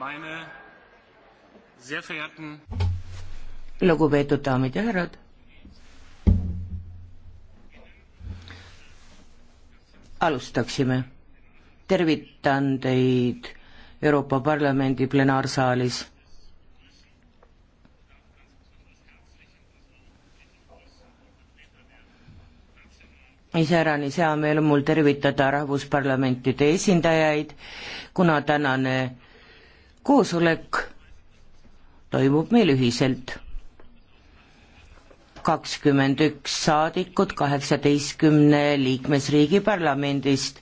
meine sehr verehrten lugupeetud daamid ja härrad. alustaksime. tervitan teid Euroopa Parlamendi plenaarsaalis. iseäranis hea meel on mul tervitada rahvusparlamentide esindajaid, kuna tänane koosolek toimub meil ühiselt. kakskümmend üks saadikut kaheksateistkümne liikmesriigi parlamendist.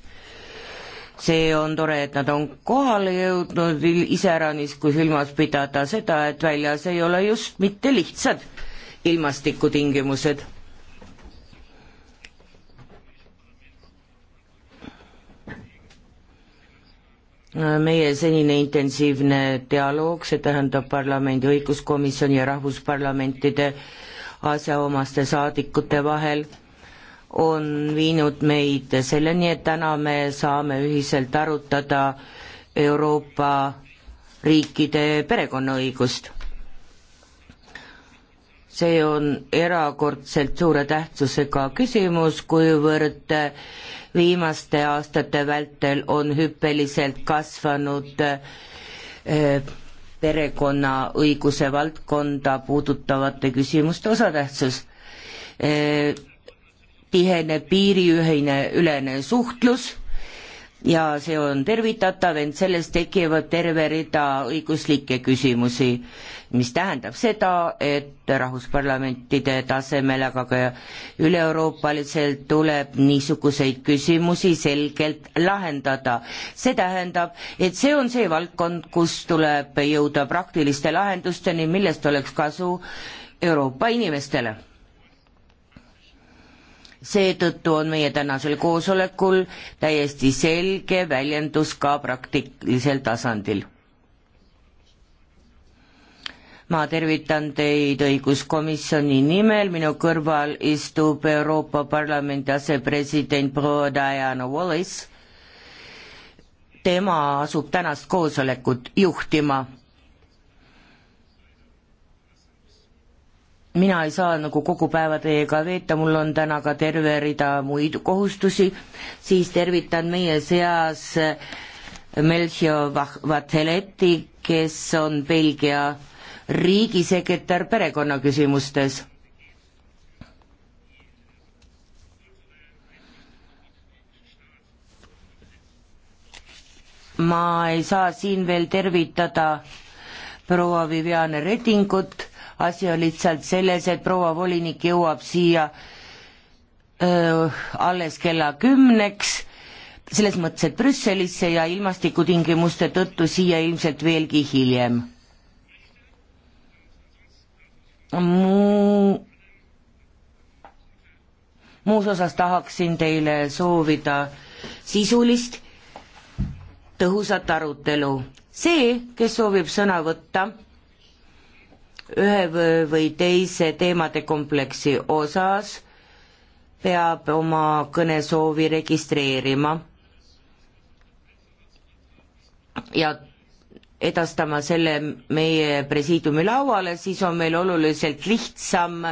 see on tore, et nad on kohale jõudnud, iseäranis kui silmas pidada seda, et väljas ei ole just mitte lihtsad ilmastikutingimused meie senine intensiivne dialoog, see tähendab parlamendi õiguskomisjoni ja rahvusparlamentide asjaomaste saadikute vahel, on viinud meid selleni, et täna me saame ühiselt arutada Euroopa riikide perekonnaõigust see on erakordselt suure tähtsusega küsimus, kuivõrd viimaste aastate vältel on hüppeliselt kasvanud eh, perekonnaõiguse valdkonda puudutavate küsimuste osatähtsus. Eh, tihene piiriühine ülene suhtlus ja see on tervitatav, ent sellest tekivad terve rida õiguslikke küsimusi, mis tähendab seda, et rahvusparlamentide tasemel, aga ka üle-euroopaliselt tuleb niisuguseid küsimusi selgelt lahendada. see tähendab, et see on see valdkond, kus tuleb jõuda praktiliste lahendusteni, millest oleks kasu Euroopa inimestele seetõttu on meie tänasel koosolekul täiesti selge väljendus ka praktilisel tasandil. ma tervitan teid õiguskomisjoni nimel, minu kõrval istub Euroopa Parlamendi asepresident proua Diana Wallace, tema asub tänast koosolekut juhtima mina ei saa nagu kogu päeva teiega veeta, mul on täna ka terve rida muid kohustusi, siis tervitan meie seas eh, Melchior Vateleti, kes on Belgia riigisekretär perekonnaküsimustes. ma ei saa siin veel tervitada proua Viviane Redingut asi on lihtsalt selles, et proua volinik jõuab siia öö, alles kella kümneks, selles mõttes, et Brüsselisse ja ilmastikutingimuste tõttu siia ilmselt veelgi hiljem. muu, muus osas tahaksin teile soovida sisulist tõhusat arutelu. see, kes soovib sõna võtta ühe või teise teemade kompleksi osas peab oma kõnesoovi registreerima ja edastama selle meie presiidiumi lauale, siis on meil oluliselt lihtsam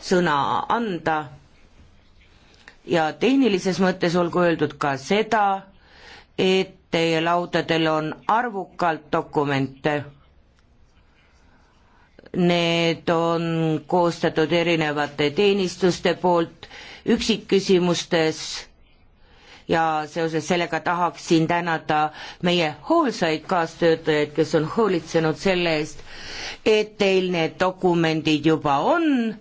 sõna anda. ja tehnilises mõttes olgu öeldud ka seda, et teie laudadel on arvukalt dokumente need on koostatud erinevate teenistuste poolt üksikküsimustes ja seoses sellega tahaksin tänada meie hoolsaid kaastöötajaid, kes on hoolitsenud selle eest, et teil need dokumendid juba on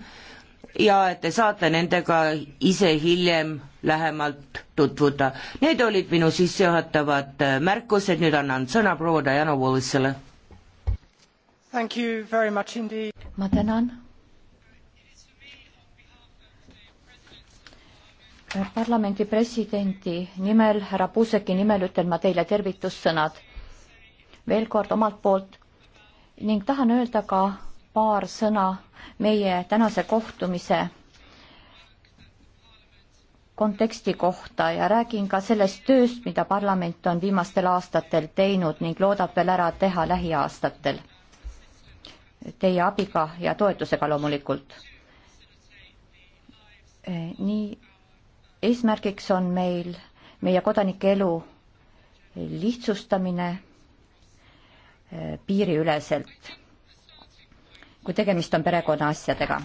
ja et te saate nendega ise hiljem lähemalt tutvuda. Need olid minu sissejuhatavad märkused, nüüd annan sõna proua Diana Wallisele ma tänan. parlamendi presidendi nimel, härra Puuseki nimel ütlen ma teile tervitussõnad veel kord omalt poolt ning tahan öelda ka paar sõna meie tänase kohtumise konteksti kohta ja räägin ka sellest tööst, mida parlament on viimastel aastatel teinud ning loodab veel ära teha lähiaastatel teie abiga ja toetusega loomulikult. nii, eesmärgiks on meil meie kodanike elu lihtsustamine eh, piiriüleselt, kui tegemist on perekonna asjadega.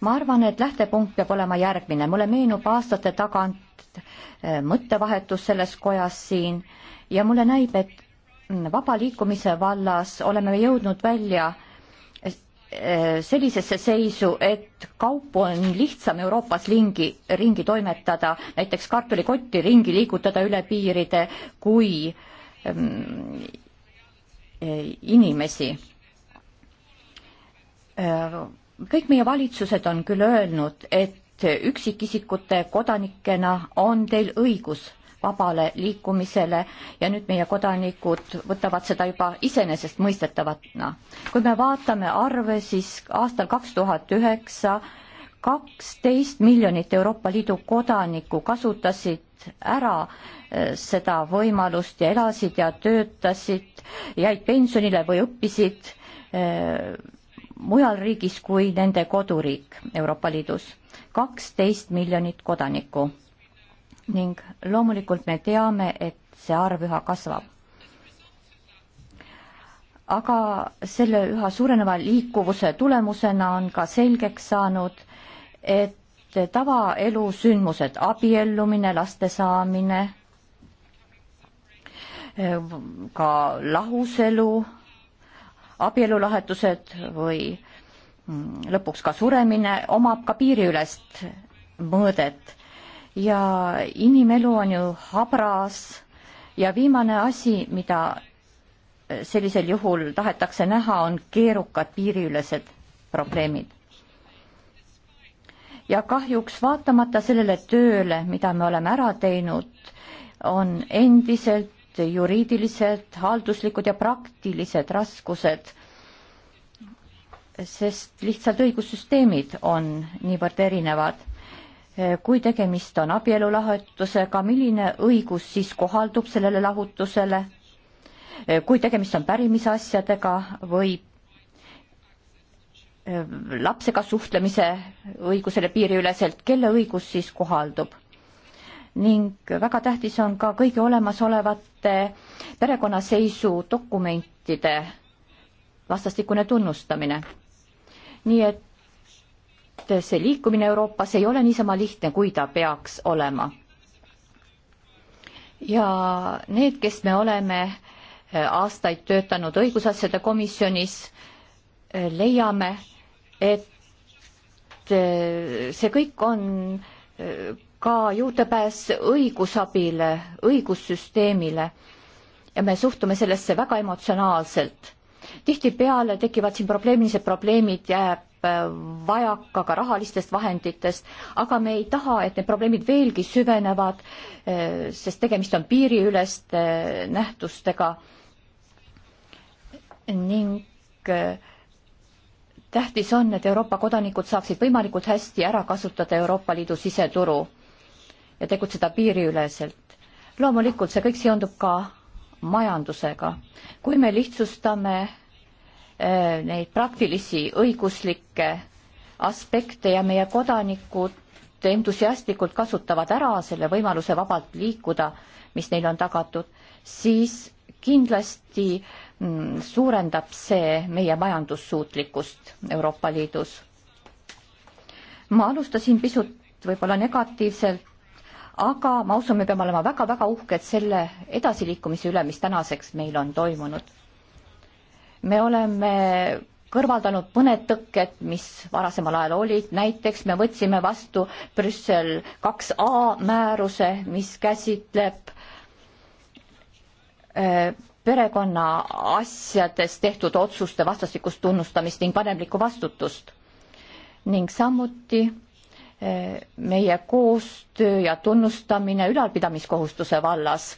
ma arvan, et lähtepunkt peab olema järgmine, mulle meenub aastate tagant eh, mõttevahetus selles kojas siin ja mulle näib, et vaba liikumise vallas oleme jõudnud välja äh, Eh, sellisesse seisu, et kaupu on lihtsam Euroopas ringi, ringi toimetada, näiteks kartulikotti ringi liigutada üle piiride, kui ähm, inimesi äh,. kõik meie valitsused on küll öelnud, et üksikisikute kodanikena on teil õigus vabale liikumisele ja nüüd meie kodanikud võtavad seda juba iseenesestmõistetavatena. kui me vaatame arve, siis aastal kaks tuhat üheksa kaksteist miljonit Euroopa Liidu kodanikku kasutasid ära eh, seda võimalust ja elasid ja töötasid, jäid pensionile või õppisid eh, mujal riigis kui nende koduriik Euroopa Liidus. kaksteist miljonit kodanikku ning loomulikult me teame, et see arv üha kasvab. aga selle üha suureneva liikuvuse tulemusena on ka selgeks saanud, et tavaelu sündmused, abiellumine, laste saamine, ka lahuselu, abielulahetused või lõpuks ka suremine omab ka piiriülest mõõdet ja inimelu on ju habras ja viimane asi, mida äh, sellisel juhul tahetakse näha, on keerukad piiriülesed probleemid. ja kahjuks vaatamata sellele tööle, mida me oleme ära teinud, on endiselt juriidilised, halduslikud ja praktilised raskused, sest lihtsalt õigussüsteemid on niivõrd erinevad Eh, kui tegemist on abielulahutusega, milline õigus siis kohaldub sellele lahutusele? Eh, kui tegemist on pärimisasjadega või eh, lapsega suhtlemise õigusele piiriüleselt, kelle õigus siis kohaldub? ning väga tähtis on ka kõigi olemasolevate perekonnaseisu dokumentide vastastikune tunnustamine. nii et et see liikumine Euroopas ei ole niisama lihtne, kui ta peaks olema. ja need, kes me oleme äh, aastaid töötanud õigusasjade komisjonis, äh, leiame, et äh, see kõik on ka juurdepääs õigusabile, õigussüsteemile ja me suhtume sellesse väga emotsionaalselt tihtipeale tekivad siin probleemilised probleemid, jääb äh, vajaka ka rahalistest vahenditest, aga me ei taha, et need probleemid veelgi süvenevad, äh, sest tegemist on piiriüleste äh, nähtustega ning tähtis on, et Euroopa kodanikud saaksid võimalikult hästi ära kasutada Euroopa Liidu siseturu ja tegutseda piiriüleselt. loomulikult see kõik seondub ka majandusega. kui me lihtsustame Äh, neid praktilisi õiguslikke aspekte ja meie kodanikud entusiastlikult kasutavad ära selle võimaluse vabalt liikuda, mis neile on tagatud, siis kindlasti mm, suurendab see meie majandussuutlikkust Euroopa Liidus. ma alustasin pisut võib-olla negatiivselt, aga ma usun, me peame olema väga-väga uhked selle edasiliikumise üle, mis tänaseks meil on toimunud me oleme kõrvaldanud mõned tõkked, mis varasemal ajal olid, näiteks me võtsime vastu Brüssel kaks A määruse, mis käsitleb äh, perekonna asjades tehtud otsuste vastastikust tunnustamist ning vanemlikku vastutust. ning samuti äh, meie koostöö ja tunnustamine ülalpidamiskohustuse vallas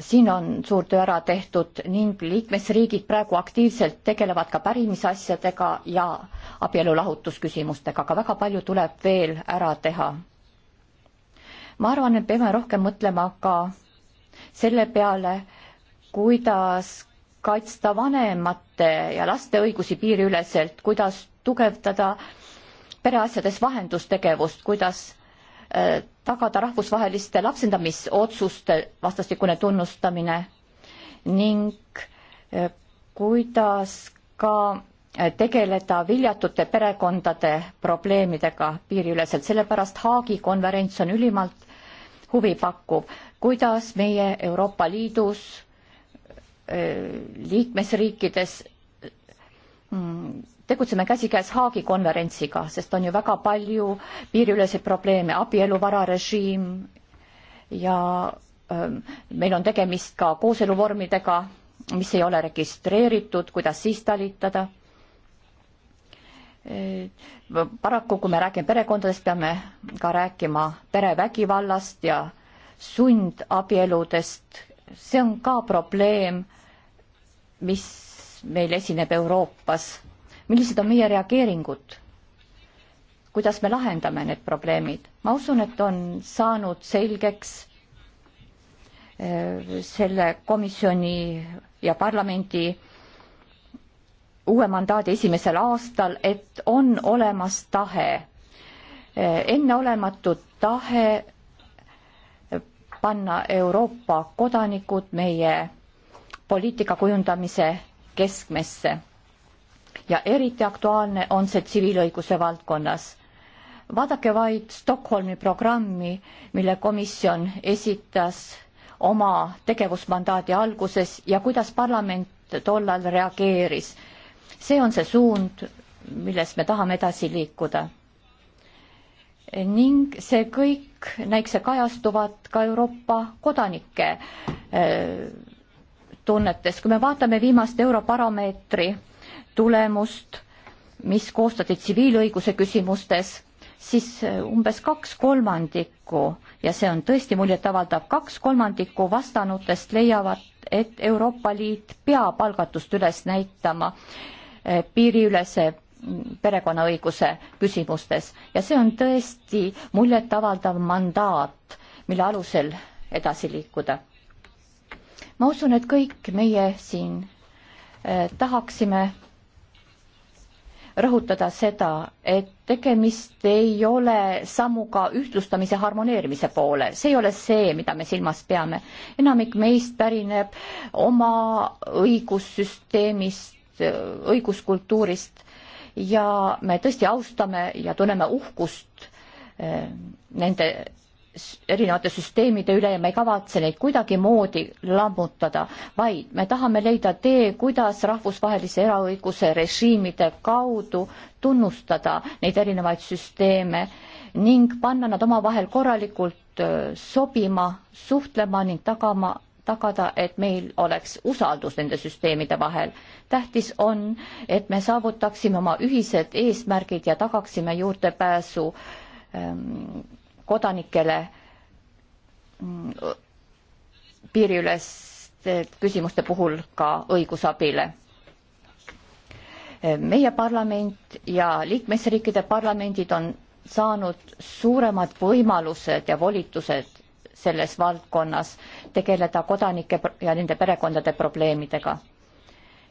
siin on suur töö ära tehtud ning liikmesriigid praegu aktiivselt tegelevad ka pärimisasjadega ja abielulahutusküsimustega, aga väga palju tuleb veel ära teha. ma arvan, et peame rohkem mõtlema ka selle peale, kuidas kaitsta vanemate ja laste õigusi piiriüleselt, kuidas tugevdada pereasjades vahendustegevust, kuidas äh, tagada rahvusvaheliste lapsendamisotsuste vastastikune tunnustamine ning eh, kuidas ka eh, tegeleda viljatute perekondade probleemidega piiriüleselt, sellepärast Haagi konverents on ülimalt huvipakkuv, kuidas meie Euroopa Liidus eh, liikmesriikides mm, tegutseme käsikäes Haagi konverentsiga, sest on ju väga palju piiriüleseid probleeme, abieluvararežiim ja öö, ähm, meil on tegemist ka kooseluvormidega, mis ei ole registreeritud, kuidas siis talitada. Äh, paraku, kui me räägime perekondadest, peame ka rääkima perevägivallast ja sundabieludest, see on ka probleem, mis meil esineb Euroopas millised on meie reageeringud, kuidas me lahendame need probleemid. ma usun, et on saanud selgeks äh, selle komisjoni ja parlamendi uue mandaadi esimesel aastal, et on olemas tahe, äh, enneolematu tahe panna Euroopa kodanikud meie poliitika kujundamise keskmesse ja eriti aktuaalne on see tsiviilõiguse valdkonnas. vaadake vaid Stockholmi programmi, mille komisjon esitas oma tegevusmandaadi alguses ja kuidas parlament tollal reageeris. see on see suund, milles me tahame edasi liikuda. ning see kõik, näikse kajastuvad ka Euroopa kodanike äh, tunnetes, kui me vaatame viimast Eurobaromeetri tulemust, mis koostati tsiviilõiguse küsimustes, siis äh, umbes kaks kolmandikku ja see on tõesti muljetavaldav, kaks kolmandikku vastanutest leiavad, et Euroopa Liit peab algatust üles näitama äh, piiriülese mm, perekonnaõiguse küsimustes ja see on tõesti muljetavaldav mandaat, mille alusel edasi liikuda. ma usun, et kõik meie siin äh, tahaksime rõhutada seda, et tegemist ei ole sammuga ühtlustamise harmoneerimise poole, see ei ole see, mida me silmas peame. enamik meist pärineb oma õigussüsteemist, õiguskultuurist ja me tõesti austame ja tunneme uhkust eh, nende erinevate süsteemide üle ja me ei kavatse neid kuidagimoodi lammutada, vaid me tahame leida tee, kuidas rahvusvahelise eraõiguse režiimide kaudu tunnustada neid erinevaid süsteeme ning panna nad omavahel korralikult sobima, suhtlema ning tagama tagada, et meil oleks usaldus nende süsteemide vahel. tähtis on, et me saavutaksime oma ühised eesmärgid ja tagaksime juurdepääsu ähm, kodanikele mm, piiriüleste küsimuste puhul ka õigusabile. meie parlament ja liikmesriikide parlamendid on saanud suuremad võimalused ja volitused selles valdkonnas tegeleda kodanike ja nende perekondade probleemidega.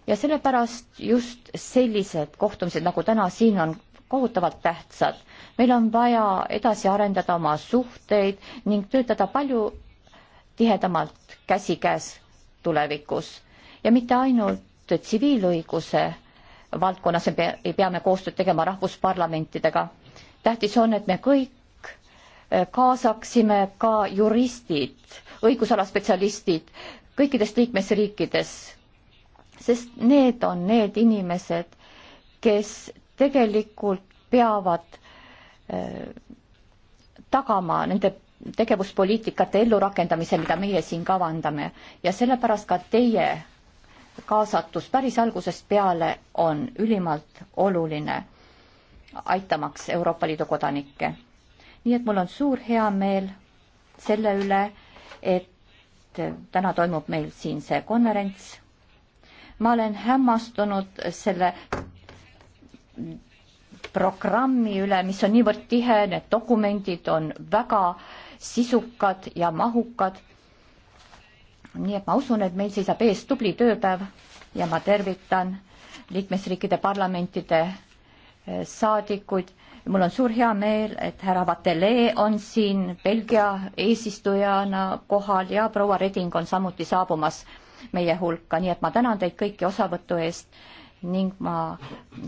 ja sellepärast just sellised kohtumised, nagu täna siin on kohutavalt tähtsad. meil on vaja edasi arendada oma suhteid ning töötada palju tihedamalt käsikäes tulevikus ja mitte ainult tsiviilõiguse valdkonnas ei pea me koostööd tegema rahvusparlamentidega. tähtis on, et me kõik äh, kaasaksime ka juristid, õigusalaspetsialistid kõikidest liikmesriikides, sest need on need inimesed, kes tegelikult peavad eh, tagama nende tegevuspoliitikate ellurakendamise, mida meie siin kavandame ja sellepärast ka teie kaasatus päris algusest peale on ülimalt oluline, aitamaks Euroopa Liidu kodanikke. nii et mul on suur heameel selle üle, et täna toimub meil siin see konverents. ma olen hämmastunud selle programmi üle, mis on niivõrd tihe, need dokumendid on väga sisukad ja mahukad. nii et ma usun, et meil seisab ees tubli tööpäev ja ma tervitan liikmesriikide parlamentide eh, saadikuid. mul on suur hea meel, et härra Vatelee on siin Belgia eesistujana kohal ja proua Reding on samuti saabumas meie hulka, nii et ma tänan teid kõiki osavõtu eest ning ma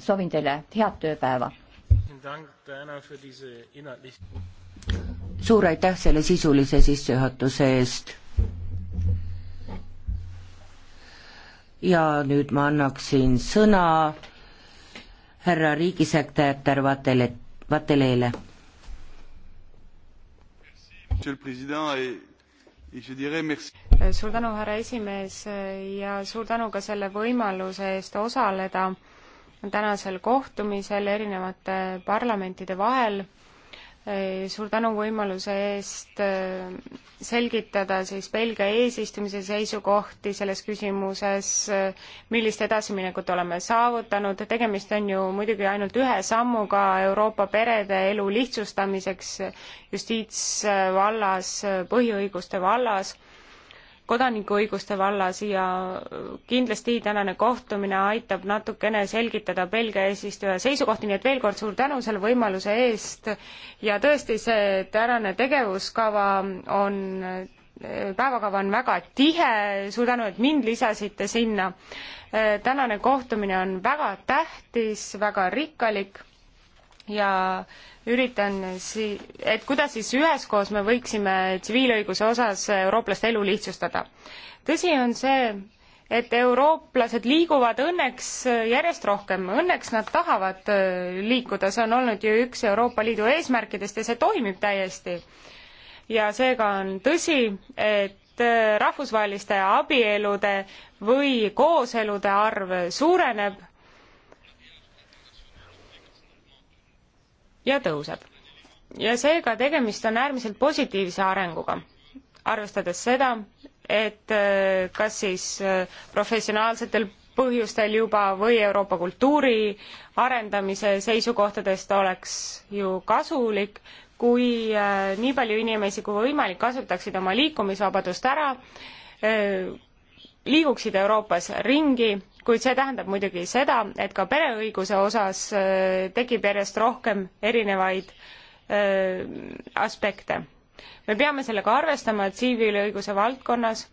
soovin teile head tööpäeva. suur aitäh selle sisulise sissejuhatuse eest. ja nüüd ma annaksin sõna härra riigisekretär Vatele, Vateleele. Monsieur le Président et suur tänu, härra esimees ja suur tänu ka selle võimaluse eest osaleda tänasel kohtumisel erinevate parlamentide vahel suur tänu võimaluse eest äh, selgitada siis Belgia eesistumise seisukohti selles küsimuses, äh, millist edasiminekut oleme saavutanud, tegemist on ju muidugi ainult ühe sammuga Euroopa perede elu lihtsustamiseks justiitsvallas, äh, põhiõiguste vallas kodanikuõiguste vallas ja kindlasti tänane kohtumine aitab natukene selgitada Belgia eesistuja seisukohti, nii et veel kord suur tänu selle võimaluse eest ja tõesti, see tänane tegevuskava on päevakava on väga tihe, suur tänu, et mind lisasite sinna. tänane kohtumine on väga tähtis, väga rikkalik ja üritan si-, et kuidas siis üheskoos me võiksime tsiviilõiguse osas eurooplaste elu lihtsustada. tõsi on see, et eurooplased liiguvad õnneks järjest rohkem, õnneks nad tahavad äh, liikuda, see on olnud ju üks Euroopa Liidu eesmärkidest ja see toimib täiesti. ja seega on tõsi, et äh, rahvusvaheliste abielude või kooselude arv suureneb ja tõuseb. ja seega tegemist on äärmiselt positiivse arenguga, arvestades seda, et äh, kas siis äh, professionaalsetel põhjustel juba või Euroopa kultuuri arendamise seisukohtadest oleks ju kasulik, kui äh, nii palju inimesi kui võimalik kasutaksid oma liikumisvabadust ära, liiguksid Euroopas ringi kuid see tähendab muidugi seda, et ka pereõiguse osas äh, tekib järjest rohkem erinevaid äh, aspekte. me peame sellega arvestama tsiviilõiguse valdkonnas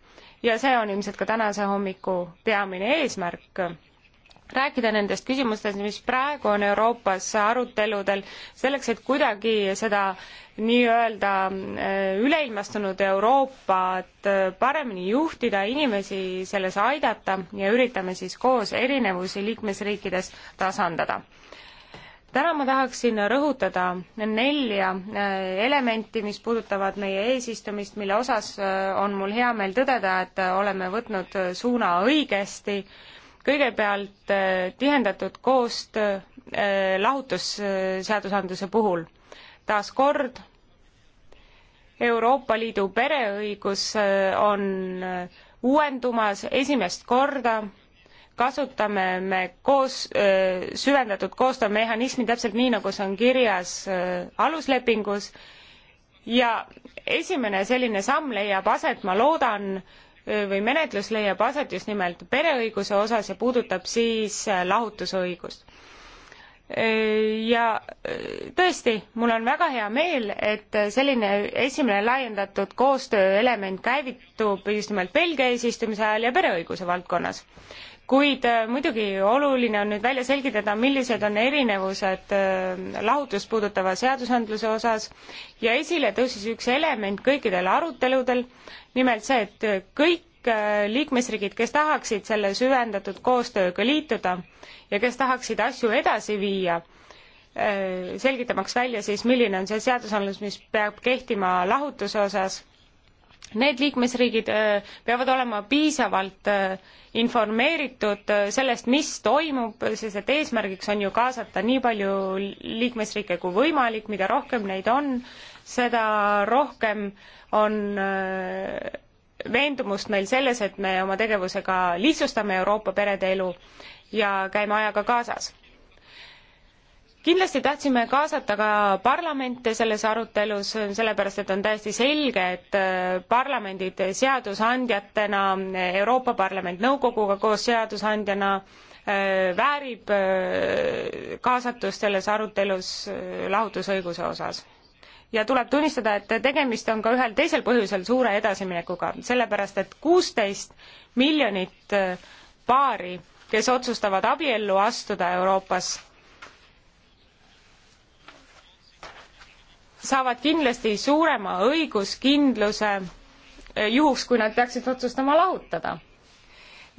ja see on ilmselt ka tänase hommiku peamine eesmärk rääkida nendest küsimustest, mis praegu on Euroopas aruteludel, selleks et kuidagi seda nii-öelda äh, üleilmastunud Euroopat äh, paremini juhtida, inimesi selles aidata ja üritame siis koos erinevusi liikmesriikides tasandada täna ma tahaksin rõhutada nelja äh, elementi, mis puudutavad meie eesistumist, mille osas on mul hea meel tõdeda, et oleme võtnud suuna õigesti äh, kõigepealt äh, tihendatud koostöö äh, lahutusseadusandluse puhul. taas kord Euroopa Liidu pereõigus äh, on uuendumas esimest korda kasutame me koos süvendatud koostöömehhanismi täpselt nii nagu see on kirjas aluslepingus ja esimene selline samm leiab aset ma loodan või menetlus leiab aset just nimelt pereõiguse osas ja puudutab siis äh, lahutusõigust. ja äh, tõesti, mul on väga hea meel, et äh, selline esimene laiendatud koostööelement käivitub just nimelt Belgia eesistumise ajal ja pereõiguse valdkonnas kuid muidugi oluline on nüüd välja selgitada, millised on erinevused lahutust puudutava seadusandluse osas ja esile tõusis üks element kõikidel aruteludel, nimelt see, et kõik äh, liikmesriigid, kes tahaksid selle süvendatud koostööga liituda ja kes tahaksid asju edasi viia, äh, selgitamaks välja siis, milline on see seadusandlus, mis peab kehtima lahutuse osas, need liikmesriigid äh, peavad olema piisavalt informeeritud sellest, mis toimub, sest et eesmärgiks on ju kaasata nii palju liikmesriike kui võimalik, mida rohkem neid on, seda rohkem on äh, veendumust meil selles, et me oma tegevusega lihtsustame Euroopa perede elu ja käime ajaga kaasas. kindlasti tahtsime kaasata ka parlamente selles arutelus, sellepärast et on täiesti selge, et äh, parlamendid seadusandjatena, Euroopa Parlament nõukoguga koos seadusandjana äh, väärib kaasatust selles arutelus lahutusõiguse osas ja tuleb tunnistada, et tegemist on ka ühel teisel põhjusel suure edasiminekuga, sellepärast et kuusteist miljonit äh, paari, kes otsustavad abiellu astuda Euroopas, saavad kindlasti suurema õiguskindluse äh, juhuks, kui nad peaksid otsustama lahutada.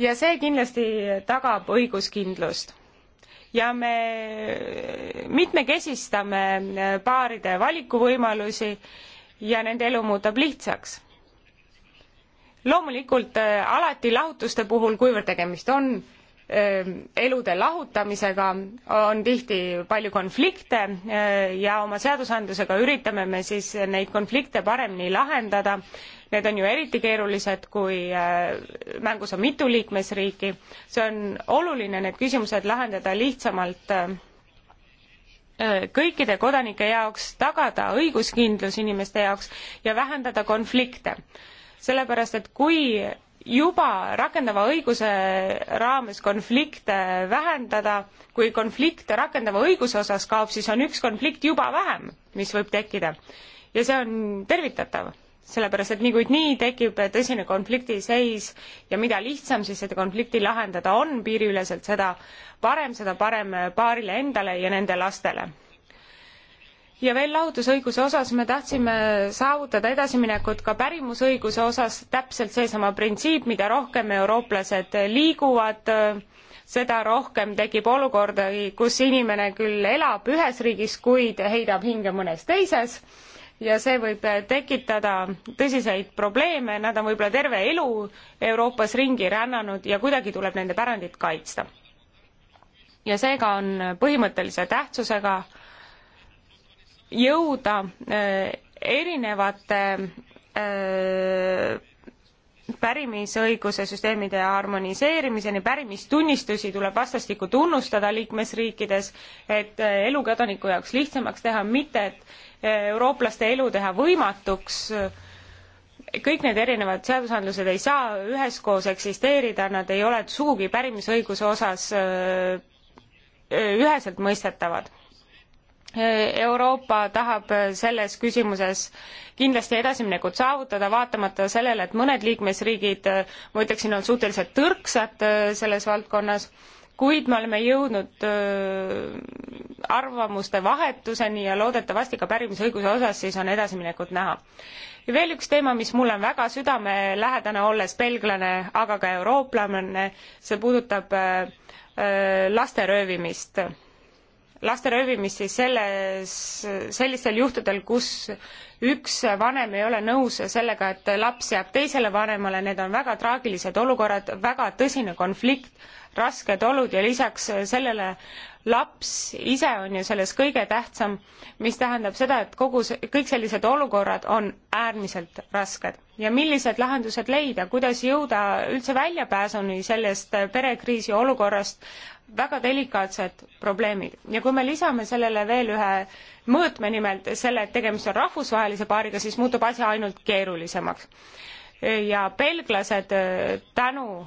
ja see kindlasti tagab õiguskindlust ja me mitmekesistame paaride valikuvõimalusi ja nende elu muutub lihtsaks loomulikult äh, alati lahutuste puhul kuivõrd tegemist on äh, elude lahutamisega on tihti palju konflikte äh, ja oma seadusandlusega üritame me siis neid konflikte paremini lahendada Need on ju eriti keerulised, kui äh, mängus on mitu liikmesriiki. see on oluline, need küsimused lahendada lihtsamalt äh, äh, kõikide kodanike jaoks, tagada õiguskindlus inimeste jaoks ja vähendada konflikte. sellepärast, et kui juba rakendava õiguse raames konflikte vähendada, kui konflikt rakendava õiguse osas kaob, siis on üks konflikt juba vähem, mis võib tekkida. ja see on tervitatav sellepärast et niikuinii tekib tõsine konfliktiseis ja mida lihtsam siis seda konflikti lahendada on piiriüleselt, seda parem, seda parem paarile endale ja nende lastele ja veel lahutusõiguse osas me tahtsime saavutada edasiminekut ka pärimusõiguse osas täpselt seesama printsiip mida rohkem eurooplased liiguvad seda rohkem tekib olukorda kus inimene küll elab ühes riigis kuid heidab hinge mõnes teises ja ja see võib tekitada tõsiseid probleeme, nad on võib-olla terve elu Euroopas ringi rännanud ja kuidagi tuleb nende pärandit kaitsta. ja seega on põhimõttelise tähtsusega jõuda äh, erinevate äh, pärimisõiguse süsteemide harmoniseerimiseni, pärimistunnistusi tuleb vastastikku tunnustada liikmesriikides, et äh, elu kodaniku jaoks lihtsamaks teha, mitte et eurooplaste elu teha võimatuks kõik need erinevad seadusandlused ei saa üheskoos eksisteerida, nad ei ole sugugi pärimisõiguse osas äh, äh, üheselt mõistetavad. Euroopa tahab selles küsimuses kindlasti edasiminekut saavutada, vaatamata sellele, et mõned liikmesriigid, ma ütleksin, on suhteliselt tõrksad äh, selles valdkonnas kuid me oleme jõudnud arvamuste vahetuseni ja loodetavasti ka pärimisõiguse osas siis on edasiminekut näha. ja veel üks teema, mis mulle on väga südamelähedane, olles belglane, aga ka eurooplane, see puudutab laste röövimist. laste röövimist siis selles, sellistel juhtudel, kus üks vanem ei ole nõus sellega, et laps jääb teisele vanemale, need on väga traagilised olukorrad, väga tõsine konflikt rasked olud ja lisaks sellele laps ise on ju selles kõige tähtsam, mis tähendab seda, et kogu see, kõik sellised olukorrad on äärmiselt rasked. ja millised lahendused leida, kuidas jõuda üldse väljapääsuni sellest perekriisi olukorrast, väga delikaatsed probleemid. ja kui me lisame sellele veel ühe mõõtme nimelt selle, et tegemist on rahvusvahelise paariga, siis muutub asi ainult keerulisemaks ja belglased äh, tänu äh,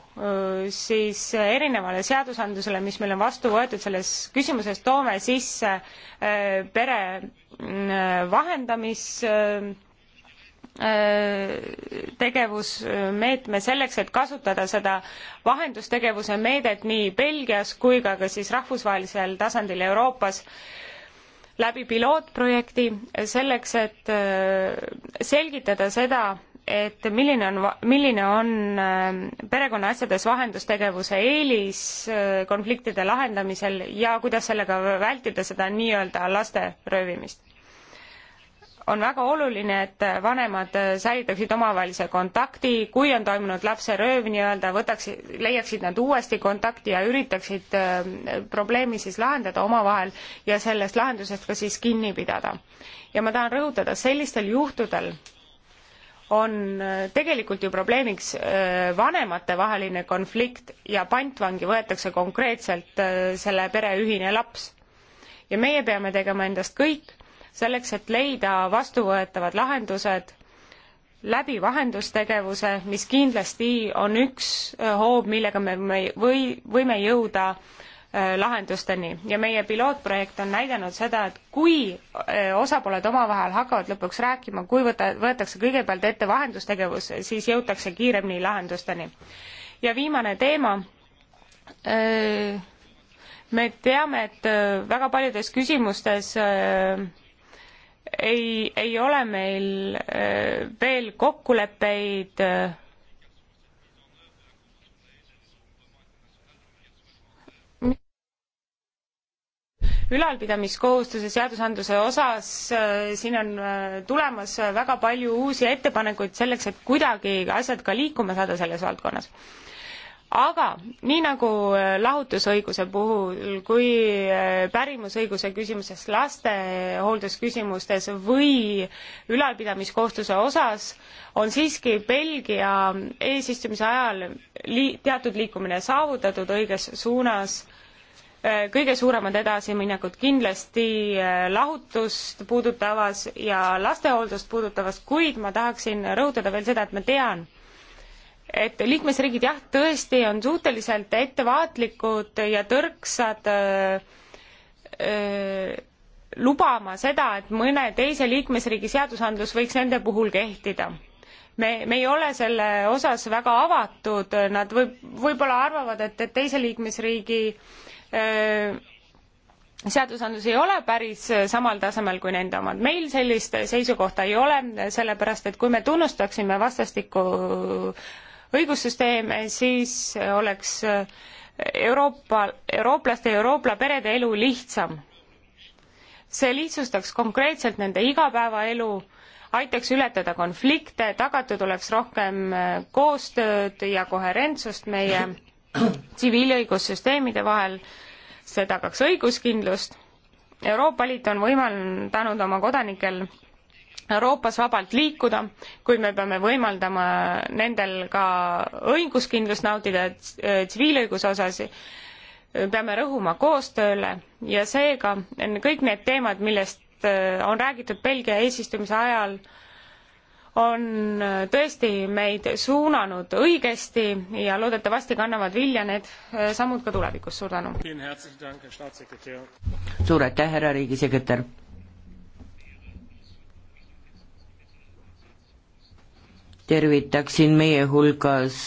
siis erinevale seadusandlusele, mis meil on vastu võetud selles küsimuses, toome sisse äh, pere mm, vahendamis tegevusmeetme selleks, et kasutada seda vahendustegevuse meedet nii Belgias kui ka ka siis rahvusvahelisel tasandil Euroopas läbi pilootprojekti selleks, et selgitada seda, et milline on, milline on äh, perekonnaasjades vahendustegevuse eelis äh, konfliktide lahendamisel ja kuidas sellega vältida seda nii-öelda laste röövimist? on väga oluline, et vanemad äh, säilitaksid omavahelise kontakti, kui on toimunud lapse rööv nii-öelda, võtaksid, leiaksid nad uuesti kontakti ja üritaksid probleemi siis lahendada omavahel ja sellest lahendusest ka siis kinni pidada. ja ma tahan rõhutada, sellistel juhtudel on äh, tegelikult ju probleemiks äh, vanematevaheline konflikt ja pantvangi võetakse konkreetselt äh, selle pere ühine laps. ja meie peame tegema endast kõik selleks, et leida vastuvõetavad lahendused läbi vahendustegevuse, mis kindlasti on üks hoob, millega me või võime jõuda Äh, lahendusteni ja meie pilootprojekt on näidanud seda, et kui äh, osapooled omavahel hakkavad lõpuks rääkima, kui võta, võetakse kõigepealt ette vahendustegevus, siis jõutakse kiiremini lahendusteni. ja viimane teema, äh, me teame, et väga paljudes küsimustes ei, ei ole meil veel kokkuleppeid ülalpidamiskohustuse seadusandluse osas äh, siin on äh, tulemas äh, väga palju uusi ettepanekuid selleks, et kuidagi asjad ka liikuma saada selles valdkonnas. aga nii nagu lahutusõiguse puhul kui pärimusõiguse küsimuses, lastehooldusküsimustes või ülalpidamiskohustuse osas on siiski Belgia eesistumise ajal li teatud liikumine saavutatud õiges suunas Äh, kõige suuremad edasiminekud kindlasti äh, lahutust puudutavas ja lastehooldust puudutavas, kuid ma tahaksin rõhutada veel seda, et ma tean, et liikmesriigid jah, tõesti on suhteliselt ettevaatlikud ja tõrksad öö, äh, öö, lubama seda, et mõne teise liikmesriigi seadusandlus võiks nende puhul kehtida me, me ei ole selle osas väga avatud, nad võib, võib-olla arvavad, et, et teise liikmesriigi äh, Äh, seadusandlus ei ole päris äh, samal tasemel kui nende omad. meil sellist äh, seisukohta ei ole, sellepärast et kui me tunnustaksime vastastikku õigussüsteeme, siis oleks Euroopa, eurooplaste ja euroopla perede elu lihtsam. see lihtsustaks konkreetselt nende igapäevaelu, aitaks ületada konflikte, tagatud oleks rohkem koostööd ja koherentsust meie tsiviilõigussüsteemide vahel, see tagaks õiguskindlust. Euroopa Liit on võimaldanud oma kodanikel Euroopas vabalt liikuda, kuid me peame võimaldama nendel ka õiguskindlust nautida tsiviilõiguse osas, peame rõhuma koostööle ja seega kõik need teemad, millest on räägitud Belgia eesistumise ajal, on tõesti meid suunanud õigesti ja loodetavasti kannavad vilja need eh, sammud ka tulevikus, suur tänu! suur aitäh, härra riigisekretär! tervitaksin meie hulgas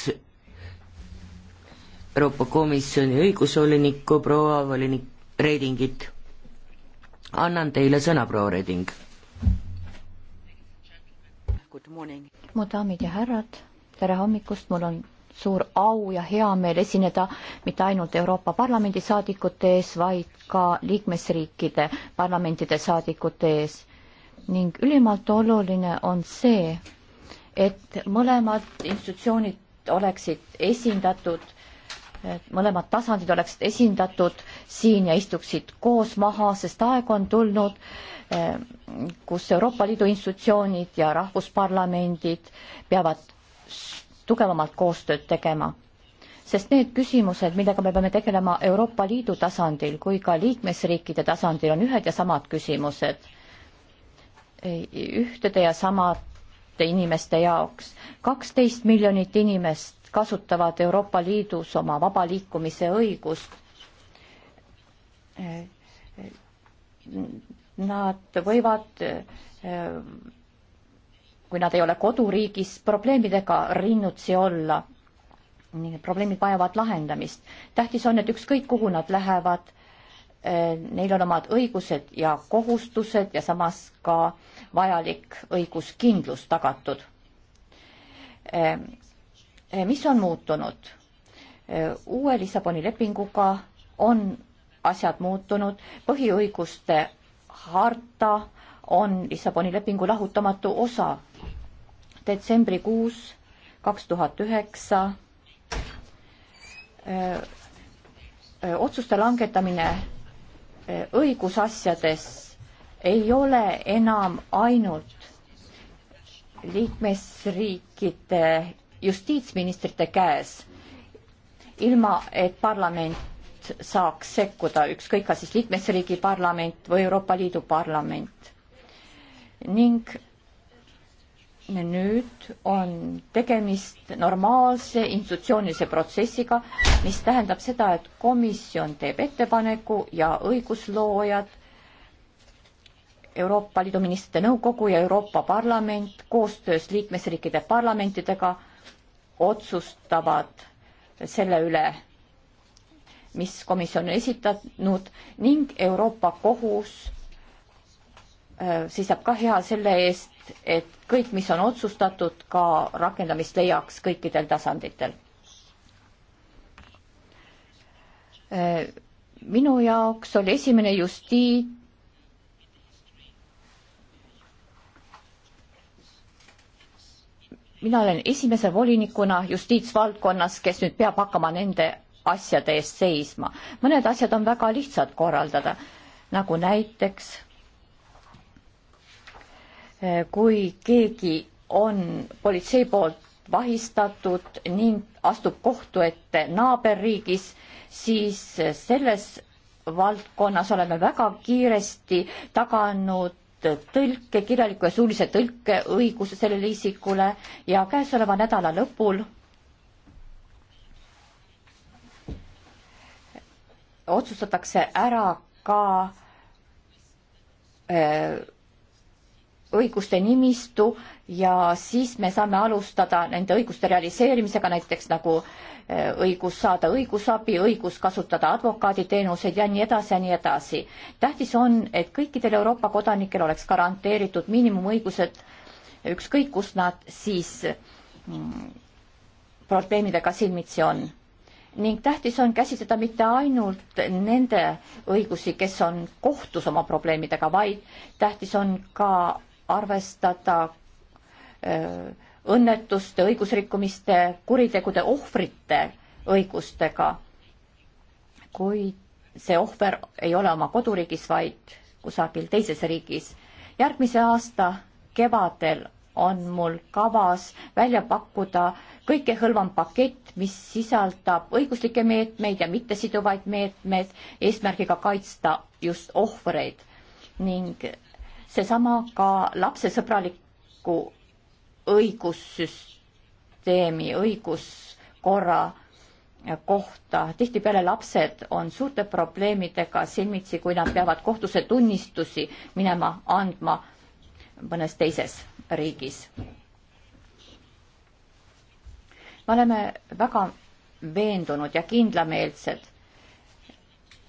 Euroopa Komisjoni õigusvolinikku proua volinik Redingit. annan teile sõna, proua Reding mu daamid ja härrad, tere hommikust, mul on suur au ja hea meel esineda mitte ainult Euroopa Parlamendi saadikute ees, vaid ka liikmesriikide parlamentide saadikute ees. ning ülimalt oluline on see, et mõlemad institutsioonid oleksid esindatud, mõlemad tasandid oleksid esindatud siin ja istuksid koos maha, sest aeg on tulnud kus Euroopa Liidu institutsioonid ja rahvusparlamendid peavad tugevamalt koostööd tegema. sest need küsimused, millega me peame tegelema Euroopa Liidu tasandil kui ka liikmesriikide tasandil, on ühed ja samad küsimused. ühtede ja samade inimeste jaoks. kaksteist miljonit inimest kasutavad Euroopa Liidus oma vaba liikumise õigust nad võivad, eh, kui nad ei ole koduriigis, probleemidega rinnutsi olla. probleemid vajavad lahendamist. tähtis on, et ükskõik, kuhu nad lähevad, eh, neil on omad õigused ja kohustused ja samas ka vajalik õiguskindlus tagatud. Eh, mis on muutunud? uue Lissaboni lepinguga on asjad muutunud, põhiõiguste harta on Lissaboni lepingu lahutamatu osa. detsembrikuus kaks tuhat üheksa otsuste langetamine õigusasjades ei ole enam ainult liikmesriikide justiitsministrite käes, ilma et parlament Liit saaks sekkuda, ükskõik kas siis liikmesriigi parlament või Euroopa Liidu parlament. ning nüüd on tegemist normaalse institutsioonilise protsessiga, mis tähendab seda, et komisjon teeb ettepaneku ja õigusloojad Euroopa Liidu Ministrite Nõukogu ja Euroopa Parlament koostöös liikmesriikide parlamentidega otsustavad selle üle, mis komisjon on esitanud ning Euroopa Kohus äh, seisab ka hea selle eest, et kõik, mis on otsustatud, ka rakendamist leiaks kõikidel tasanditel. Äh, minu jaoks oli esimene justiit mina olen esimese volinikuna justiitsvaldkonnas, kes nüüd peab hakkama nende asjade eest seisma. mõned asjad on väga lihtsad korraldada, nagu näiteks eh, kui keegi on politsei poolt vahistatud ning astub kohtu ette naaberriigis, siis selles valdkonnas oleme väga kiiresti taganud tõlke, kirjaliku ja suulise tõlke õiguse sellele isikule ja käesoleva nädala lõpul otsustatakse ära ka äh, õiguste nimistu ja siis me saame alustada nende õiguste realiseerimisega, näiteks nagu äh, õigus saada õigusabi, õigus kasutada advokaaditeenuseid ja nii edasi ja nii edasi. tähtis on, et kõikidel Euroopa kodanikel oleks garanteeritud miinimumõigused, ükskõik kus nad siis mm, probleemidega silmitsi on ning tähtis on käsitleda mitte ainult nende õigusi, kes on kohtus oma probleemidega, vaid tähtis on ka arvestada öö, äh, õnnetuste, õigusrikkumiste, kuritegude ohvrite õigustega. kui see ohver ei ole oma koduriigis, vaid kusagil teises riigis. järgmise aasta kevadel on mul kavas välja pakkuda kõikehõlvam pakett, mis sisaldab õiguslikke meetmeid ja mittesiduvaid meetmeid eesmärgiga kaitsta just ohvreid ning seesama ka lapsesõbraliku õigussüsteemi, õiguskorra kohta. tihtipeale lapsed on suurte probleemidega silmitsi, kui nad peavad kohtusse tunnistusi minema andma mõnes teises riigis. me oleme väga veendunud ja kindlameelsed.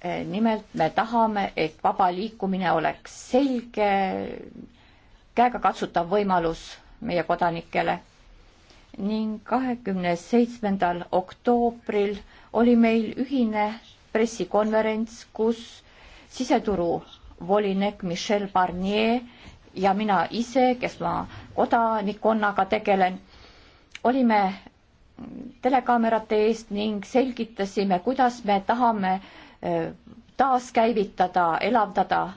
Eh, nimelt me tahame, et vaba liikumine oleks selge, käegakatsutav võimalus meie kodanikele ning kahekümne seitsmendal oktoobril oli meil ühine pressikonverents, kus siseturu volinik Michel Barnier ja mina ise, kes ma kodanikkonnaga tegelen, olime telekaamerate eest ning selgitasime, kuidas me tahame taaskäivitada, elavdada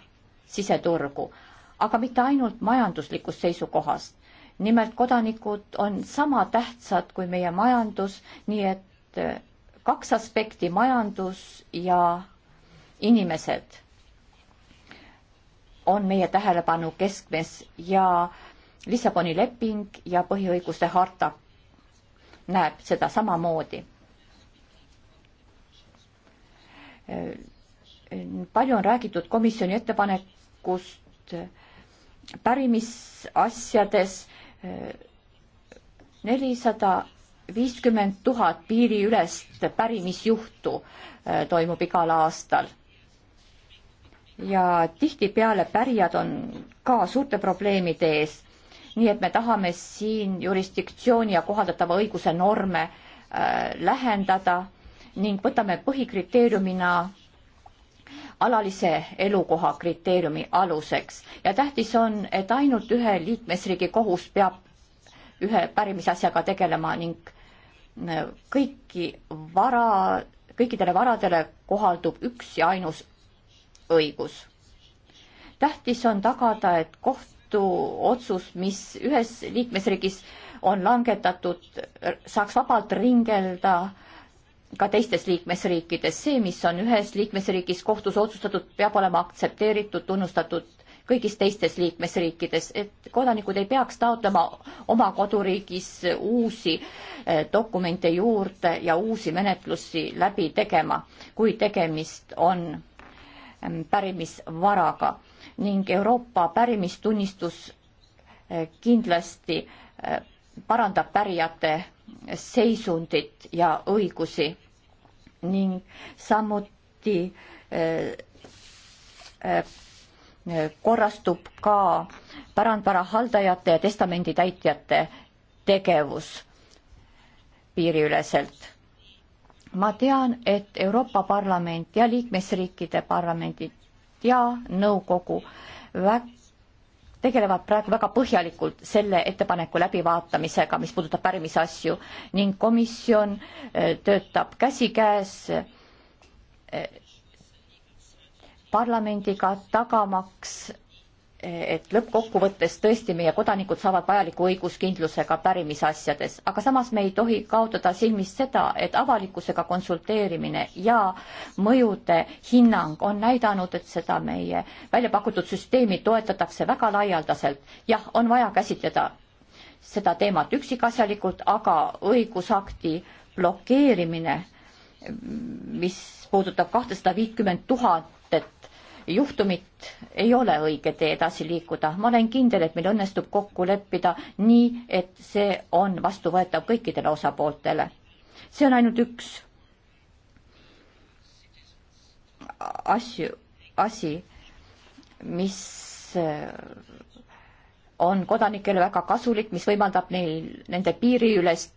siseturgu, aga mitte ainult majanduslikust seisukohast. nimelt kodanikud on sama tähtsad kui meie majandus, nii et kaks aspekti, majandus ja inimesed on meie tähelepanu keskmes ja Lissaboni leping ja põhiõiguste harta näeb seda samamoodi. palju on räägitud komisjoni ettepanekust pärimisasjades nelisada viiskümmend tuhat piiriülest pärimisjuhtu toimub igal aastal ja tihtipeale pärijad on ka suurte probleemide ees. nii et me tahame siin jurisdiktsiooni ja kohaldatava õiguse norme äh, lähendada ning võtame põhikriteeriumina alalise elukoha kriteeriumi aluseks ja tähtis on, et ainult ühe liikmesriigi kohus peab ühe pärimisasjaga tegelema ning äh, kõiki vara, kõikidele varadele kohaldub üks ja ainus õigus. tähtis on tagada, et kohtuotsus, mis ühes liikmesriigis on langetatud, saaks vabalt ringelda ka teistes liikmesriikides. see, mis on ühes liikmesriigis kohtus otsustatud, peab olema aktsepteeritud, tunnustatud kõigis teistes liikmesriikides, et kodanikud ei peaks taotlema oma koduriigis uusi eh, dokumente juurde ja uusi menetlusi läbi tegema, kui tegemist on Ähm, pärimisvaraga ning Euroopa pärimistunnistus äh, kindlasti äh, parandab pärijate seisundit ja õigusi ning samuti äh, korrastub ka pärandvara haldajate ja testamendi täitjate tegevus piiriüleselt ma tean, et Euroopa Parlament ja liikmesriikide parlamendid ja nõukogu väg-, tegelevad praegu väga põhjalikult selle ettepaneku läbivaatamisega, mis puudutab pärimisasju ning komisjon äh, töötab käsikäes äh, parlamendiga tagamaks et lõppkokkuvõttes tõesti meie kodanikud saavad vajaliku õiguskindlusega pärimisasjades, aga samas me ei tohi kaotada silmist seda, et avalikkusega konsulteerimine ja mõjude hinnang on näidanud, et seda meie välja pakutud süsteemi toetatakse väga laialdaselt. jah, on vaja käsitleda seda teemat üksikasjalikult, aga õigusakti blokeerimine, mis puudutab kahtesada viitkümmet tuhat juhtumit ei ole õige tee edasi liikuda. ma olen kindel, et meil õnnestub kokku leppida nii, et see on vastuvõetav kõikidele osapooltele. see on ainult üks asju, asi, mis äh, on kodanikele väga kasulik, mis võimaldab neil nende piiriülest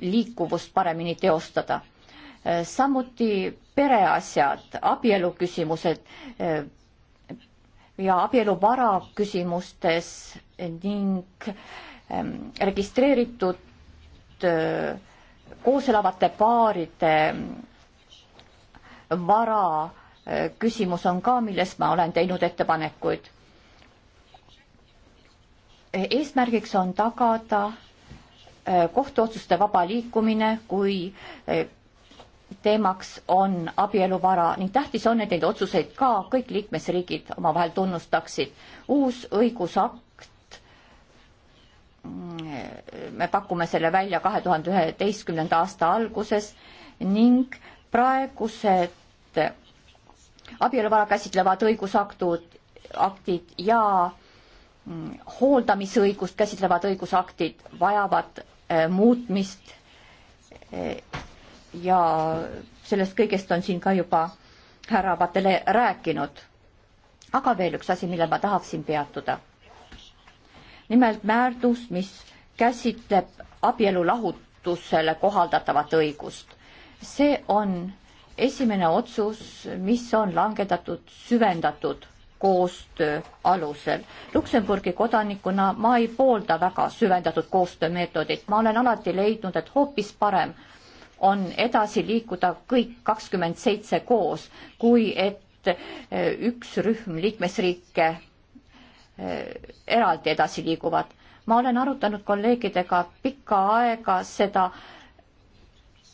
liikuvust paremini teostada. Äh, samuti pereasjad, abielu küsimused eh, ja abieluvara küsimustes ning ehm, registreeritud eh, koos elavate paaride mm, vara eh, küsimus on ka, milles ma olen teinud ettepanekuid. eesmärgiks on tagada kohtuotsuste vaba liikumine, kui teemaks on abieluvara ning tähtis on, et neid otsuseid ka kõik liikmesriigid omavahel tunnustaksid. uus õigusakt, mm, me pakume selle välja kahe tuhande üheteistkümnenda aasta alguses ning praegused abieluvara käsitlevad õigusaktud, aktid ja mm, hooldamisõigust käsitlevad õigusaktid vajavad eh, muutmist eh, ja sellest kõigest on siin ka juba härra Patele rääkinud. aga veel üks asi, millel ma tahaksin peatuda. nimelt määrdus, mis käsitleb abielu lahutusele kohaldatavat õigust. see on esimene otsus, mis on langetatud süvendatud koostöö alusel. Luksemburgi kodanikuna ma ei poolda väga süvendatud koostöömeetodit, ma olen alati leidnud, et hoopis parem on edasi liikuda kõik kakskümmend seitse koos, kui et eh, üks rühm liikmesriike eh, eraldi edasi liiguvad. ma olen arutanud kolleegidega pikka aega seda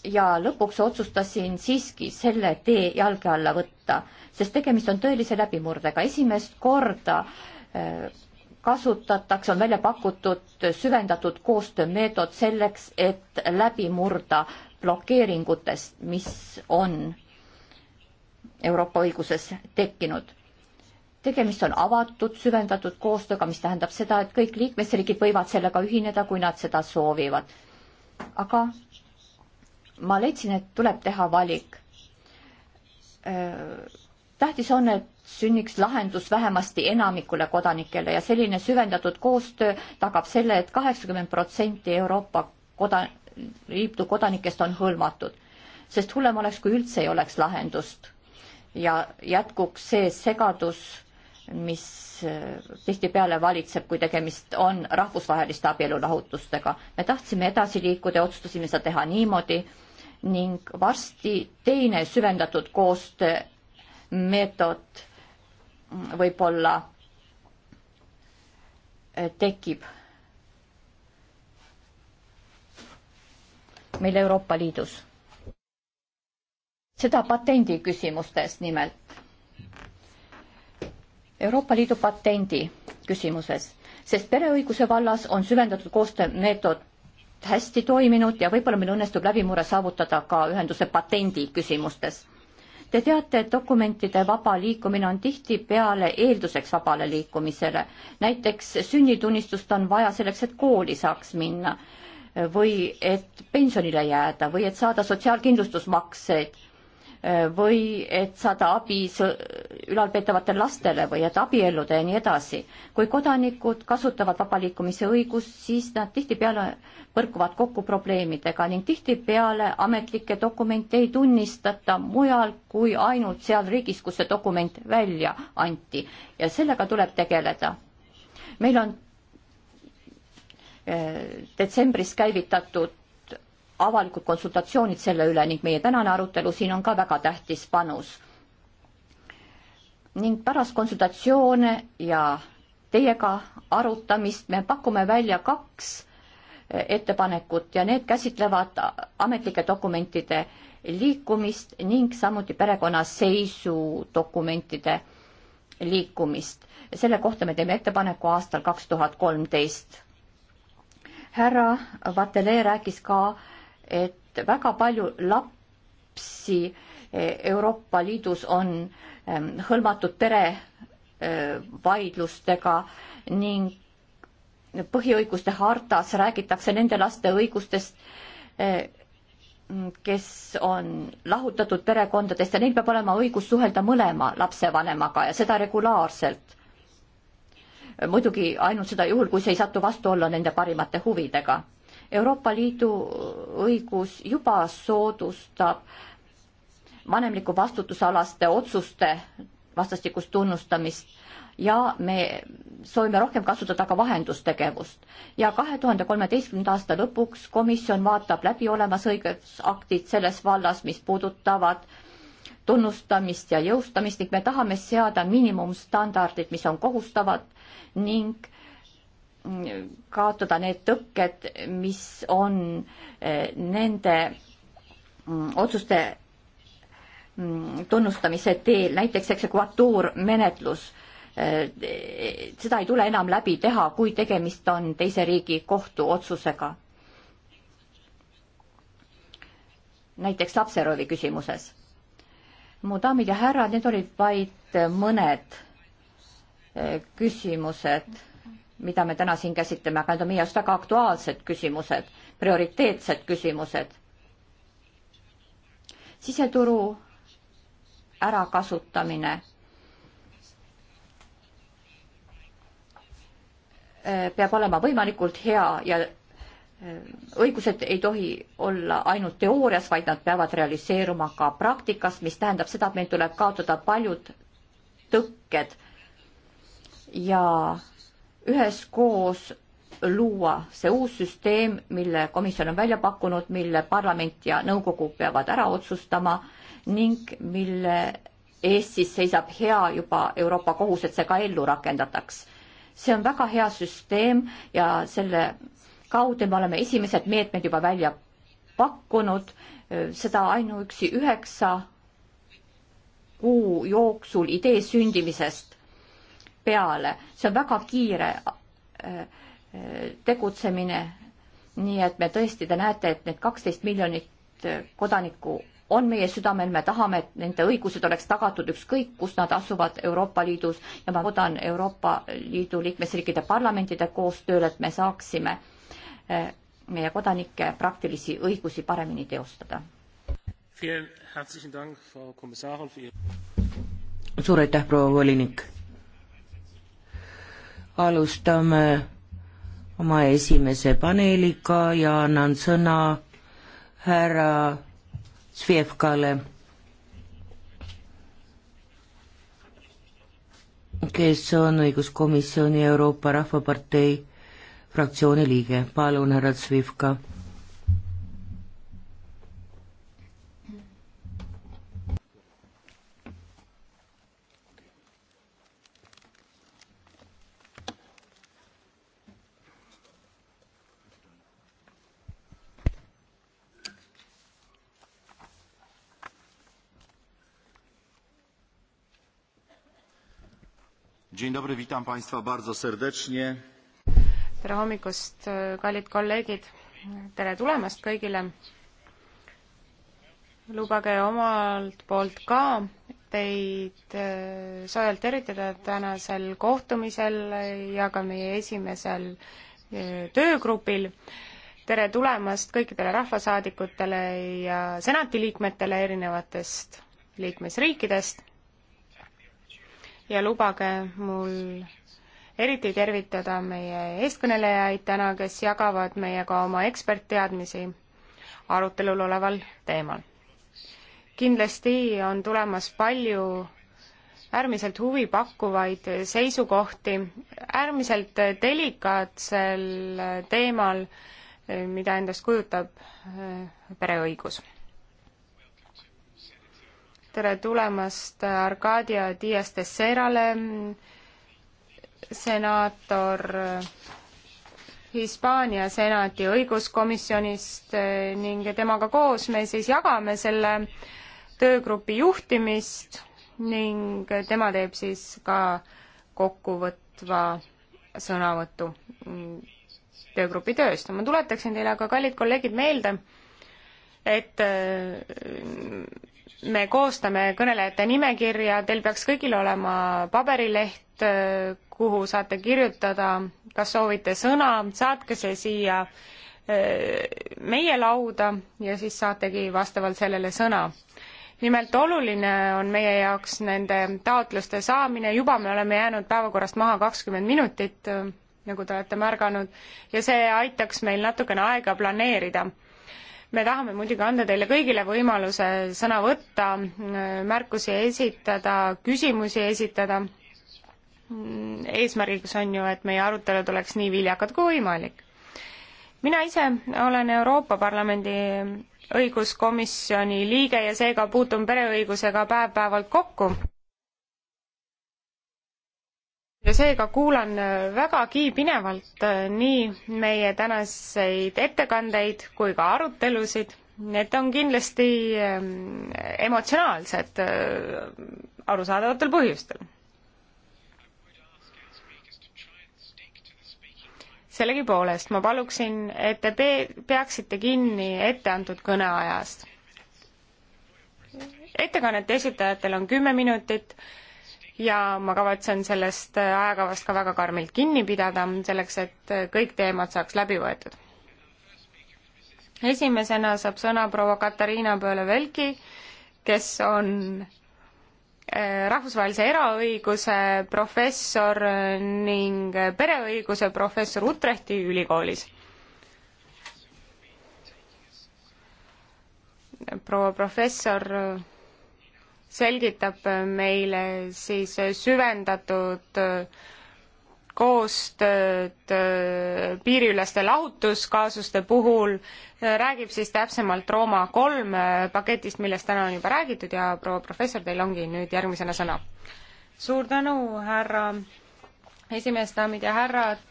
ja lõpuks otsustasin siiski selle tee jalge alla võtta, sest tegemist on tõelise läbimurdega. esimest korda eh, kasutatakse, on välja pakutud süvendatud koostöömeetod selleks, et läbi murda blokeeringutest, mis on Euroopa õiguses tekkinud. tegemist on avatud süvendatud koostööga, mis tähendab seda, et kõik liikmesriigid võivad sellega ühineda, kui nad seda soovivad. aga ma leidsin, et tuleb teha valik. tähtis on, et sünniks lahendus vähemasti enamikule kodanikele ja selline süvendatud koostöö tagab selle et, et kaheksakümmend protsenti Euroopa koda-, Liidu kodanikest on hõlmatud. sest hullem oleks, kui üldse ei oleks lahendust ja jätkuks see segadus, mis äh, tihtipeale valitseb, kui tegemist on rahvusvaheliste abielulahutustega. me tahtsime edasi liikuda ja otsustasime seda teha niimoodi ning varsti teine süvendatud koostöömeetod võib-olla äh, tekib meil Euroopa Liidus. seda patendi küsimustes nimelt. Euroopa Liidu patendi küsimuses, sest pereõiguse vallas on süvendatud koostöömeetod hästi toiminud ja võib-olla meil õnnestub läbimurre saavutada ka ühenduse patendi küsimustes. Te teate, et dokumentide vaba liikumine on tihtipeale eelduseks vabale liikumisele. näiteks sünnitunnistust on vaja selleks, et kooli saaks minna või et pensionile jääda või et saada sotsiaalkindlustusmakseid või et saada abi ülalpeetavatele lastele või et abielluda ja nii edasi. kui kodanikud kasutavad vaba liikumise õigust, siis nad tihtipeale põrkuvad kokku probleemidega ning tihtipeale ametlikke dokumente ei tunnistata mujal kui ainult seal riigis, kus see dokument välja anti ja sellega tuleb tegeleda. meil on detsembris käivitatud avalikud konsultatsioonid selle üle ning meie tänane arutelu siin on ka väga tähtis panus. ning pärast konsultatsioone ja teiega arutamist me pakume välja kaks ettepanekut ja need käsitlevad ametlike dokumentide liikumist ning samuti perekonnaseisudokumentide liikumist. selle kohta me teeme ettepaneku aastal kaks tuhat kolmteist härra Vatelee rääkis ka, et väga palju lapsi eh, Euroopa Liidus on ehm, hõlmatud perevaidlustega eh, ning põhiõiguste hartas räägitakse nende laste õigustest, eh, kes on lahutatud perekondadest ja neil peab olema õigus suhelda mõlema lapsevanemaga ja seda regulaarselt muidugi ainult seda juhul, kui see ei satu vastuollu nende parimate huvidega. Euroopa Liidu õigus juba soodustab vanemliku vastutusalaste otsuste vastastikust tunnustamist ja me soovime rohkem kasutada ka vahendustegevust. ja kahe tuhande kolmeteistkümnenda aasta lõpuks komisjon vaatab läbi olemas õigusaktid selles vallas, mis puudutavad äh, tunnustamist ja jõustamist ning me tahame seada miinimumstandardid, mis on kohustavad ning mm, kaotada need tõkked, mis on eh, nende mm, otsuste mm, tunnustamise teel, näiteks eksekvatuurmenetlus, eh, seda ei tule enam läbi teha, kui tegemist on teise riigi kohtuotsusega. näiteks lapseröövi küsimuses mu daamid ja härrad, need olid vaid mõned eh, küsimused, mida me täna siin käsitleme, aga need on meie jaoks väga aktuaalsed küsimused, prioriteetsed küsimused. siseturu ärakasutamine eh, peab olema võimalikult hea ja õigused ei tohi olla ainult teoorias, vaid nad peavad realiseeruma ka praktikas, mis tähendab seda, et meil tuleb kaotada paljud tõkked ja üheskoos luua see uus süsteem, mille komisjon on välja pakkunud, mille parlament ja nõukogu peavad ära otsustama ning mille eest siis seisab hea juba Euroopa Kohus, et see ka ellu rakendataks. see on väga hea süsteem ja selle kaudu, me oleme esimesed meetmed juba välja pakkunud, seda ainuüksi üheksa kuu jooksul idee sündimisest peale. see on väga kiire äh, äh, tegutsemine. nii et me tõesti, te näete, et need kaksteist miljonit äh, kodanikku on meie südamel, me tahame, et nende õigused oleks tagatud ükskõik, kus nad asuvad Euroopa Liidus ja ma loodan Euroopa Liidu liikmesriikide parlamentide koostööle, et me saaksime meie kodanike praktilisi õigusi paremini teostada. suur aitäh, proua volinik! alustame oma esimese paneeliga ja annan sõna härra Svjevkale, kes on õiguskomisjoni Euroopa Rahvapartei fraktsiooni liige. palun, härra Zvivka. Dzień dobry, witam Państwa bardzo serdecznie tere hommikust, kallid kolleegid! tere tulemast kõigile! lubage omalt poolt ka teid äh, soojalt tervitada tänasel kohtumisel ja ka meie esimesel äh, töögrupil. tere tulemast kõikidele rahvasaadikutele ja senati liikmetele erinevatest liikmesriikidest ja lubage mul eriti tervitada meie eeskõnelejaid täna, kes jagavad meiega oma ekspertteadmisi arutelul oleval teemal. kindlasti on tulemas palju äärmiselt huvipakkuvaid seisukohti äärmiselt delikaatsel teemal, mida endast kujutab äh, pereõigus. tere tulemast Arkadia Dias de Serale, senaator Hispaania senati õiguskomisjonist eh, ning temaga koos me siis jagame selle töögrupi juhtimist ning tema teeb siis ka kokkuvõtva sõnavõttu töögrupi tööst. ma tuletaksin teile aga, kallid kolleegid, meelde, et eh, me koostame kõnelejate nimekirja, teil peaks kõigil olema paberileht, kuhu saate kirjutada, kas soovite sõna, saatke see siia eh, meie lauda ja siis saategi vastavalt sellele sõna. nimelt oluline on meie jaoks nende taotluste saamine, juba me oleme jäänud päevakorrast maha kakskümmend minutit, nagu te olete märganud, ja see aitaks meil natukene aega planeerida me tahame muidugi anda teile kõigile võimaluse sõna võtta, märkusi esitada, küsimusi esitada. eesmärgiks on ju, et meie arutelud oleks nii viljakad kui võimalik. mina ise olen Euroopa Parlamendi õiguskomisjoni liige ja seega puutun pereõigusega päev-päevalt kokku ja seega kuulan vägagi pinevalt äh, nii meie tänaseid ettekandeid kui ka arutelusid. Need on kindlasti ähm, emotsionaalsed äh, arusaadavatel põhjustel. sellegipoolest ma paluksin, et te peaksite kinni etteantud kõneajast. ettekannete esitajatel on kümme minutit ja ma kavatsen sellest äh, ajakavast ka väga karmilt kinni pidada, selleks et äh, kõik teemad saaks läbi võetud. esimesena saab sõna proua Katariina Pööle-Velki, kes on äh, rahvusvahelise eraõiguse professor ning pereõiguse professor Utrechti ülikoolis. proua professor selgitab äh, meile siis äh, süvendatud äh, koostööd piiriüleste lahutuskaasuste puhul, räägib siis täpsemalt Rooma kolm paketist, millest täna on juba räägitud ja proua professor, teil ongi nüüd järgmisena sõna. suur tänu, härra esimees, daamid ja härrad.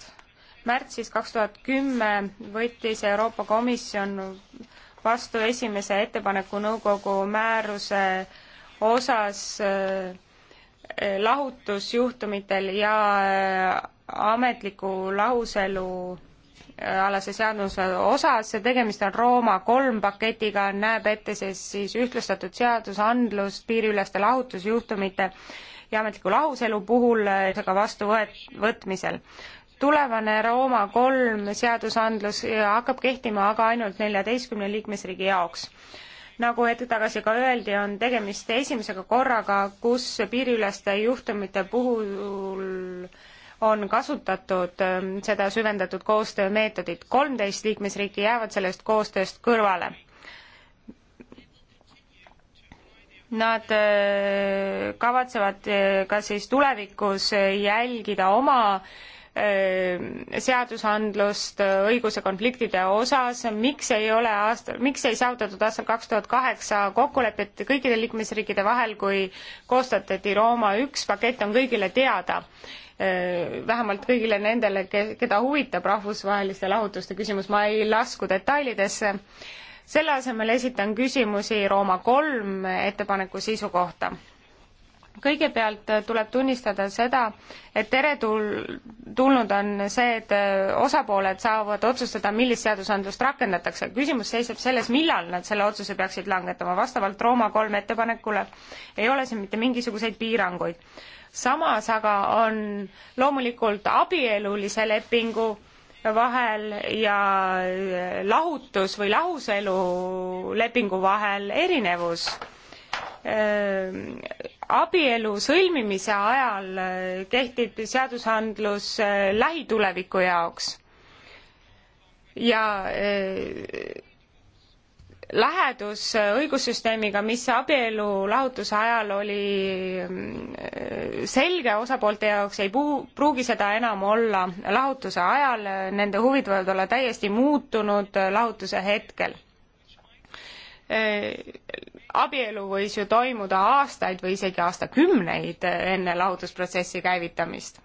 märtsis kaks tuhat kümme võttis Euroopa Komisjon vastu esimese ettepaneku nõukogu määruse osas äh, lahutusjuhtumitel ja äh, ametliku lahuselu äh, alase seaduse osas, tegemist on Rooma kolm paketiga, näeb ette siis, siis ühtlustatud seadusandlust piiriüleste lahutusjuhtumite ja ametliku lahuselu puhul ka vastuvõtmisel. tulevane Rooma kolm seadusandlus hakkab kehtima aga ainult neljateistkümne liikmesriigi jaoks nagu hetk tagasi ka öeldi, on tegemist esimesega korraga, kus piiriüleste juhtumite puhul on kasutatud ähm, seda süvendatud koostöömeetodit. kolmteist liikmesriiki jäävad sellest koostööst kõrvale. Nad äh, kavatsevad äh, ka siis tulevikus jälgida oma äh, Äh, seadusandlust õiguse konfliktide osas, miks ei ole aasta, miks ei saavutatud aastal kaks tuhat kaheksa kokkulepet kõikide liikmesriikide vahel, kui koostatati Rooma üks pakett, on kõigile teada. Äh, vähemalt kõigile nendele, keda huvitab rahvusvaheliste lahutuste küsimus, ma ei lasku detailidesse. selle asemel esitan küsimusi Rooma kolm ettepaneku sisu kohta kõigepealt äh, tuleb tunnistada seda, et teretulnud on see, et äh, osapooled saavad otsustada, millist seadusandlust rakendatakse. küsimus seisneb selles, millal nad selle otsuse peaksid langetama. vastavalt Rooma kolme ettepanekule ei ole siin mitte mingisuguseid piiranguid. samas aga on loomulikult abielulise lepingu vahel ja äh, lahutus või lahuselu lepingu vahel erinevus Ehm, abielu sõlmimise ajal eh, kehtib seadusandlus eh, lähituleviku jaoks ja eh, lähedus õigussüsteemiga, mis abielu lahutuse ajal oli mm, selge osapoolte jaoks, ei puu-, pruugi seda enam olla lahutuse ajal, nende huvid võivad olla täiesti muutunud lahutuse hetkel Äh, abielu võis ju toimuda aastaid või isegi aastakümneid äh, enne lahutusprotsessi käivitamist.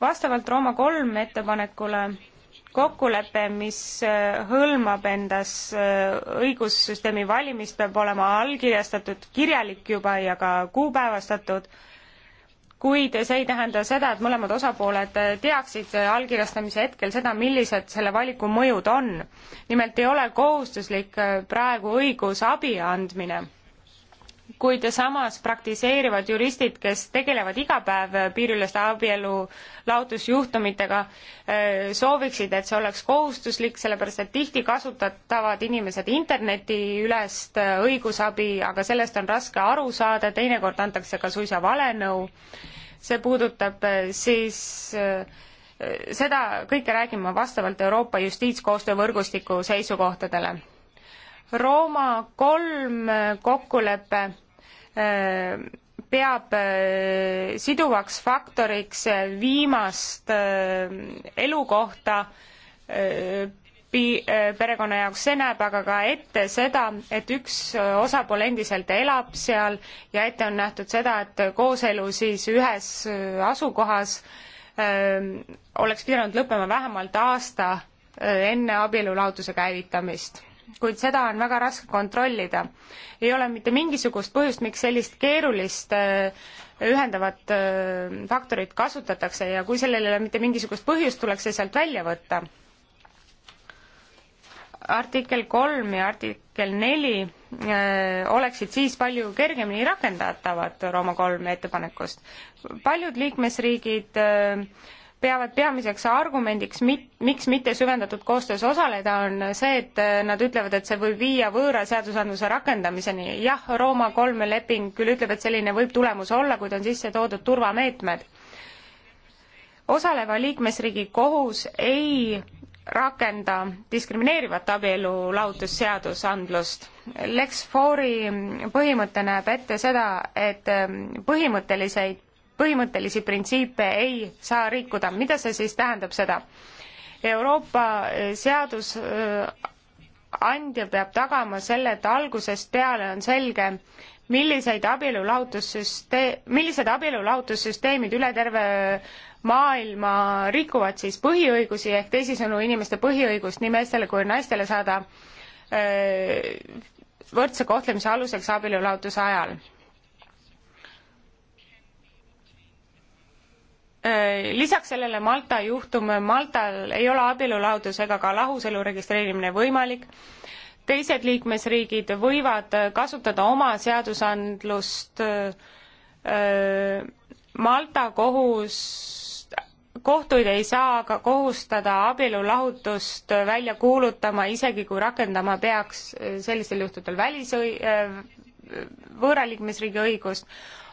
vastavalt Rooma kolm ettepanekule kokkulepe, mis äh, hõlmab endas õigussüsteemi valimist, peab olema allkirjastatud, kirjalik juba ja ka kuupäevastatud kuid see ei tähenda seda, et mõlemad osapooled teaksid allkirjastamise hetkel seda, millised selle valiku mõjud on. nimelt ei ole kohustuslik praegu õiguse abi andmine kuid samas praktiseerivad juristid, kes tegelevad iga päev piiriüleste abielu lahutusjuhtumitega, eh, sooviksid, et see oleks kohustuslik, sellepärast et tihti kasutatavad inimesed internetiülest eh, õigusabi, aga sellest on raske aru saada, teinekord antakse ka suisa valenõu. see puudutab eh, siis seda kõike räägin ma vastavalt Euroopa justiitskoostöö võrgustiku seisukohtadele Rooma kolm kokkulepe Äh, peab äh, siduvaks faktoriks äh, viimast elukohta pi-, perekonna jaoks, see näeb aga ka ette seda, et üks osapool endiselt elab seal ja ette on nähtud seda, et kooselu siis ühes asukohas öö, ähm, oleks pidanud lõppema vähemalt aasta öö, enne abielulahutuse käivitamist kuid seda on väga raske kontrollida. ei ole mitte mingisugust põhjust, miks sellist keerulist äh, ühendavat äh, faktorit kasutatakse ja kui sellel ei ole mitte mingisugust põhjust, tuleks see sealt välja võtta. artikkel kolm ja artikkel neli äh, oleksid siis palju kergemini rakendatavad Rooma kolme ettepanekust. paljud liikmesriigid öö, peavad peamiseks argumendiks, miks mitte süvendatud koostöös osaleda, on see, et äh, nad ütlevad, et see võib viia võõra seadusandluse rakendamiseni. jah, Rooma kolme leping küll ütleb, et selline võib tulemus olla, kuid on sisse toodud turvameetmed. osaleva liikmesriigi kohus ei rakenda diskrimineerivat abielu lahutusseadusandlust. Lex Fori põhimõte näeb ette seda, et ähm, põhimõtteliseid põhimõttelisi printsiipe ei saa rikkuda. mida see siis tähendab seda? Euroopa eh, seadusandja eh, peab tagama selle, et algusest peale on selge, milliseid abielulahutussüsteem, millised abielulahutussüsteemid üle terve eh, maailma rikuvad siis põhiõigusi ehk teisisõnu inimeste põhiõigust nii meestele kui naistele saada öö, võrdse kohtlemise aluseks abielulahutuse ajal Äh, lisaks sellele Malta juhtum, Maltal ei ole abielulahutus ega ka lahuselu registreerimine võimalik. teised liikmesriigid võivad kasutada oma seadusandlust. Äh, Malta kohus, kohtuid ei saa aga kohustada abielulahutust välja kuulutama, isegi kui rakendama peaks äh, sellistel juhtudel välis, võõra liikmesriigi õigust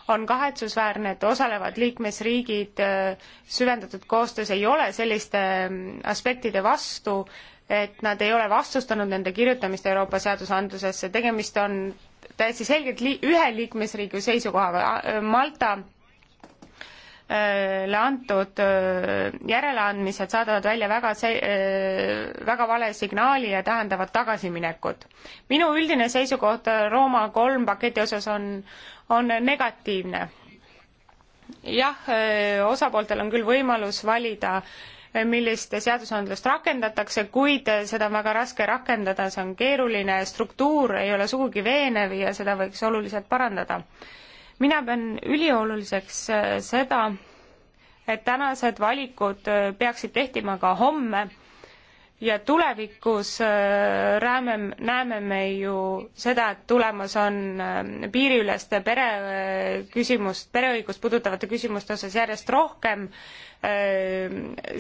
on kahetsusväärne, et osalevad liikmesriigid äh, süvendatud koostöös ei ole selliste ähm, aspektide vastu, et nad ei ole vastustanud nende kirjutamist Euroopa seadusandlusesse, tegemist on täiesti selgelt li-, ühe liikmesriigi seisukoha, äh, Malta äh, le antud järeleandmised saadavad välja väga se-, väga vale signaali ja tähendavad tagasiminekut. minu üldine seisukoht Rooma kolm paketi osas on on negatiivne. jah, eh, osapooltel on küll võimalus valida, eh, millist seadusandlust rakendatakse, kuid eh, seda on väga raske rakendada, see on keeruline, struktuur ei ole sugugi veenev ja seda võiks oluliselt parandada. mina pean ülioluliseks seda, et tänased valikud peaksid tehtima ka homme ja tulevikus äh, rääme, näeme me ju seda, et tulemas on äh, piiriüleste pereküsimust, äh, pereõigust puudutavate küsimuste osas järjest rohkem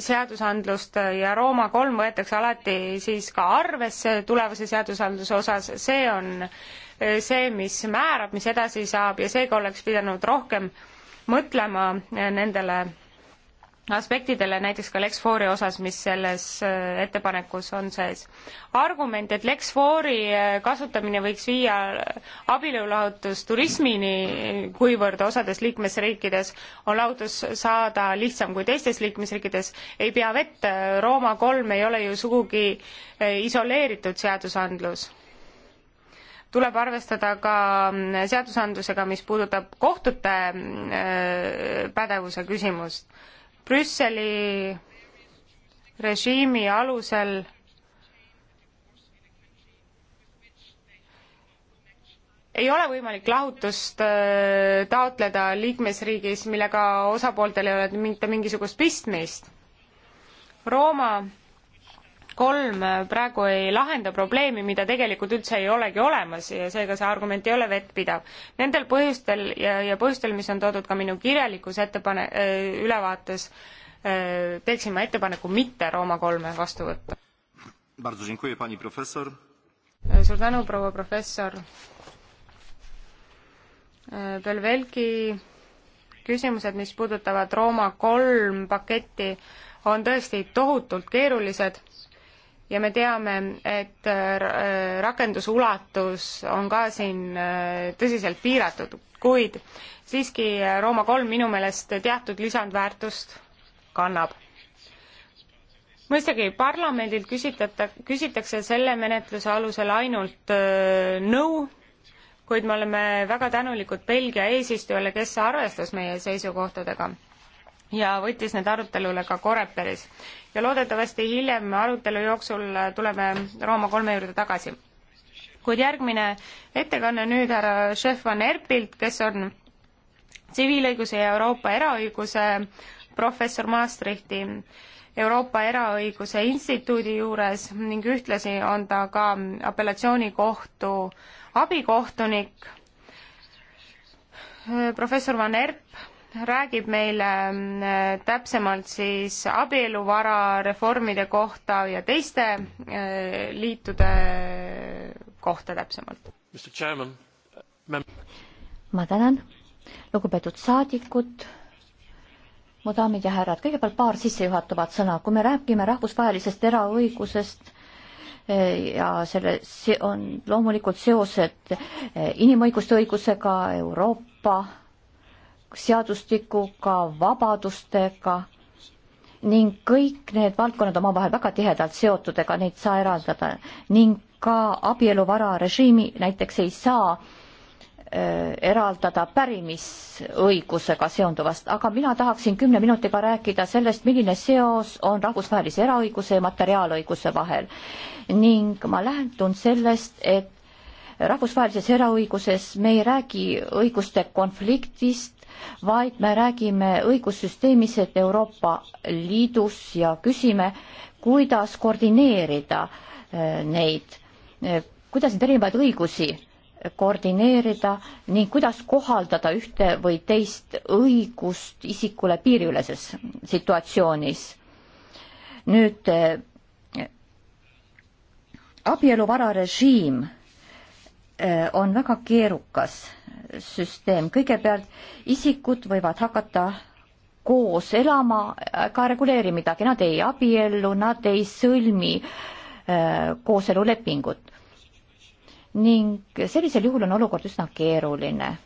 seadusandlust ja Rooma kolm võetakse alati siis ka arvesse tulevase seadusandluse osas, see on see, mis määrab, mis edasi saab ja seega oleks pidanud rohkem mõtlema nendele aspektidele, näiteks ka Lex Fouri osas, mis selles äh, ettepanekus on sees. argument, et Lex Fouri äh, kasutamine võiks viia äh, abielulahutusturismini, kuivõrd osades liikmesriikides on lahutus saada lihtsam kui teistes liikmesriikides, ei pea vett, Rooma kolm ei ole ju sugugi isoleeritud seadusandlus tuleb arvestada ka mm, seadusandlusega, mis puudutab kohtute mm, pädevuse küsimust Brüsseli režiimi alusel ei ole võimalik lahutust äh, taotleda liikmesriigis, millega osapooltel ei ole mitte mingisugust pistmist. Rooma kolm praegu ei lahenda probleemi, mida tegelikult üldse ei olegi olemas ja seega see argument ei ole vettpidav. Nendel põhjustel ja, ja põhjustel, mis on toodud ka minu kirjalikus ettepane-, äh, ülevaates, äh, teeksin ma ettepaneku mitte Rooma kolme vastu võtta. Äh, suur tänu, proua professor. Belvelgi küsimused, mis puudutavad Rooma kolm paketti, on tõesti tohutult keerulised ja me teame, et äh, äh, rakendusulatus on ka siin äh, tõsiselt piiratud, kuid siiski Rooma kolm minu meelest teatud lisandväärtust kannab. mõistagi, parlamendilt küsitata, küsitakse selle menetluse alusel ainult nõu no,, kuid me oleme väga tänulikud Belgia eesistujale, kes arvestas meie seisukohtadega ja võttis need arutelule ka Coreperis. ja loodetavasti hiljem arutelu jooksul tuleme Rooma kolme juurde tagasi. kuid järgmine ettekanne nüüd härra Šefan Erpilt, kes on tsiviilõiguse ja Euroopa eraõiguse professor Maastrichti Euroopa Eraõiguse Instituudi juures ning ühtlasi on ta ka apellatsioonikohtu abikohtunik. professor Van Erp räägib meile mm, täpsemalt siis abieluvara reformide kohta ja teiste äh, liitude kohta täpsemalt. ma tänan, lugupeetud saadikud, mu daamid ja härrad, kõigepealt paar sissejuhatavat sõna, kui me räägime rahvusvahelisest eraõigusest, eh, ja selle on loomulikult seosed eh, inimõiguste õigusega Euroopa seadustikuga, vabadustega ning kõik need valdkonnad omavahel väga tihedalt seotud, ega neid saa eraldada ning ka abieluvara režiimi näiteks ei saa äh, eraldada pärimisõigusega seonduvast, aga mina tahaksin kümne minutiga rääkida sellest, milline seos on rahvusvahelise eraõiguse ja materiaalõiguse vahel. ning ma lähtun sellest, et rahvusvahelises eraõiguses me ei räägi õiguste konfliktist, vaid me räägime õigussüsteemiliselt Euroopa Liidus ja küsime, kuidas koordineerida äh, neid, äh, kuidas neid erinevaid õigusi koordineerida ning kuidas kohaldada ühte või teist õigust isikule piiriüleses situatsioonis. nüüd äh, abieluvararežiim Äh, on väga keerukas süsteem. kõigepealt isikud võivad hakata koos elama, äh, ka ei reguleeri midagi, nad ei abiellu, nad ei sõlmi äh, kooselulepingut. ning sellisel juhul on olukord üsna keeruline,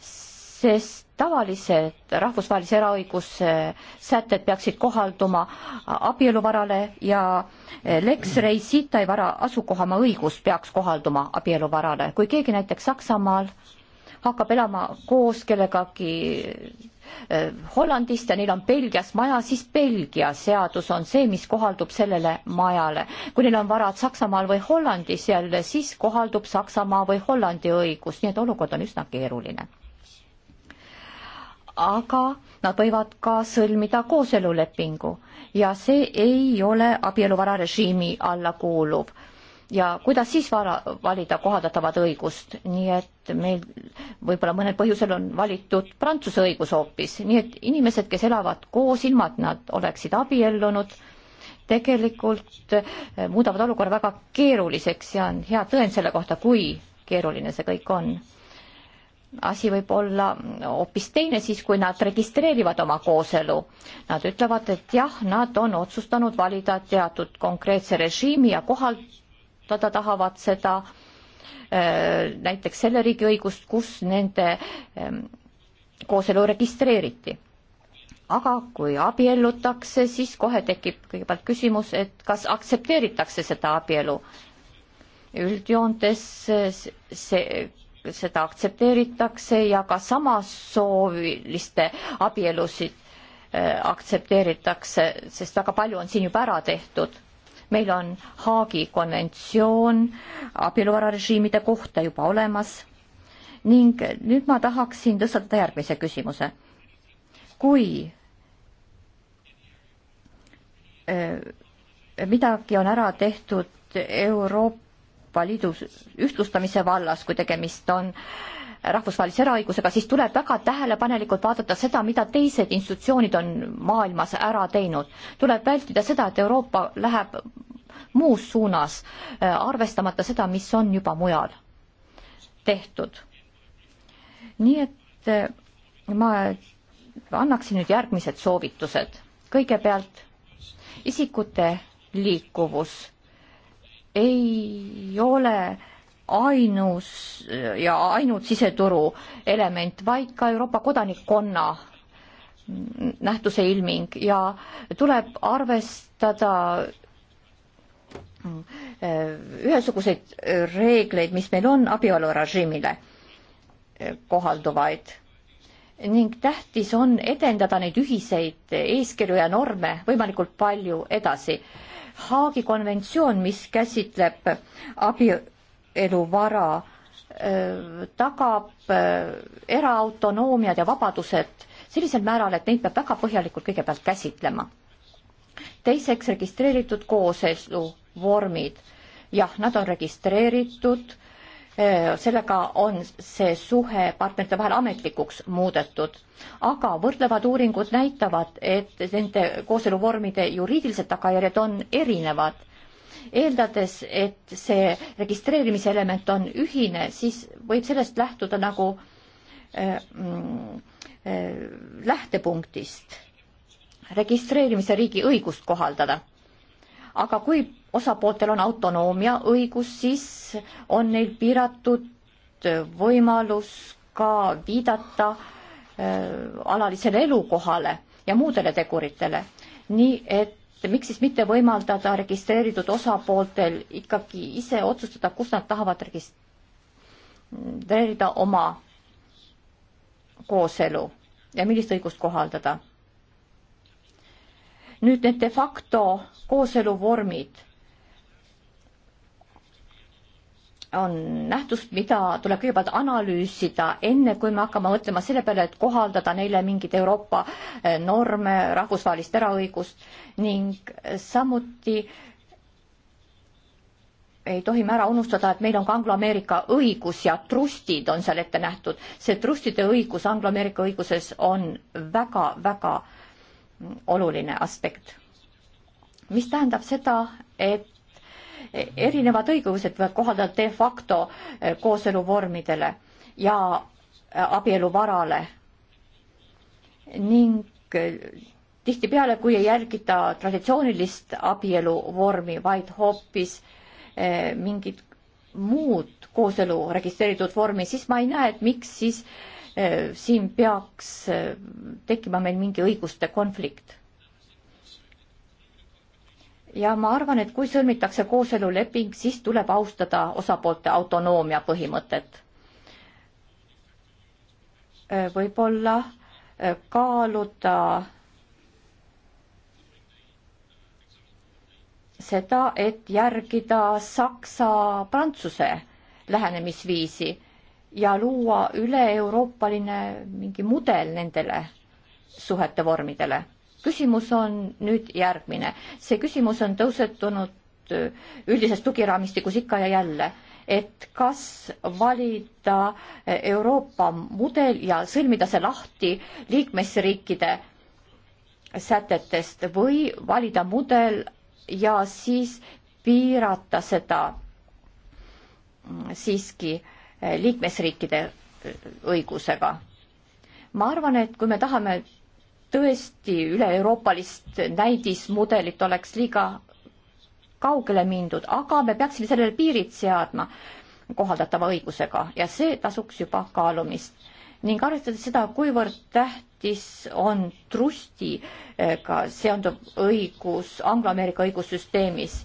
sest tavalised rahvusvahelise eraõiguse sätted peaksid kohalduma abieluvarale ja eh, Lex Reisita'i vara asukohamaa õigus peaks kohalduma abieluvarale. kui keegi näiteks Saksamaal hakkab elama koos kellegagi eh, Hollandist ja neil on Belgias maja, siis Belgia seadus on see, mis kohaldub sellele majale. kui neil on varad Saksamaal või Hollandis jälle, siis kohaldub Saksamaa või Hollandi õigus, nii et olukord on üsna keeruline aga nad võivad ka sõlmida kooselulepingu ja see ei ole abieluvara režiimi alla kuuluv. ja kuidas siis vara, valida kohaldatavat õigust, nii et meil võib-olla mõnel põhjusel on valitud Prantsuse õigus hoopis, nii et inimesed, kes elavad koos, ilma et nad oleksid abiellunud, tegelikult eh, muudavad olukorra väga keeruliseks ja on hea tõend selle kohta, kui keeruline see kõik on asi võib olla hoopis teine siis, kui nad registreerivad oma kooselu. Nad ütlevad, et jah, nad on otsustanud valida teatud konkreetse režiimi ja kohaldada tahavad seda äh, näiteks selle riigi õigust, kus nende ähm, kooselu registreeriti. aga kui abiellutakse, siis kohe tekib kõigepealt küsimus, et kas aktsepteeritakse seda abielu. üldjoontes see seda aktsepteeritakse ja ka samasooliste abielusid äh, aktsepteeritakse, sest väga palju on siin juba ära tehtud. meil on Haagi konventsioon abieluvararežiimide kohta juba olemas ning nüüd ma tahaksin tõstatada järgmise küsimuse. kui äh, midagi on ära tehtud Euroopa Euroopa Liidu ühtlustamise vallas, kui tegemist on rahvusvahelise eraõigusega, siis tuleb väga tähelepanelikult vaadata seda, mida teised institutsioonid on maailmas ära teinud. tuleb vältida seda, et Euroopa läheb muus suunas, äh, arvestamata seda, mis on juba mujal tehtud. nii et äh, ma annaksin nüüd järgmised soovitused. kõigepealt isikute liikuvus ei ole ainus ja ainult siseturu element, vaid ka Euroopa kodanikkonna nähtuse ilming ja tuleb arvestada äh, ühesuguseid reegleid, mis meil on abielurežiimile äh, kohalduvaid ning tähtis on edendada neid ühiseid eeskirju ja norme võimalikult palju edasi Haagi konventsioon, mis käsitleb abieluvara, tagab eraautonoomiad ja vabadused sellisel määral, et neid peab väga põhjalikult kõigepealt käsitlema. teiseks registreeritud kooselu vormid. jah, nad on registreeritud sellega on see suhe partnerite vahel ametlikuks muudetud. aga võrdlevad uuringud näitavad, et nende kooseluvormide juriidilised tagajärjed on erinevad. eeldades, et see registreerimise element on ühine, siis võib sellest lähtuda nagu äh, äh, lähtepunktist registreerimise riigi õigust kohaldada. aga kui osapooltel on autonoomia õigus, siis on neil piiratud võimalus ka viidata äh, alalisele elukohale ja muudele teguritele. nii et miks siis mitte võimaldada registreeritud osapooltel ikkagi ise otsustada, kus nad tahavad registreerida oma kooselu ja millist õigust kohaldada. nüüd need de facto kooseluvormid on nähtus, mida tuleb kõigepealt analüüsida, enne kui me hakkame mõtlema selle peale, et kohaldada neile mingeid Euroopa eh, norme, eh, rahvusvahelist eraõigust ning eh, samuti ei tohime ära unustada, et meil on ka angloameerika õigus ja trustid on seal ette nähtud. see trustide õigus angloameerika õiguses on väga-väga mm, oluline aspekt. mis tähendab seda, et erinevad õigused võivad kohaldada de facto eh, kooseluvormidele ja eh, abieluvarale ning eh, tihtipeale, kui ei järgita traditsioonilist abieluvormi, vaid hoopis mingit muud kooselu registreeritud vormi, siis ma ei näe, et miks siis siin peaks tekkima meil mingi õiguste konflikt ja ma arvan, et kui sõlmitakse kooseluleping, siis tuleb austada osapoolte autonoomia põhimõtet. Äh, võib-olla äh, kaaluda seda, et järgida Saksa-Prantsuse lähenemisviisi ja luua üle-euroopaline mingi mudel nendele suhete vormidele küsimus on nüüd järgmine. see küsimus on tõusetunud äh, üldises tugiraamistikus ikka ja jälle, et kas valida äh, Euroopa mudel ja sõlmida see lahti liikmesriikide sätetest või valida mudel ja siis piirata seda mm, siiski äh, liikmesriikide õigusega. ma arvan, et kui me tahame tõesti üle-euroopalist näidismudelit oleks liiga kaugele mindud, aga me peaksime sellele piirid seadma kohaldatava õigusega ja see tasuks juba kaalumist. ning arvestades seda, kuivõrd tähtis on trustiga seonduv õigus Angloameerika õigussüsteemis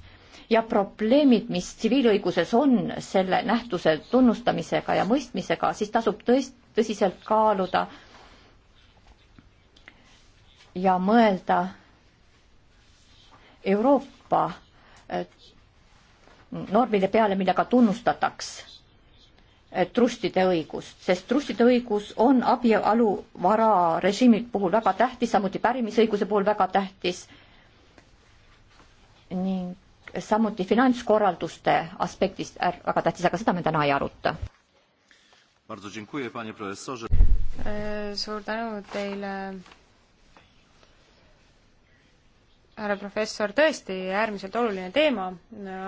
ja probleemid, mis tsiviilõiguses on selle nähtuse tunnustamisega ja mõistmisega, siis tasub tõest-, tõsiselt kaaluda äh, ja mõelda Euroopa normide peale, millega tunnustataks trustide õigust, sest trustide õigus on abieluvara režiimi puhul väga tähtis, samuti pärimisõiguse puhul väga tähtis ning samuti finantskorralduste aspektist väga tähtis, aga seda me täna ei aruta. suur tänu teile härra professor, tõesti äärmiselt oluline teema,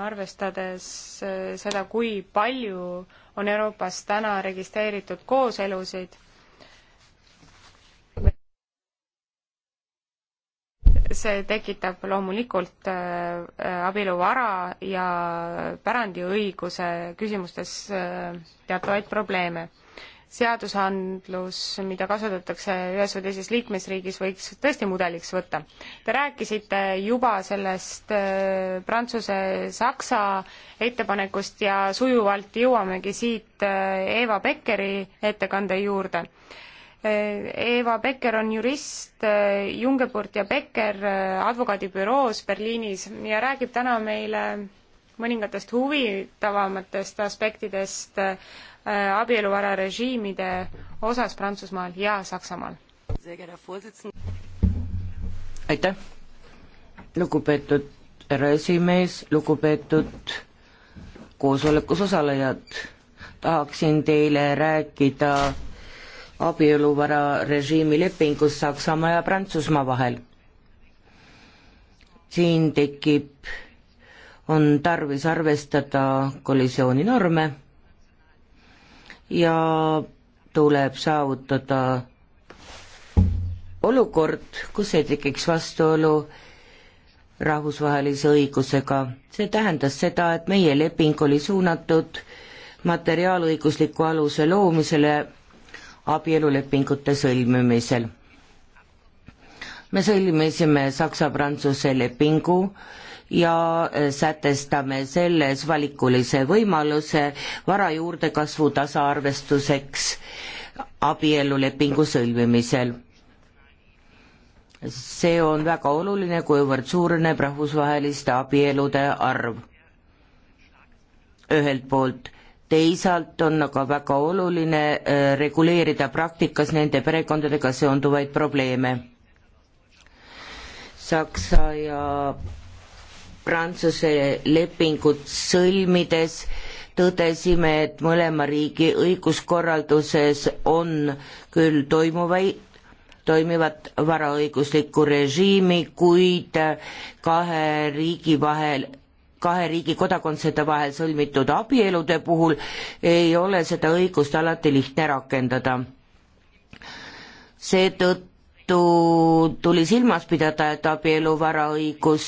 arvestades äh, seda, kui palju on Euroopas täna registreeritud kooselusid. see tekitab loomulikult äh, abieluvara ja pärandiõiguse küsimustes äh, teatavaid probleeme seadusandlus, mida kasutatakse ühes või teises liikmesriigis, võiks tõesti mudeliks võtta. Te rääkisite juba sellest äh, Prantsuse-Saksa ettepanekust ja sujuvalt jõuamegi siit äh, Eva Beckeri ettekande juurde. Äh, Eva Becker on jurist Jungeburt ja Becker advokaadibüroos Berliinis ja räägib täna meile mõningatest huvitavamatest aspektidest Äh, abieluvära režiimide osas Prantsusmaal ja Saksamaal. aitäh, lugupeetud härra esimees, lugupeetud koosolekus osalejad, tahaksin teile rääkida abieluvara režiimi lepingust Saksamaa ja Prantsusmaa vahel. siin tekib, on tarvis arvestada kollisiooninorme ja tuleb saavutada olukord, kus ei tekiks vastuolu rahvusvahelise õigusega. see tähendas seda, et meie leping oli suunatud materiaalõigusliku aluse loomisele abielulepingute sõlmimisel. me sõlmisime Saksa-Prantsuse lepingu, ja äh, sätestame selles valikulise võimaluse vara juurdekasvu tasaarvestuseks abielulepingu sõlmimisel see on väga oluline, kuivõrd suureneb rahvusvaheliste abielude arv. ühelt poolt, teisalt on aga väga oluline äh, reguleerida praktikas nende perekondadega seonduvaid probleeme. Saksa ja Prantsuse lepingut sõlmides tõdesime, et mõlema riigi õiguskorralduses on küll toimuvaid, toimivat varaõiguslikku režiimi, kuid kahe riigi vahel kahe riigi kodakondsete vahel sõlmitud abielude puhul ei ole seda õigust alati lihtne rakendada. seetõttu seetõttu tuli silmas pidada, et abieluvaraõigus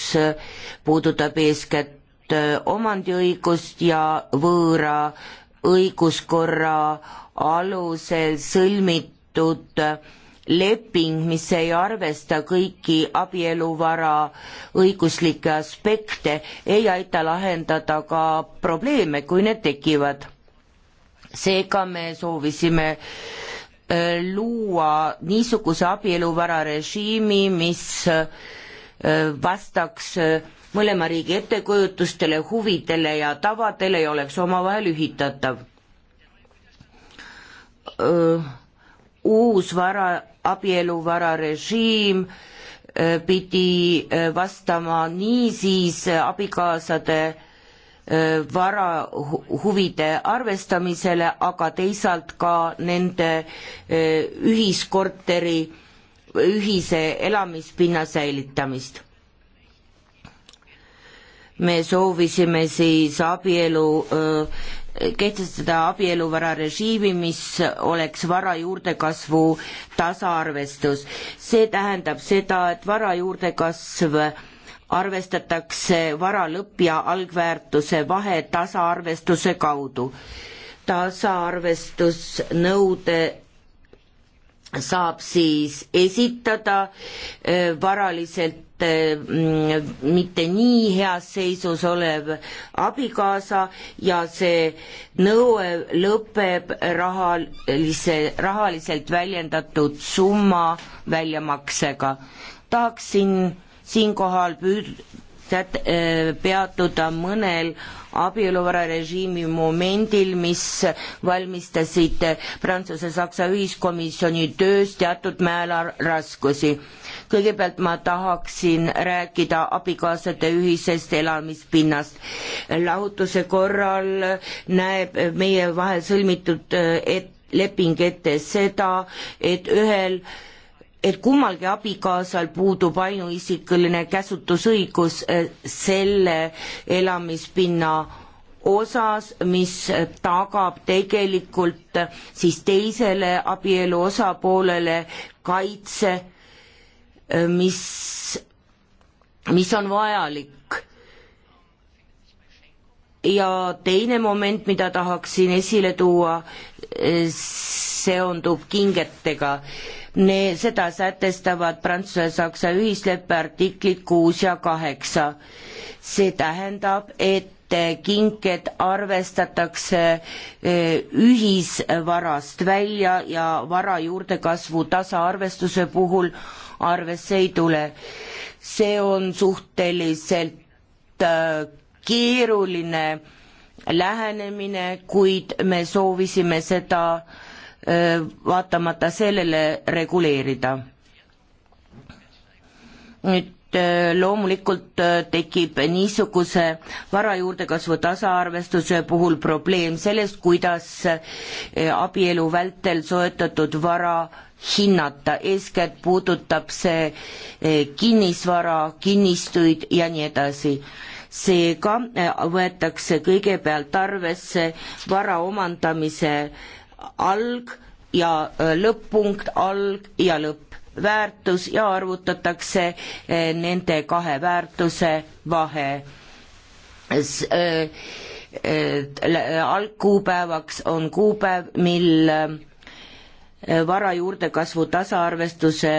puudutab eeskätt äh, omandiõigust ja võõra õiguskorra alusel sõlmitud leping, mis ei arvesta kõiki abieluvara õiguslikke aspekte, ei aita lahendada ka probleeme, kui need tekivad. seega me soovisime äh, Äh, luua niisuguse abieluvararežiimi, mis äh, vastaks äh, mõlema riigi ettekujutustele, huvidele ja tavadele ja oleks omavahel ühitatav. uus vara, abieluvararežiim pidi vastama niisiis abikaasade Äh, vara huvide arvestamisele, aga teisalt ka nende äh, ühiskorteri, ühise elamispinna säilitamist. me soovisime siis abielu, äh, kehtestada abieluvara režiimi, mis oleks vara juurdekasvu tasaarvestus. see tähendab seda, et vara juurdekasv arvestatakse vara lõpp- ja algväärtuse vahe tasaarvestuse kaudu. tasaarvestusnõude saab siis esitada äh, varaliselt äh, mm, mitte nii heas seisus olev abikaasa ja see nõue lõpeb rahalise, rahaliselt väljendatud summa väljamaksega. tahaksin siinkohal püüd-, äh, peatuda mõnel abieluvararežiimi momendil, mis valmistasid Prantsuse-Saksa ühiskomisjoni töös teatud määral raskusi. kõigepealt ma tahaksin rääkida abikaasade ühisest elamispinnast. lahutuse korral näeb meie vahel sõlmitud äh, et-, leping ette seda, et ühel et kummalgi abikaasal puudub ainuisikuline käsutusõigus eh, selle elamispinna osas, mis tagab tegelikult siis teisele abielu osapoolele kaitse, eh, mis, mis on vajalik. ja teine moment, mida tahaksin esile tuua, eh, seondub kingetega Nee, seda sätestavad Prantsuse ja Saksa ühisleppe artiklid kuus ja kaheksa. see tähendab, et kinked arvestatakse eh, ühisvarast välja ja vara juurdekasvu tasaarvestuse puhul arvesse ei tule. see on suhteliselt eh, keeruline lähenemine, kuid me soovisime seda äh, vaatamata sellele reguleerida. nüüd loomulikult tekib niisuguse vara juurdekasvu tasaarvestuse puhul probleem sellest, kuidas abielu vältel soetatud vara hinnata, eeskätt puudutab see kinnisvara, kinnistuid ja nii edasi. seega võetakse kõigepealt arvesse vara omandamise alg ja äh, lõpp-punkt, alg ja lõppväärtus ja arvutatakse äh, nende kahe väärtuse vahe. Äh, algkuupäevaks on kuupäev, mil vara juurdekasvu tasaarvestuse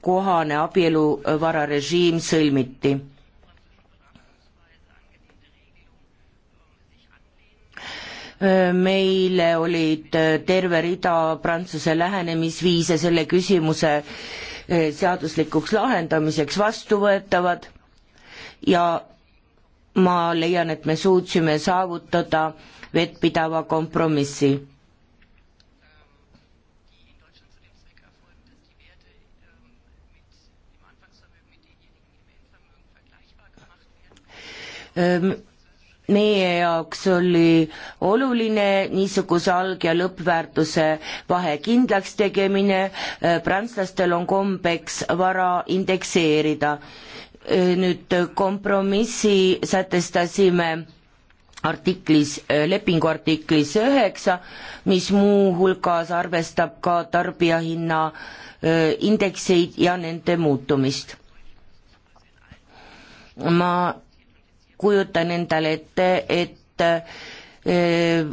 kohane abieluvararežiim sõlmiti meile olid äh, terve rida Prantsuse lähenemisviise selle küsimuse äh, seaduslikuks lahendamiseks vastuvõetavad ja ma leian, et me suutsime saavutada vettpidava kompromissi ähm, meie jaoks oli oluline niisuguse alg- ja lõppväärtuse vahe kindlaks tegemine, äh, prantslastel on kombeks vara indekseerida. Äh, nüüd kompromissi sätestasime artiklis, äh, lepingu artiklis üheksa, mis muuhulgas arvestab ka tarbijahinna indekseid ja nende muutumist. ma kujutan endale ette, et, et äh,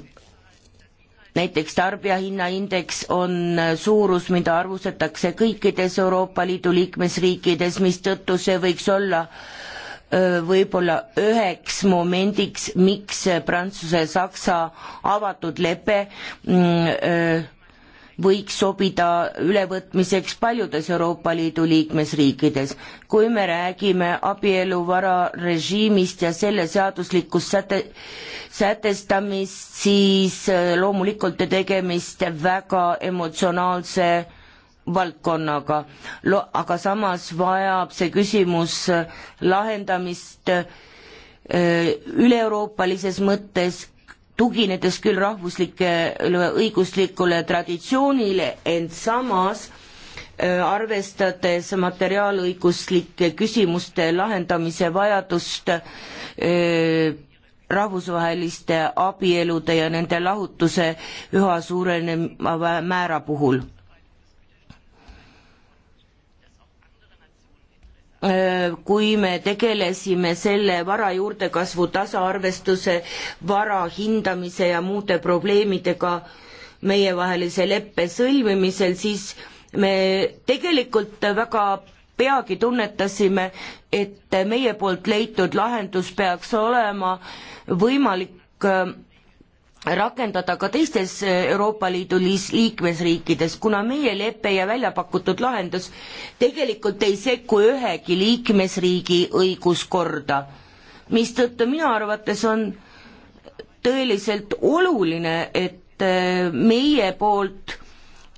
näiteks tarbijahinnaindeks on suurus, mida arvutatakse kõikides Euroopa Liidu liikmesriikides, mistõttu see võiks olla äh, võib-olla üheks momendiks, miks Prantsuse-Saksa avatud lepe öö, mm, äh, võiks sobida ülevõtmiseks paljudes Euroopa Liidu liikmesriikides. kui me räägime abieluvara režiimist ja selle seaduslikust säte, sätestamist, siis äh, loomulikult on tegemist väga emotsionaalse valdkonnaga, aga samas vajab see küsimus äh, lahendamist äh, üle-euroopalises mõttes tuginedes küll rahvuslikele õiguslikule traditsioonile, ent samas äh, arvestades materiaalõiguslike küsimuste lahendamise vajadust äh, rahvusvaheliste abielude ja nende lahutuse üha suureneva määra puhul Äh, kui me tegelesime selle vara juurdekasvu tasaarvestuse, vara hindamise ja muude probleemidega meievahelise leppe sõlmimisel, siis me tegelikult väga peagi tunnetasime, et meie poolt leitud lahendus peaks olema võimalik äh, rakendada ka teistes Euroopa Liidu liikmesriikides, kuna meie lepe ja välja pakutud lahendus tegelikult ei sekku ühegi liikmesriigi õiguskorda, mistõttu minu arvates on tõeliselt oluline, et eh, meie poolt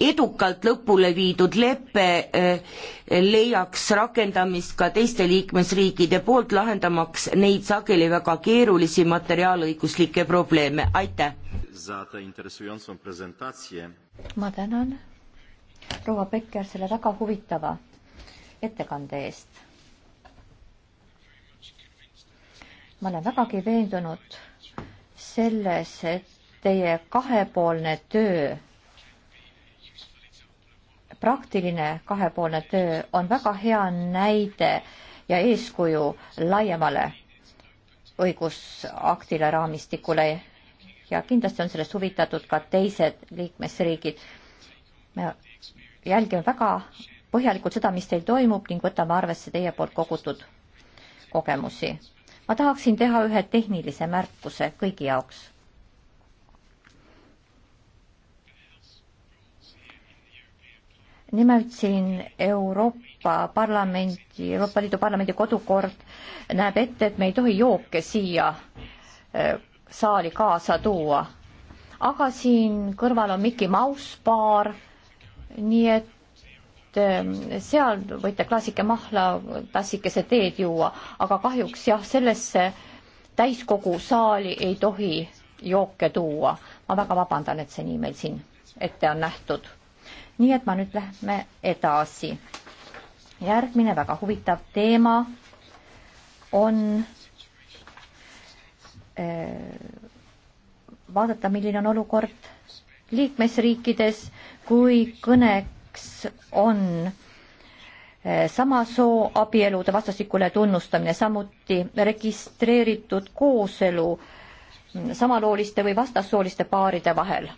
edukalt lõpule viidud lepe eh, leiaks rakendamist ka teiste liikmesriikide poolt, lahendamaks neid sageli väga keerulisi materiaalõiguslikke probleeme, aitäh! ma tänan proua Becker selle väga huvitava ettekande eest. ma olen vägagi veendunud selles, et teie kahepoolne töö praktiline kahepoolne töö on väga hea näide ja eeskuju laiemale õigusaktile, raamistikule ja kindlasti on sellest huvitatud ka teised liikmesriigid. me jälgime väga põhjalikult seda, mis teil toimub ning võtame arvesse teie poolt kogutud kogemusi. ma tahaksin teha ühe tehnilise märkuse kõigi jaoks nimelt siin Euroopa Parlamendi, Euroopa Liidu Parlamendi kodukord näeb ette, et me ei tohi jooke siia äh, saali kaasa tuua. aga siin kõrval on Mickey Mouse baar, nii et ähm, seal võite klaasike mahla, tassikese teed juua, aga kahjuks jah, sellesse täiskogu saali ei tohi jooke tuua. ma väga vabandan, et see nii meil siin ette on nähtud nii et ma nüüd lähme edasi. järgmine väga huvitav teema on äh, vaadata, milline on olukord liikmesriikides, kui kõneks on äh, sama soo abielude vastastikune tunnustamine, samuti registreeritud kooselu samalooliste või vastassooliste paaride vahel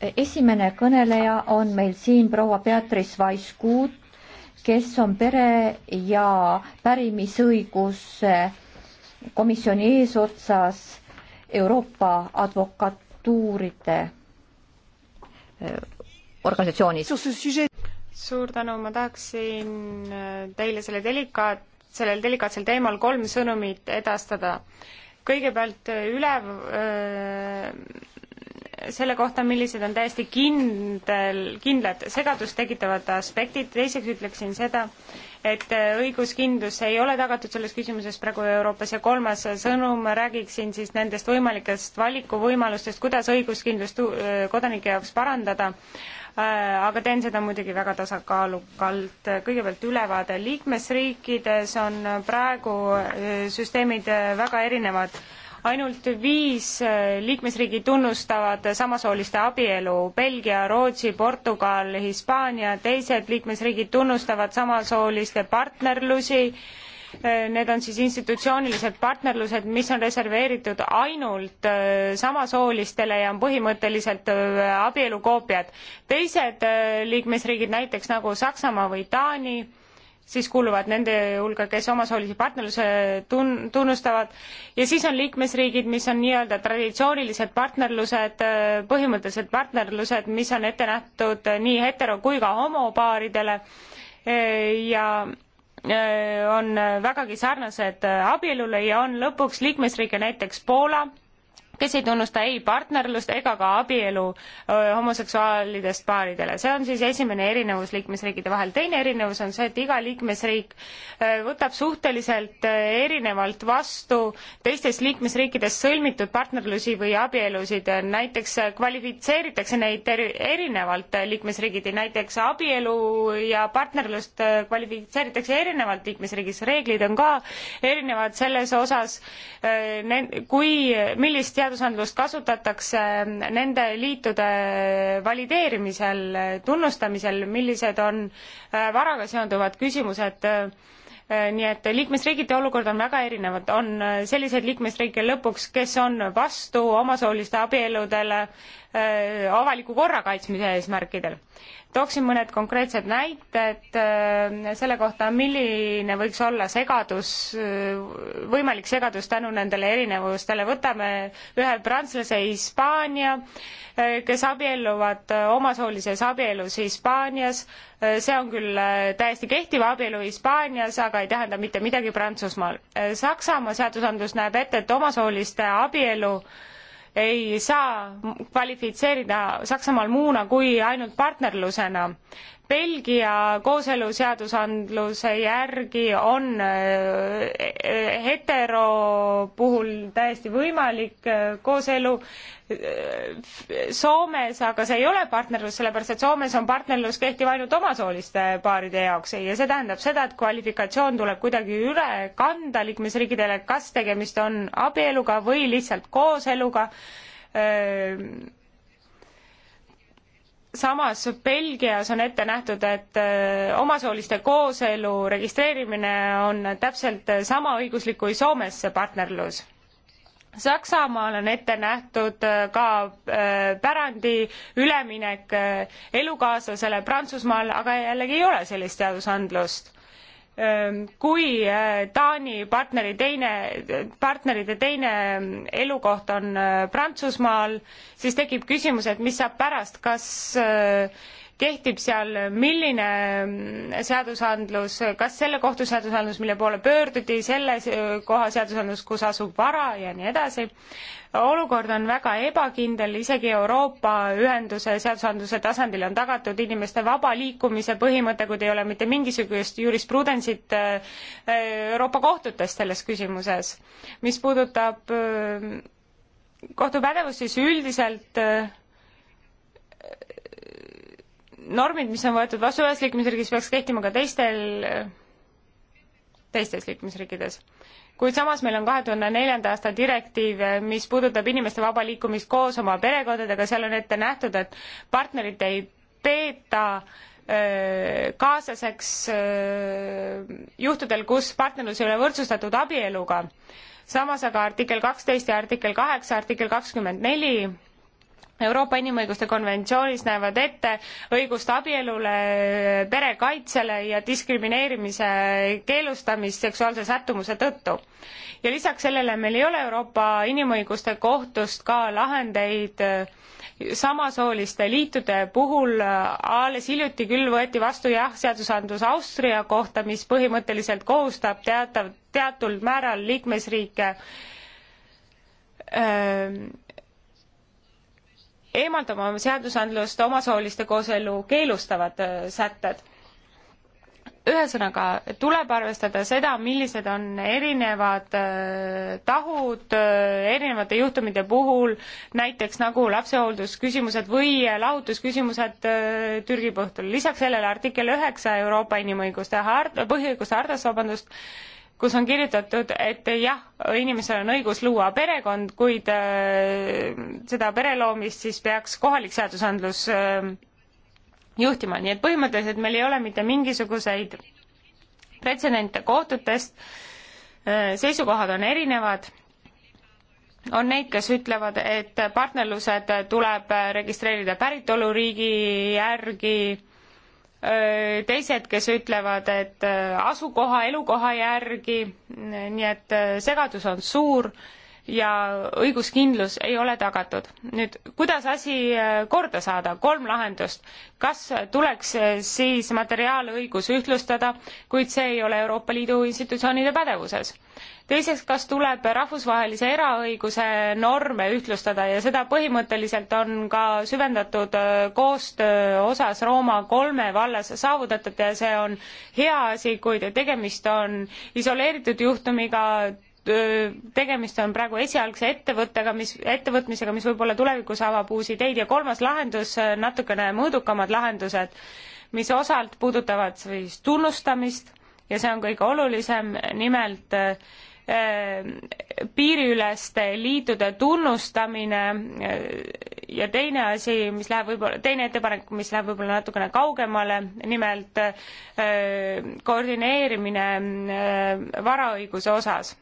esimene kõneleja on meil siin proua Beatrice Vaiskuut, kes on pere ja pärimisõiguse komisjoni eesotsas Euroopa advokatuuride organisatsioonis. suur tänu, ma tahaksin teile selle delikaat, sellel delikaatsel teemal kolm sõnumit edastada. kõigepealt üle öö, selle kohta, millised on täiesti kindel, kindlad segadust tekitavad aspektid, teiseks ütleksin seda, et õiguskindlus ei ole tagatud selles küsimuses praegu Euroopas ja kolmas sõnum, räägiksin siis nendest võimalikest valikuvõimalustest, kuidas õiguskindlust äh, kodanike jaoks parandada, äh, aga teen seda muidugi väga tasakaalukalt. kõigepealt ülevaade liikmesriikides on praegu äh, süsteemid väga erinevad ainult viis äh, liikmesriigi tunnustavad samasooliste abielu, Belgia, Rootsi, Portugal, Hispaania, teised liikmesriigid tunnustavad samasooliste partnerlusi, äh, need on siis institutsioonilised partnerlused, mis on reserveeritud ainult äh, samasoolistele ja on põhimõtteliselt abielu koopiad. teised liikmesriigid, näiteks nagu Saksamaa või Taani, siis kuuluvad nende hulga, kes omasoolise partnerluse tun-, tunnustavad, ja siis on liikmesriigid, mis on nii-öelda traditsioonilised partnerlused, põhimõttelised partnerlused, mis on ette nähtud nii hetero- kui ka homopaaridele ja e, on vägagi sarnased abielule ja on lõpuks liikmesriike, näiteks Poola, kes ei tunnusta ei partnerlust ega ka abielu homoseksuaalidest paaridele. see on siis esimene erinevus liikmesriikide vahel. teine erinevus on see, et iga liikmesriik võtab suhteliselt erinevalt vastu teistes liikmesriikides sõlmitud partnerlusi või abielusid. näiteks kvalifitseeritakse neid erinevalt liikmesriigiti, näiteks abielu ja partnerlust kvalifitseeritakse erinevalt liikmesriigis. reeglid on ka erinevad selles osas, kui, millist seadusandlust kasutatakse nende liitude valideerimisel, tunnustamisel, millised on äh, varaga seonduvad küsimused äh, nii et liikmesriigiti olukord on väga erinevad, on äh, selliseid liikmesriike lõpuks, kes on vastu omasooliste abieludele avaliku korra kaitsmise eesmärkidel tooksin mõned konkreetsed näited äh, selle kohta, milline võiks olla segadus, äh, võimalik segadus tänu nendele erinevustele. võtame ühe prantslase Hispaania, äh, kes abielluvad omasoolises abielus Hispaanias. see on küll täiesti kehtiv abielu Hispaanias, aga ei tähenda mitte midagi Prantsusmaal. Saksamaa seadusandlus näeb ette, et omasooliste abielu ei saa kvalifitseerida Saksamaal muuna kui ainult partnerlusena Belgia kooseluseadusandluse järgi on äh, hetero puhul täiesti võimalik äh, kooselu äh, Soomes, aga see ei ole partnerlus, sellepärast et Soomes on partnerlus kehtiv ainult omasooliste paaride jaoks ja see tähendab seda, et kvalifikatsioon tuleb kuidagi üle kanda liikmesriikidele, kas tegemist on abieluga või lihtsalt kooseluga samas Belgias on ette nähtud, et äh, omasooliste kooselu registreerimine on täpselt sama õiguslik kui Soomes see partnerlus. Saksamaal on ette nähtud äh, ka äh, pärandi üleminek elukaaslasele, Prantsusmaal aga jällegi ei ole sellist seadusandlust Ehm, kui äh, Taani partneri teine, partnerite teine ehm, elukoht on äh, Prantsusmaal, siis tekib küsimus, et mis saab pärast, kas äh, kehtib seal, milline seadusandlus, kas selle kohtu seadusandlus, mille poole pöörduti, selle koha seadusandlus, kus asub vara ja nii edasi. olukord on väga ebakindel, isegi Euroopa Ühenduse seadusandluse tasandil on tagatud inimeste vaba liikumise põhimõte, kuid ei ole mitte mingisugust jurisprudentsit äh, Euroopa kohtutest selles küsimuses. mis puudutab äh, kohtupädevust, siis üldiselt äh, normid, mis on võetud vastu ühes liikmesriigis, peaks kehtima ka teistel, teistes liikmesriikides. kuid samas meil on kahe tuhande neljanda aasta direktiiv, mis puudutab inimeste vaba liikumist koos oma perekondadega, seal on ette nähtud, et partnerit ei peeta kaaslaseks juhtudel, kus partnerlus ei ole võrdsustatud abieluga. samas aga artikkel kaksteist ja artikkel kaheksa, artikkel kakskümmend neli Euroopa Inimõiguste konventsioonis näevad ette õigust abielule, pere kaitsele ja diskrimineerimise keelustamist seksuaalse sättumuse tõttu. ja lisaks sellele meil ei ole Euroopa Inimõiguste Kohtust ka lahendeid äh, samasooliste liitude puhul alles hiljuti küll võeti vastu jah, seadusandlus Austria kohta, mis põhimõtteliselt kohustab teatav, teatud määral liikmesriike öö, äh, eemaldama oma seadusandlust omasooliste kooselu keelustavad äh, sätted. ühesõnaga, tuleb arvestada seda, millised on erinevad äh, tahud äh, erinevate juhtumite puhul, näiteks nagu lapsehooldusküsimused või lahutusküsimused Türgi põhtul. lisaks sellele artikkel üheksa Euroopa inimõiguste hart-, põhiõiguste hartas, vabandust, kus on kirjutatud, et jah, inimesel on õigus luua perekond, kuid äh, seda pere loomist siis peaks kohalik seadusandlus äh, juhtima, nii et põhimõtteliselt meil ei ole mitte mingisuguseid pretsedente kohtutest äh,, seisukohad on erinevad, on neid, kes ütlevad, et partnerlused tuleb registreerida päritoluriigi järgi, Äh, teised, kes ütlevad, et äh, asukoha, elukoha järgi, nii et äh, segadus on suur ja õiguskindlus ei ole tagatud. nüüd, kuidas asi äh, korda saada, kolm lahendust. kas tuleks äh, siis materiaalõigus ühtlustada, kuid see ei ole Euroopa Liidu institutsioonide pädevuses? teiseks, kas tuleb rahvusvahelise eraõiguse norme ühtlustada ja seda põhimõtteliselt on ka süvendatud äh, koostöö osas Rooma kolme vallas saavutatud ja see on hea asi, kuid tegemist on isoleeritud juhtumiga, tegemist on praegu esialgse ettevõttega, mis, ettevõtmisega, mis võib-olla tulevikus avab uusi ideid ja kolmas lahendus, natukene mõõdukamad lahendused, mis osalt puudutavad siis tunnustamist ja see on kõige olulisem, nimelt äh, piiriüleste liitude tunnustamine ja teine asi, mis läheb võib-olla, teine ettepanek, mis läheb võib-olla natukene kaugemale, nimelt äh, koordineerimine äh, varaõiguse osas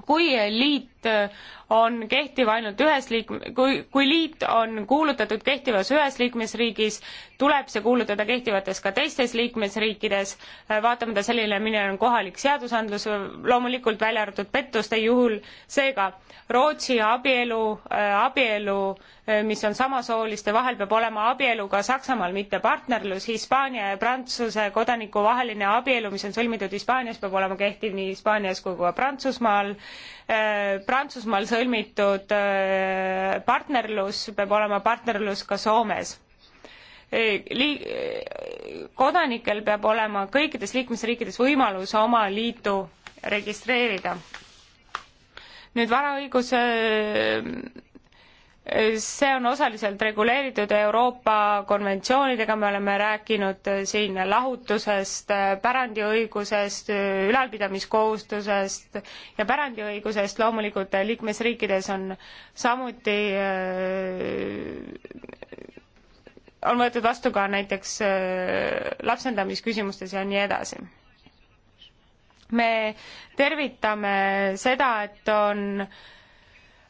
kui liit liit äh, on kehtiv ainult ühes liik-, kui, kui liit on kuulutatud kehtivas ühes liikmesriigis, tuleb see kuulutada kehtivates ka teistes liikmesriikides, äh, vaatamata sellele, milline on kohalik seadusandlus, loomulikult välja arvatud pettuste juhul, seega Rootsi abielu, äh, abielu, mis on samasooliste vahel, peab olema abielu ka Saksamaal, mitte partnerlus, Hispaania ja Prantsuse kodaniku vaheline abielu, mis on sõlmitud Hispaanias, peab olema kehtiv nii Hispaanias kui ka Prantsusmaal, Äh, Prantsusmaal sõlmitud äh, partnerlus peab olema partnerlus ka Soomes äh, lii-, kodanikel peab olema kõikides liikmesriikides võimalus oma liitu registreerida. nüüd varaõiguse see on osaliselt reguleeritud Euroopa konventsioonidega, me oleme rääkinud siin lahutusest, pärandiõigusest, ülalpidamiskohustusest ja pärandiõigusest, loomulikult liikmesriikides on samuti, äh, on võetud vastu ka näiteks äh, lapsendamisküsimustes ja nii edasi me tervitame seda, et on äh,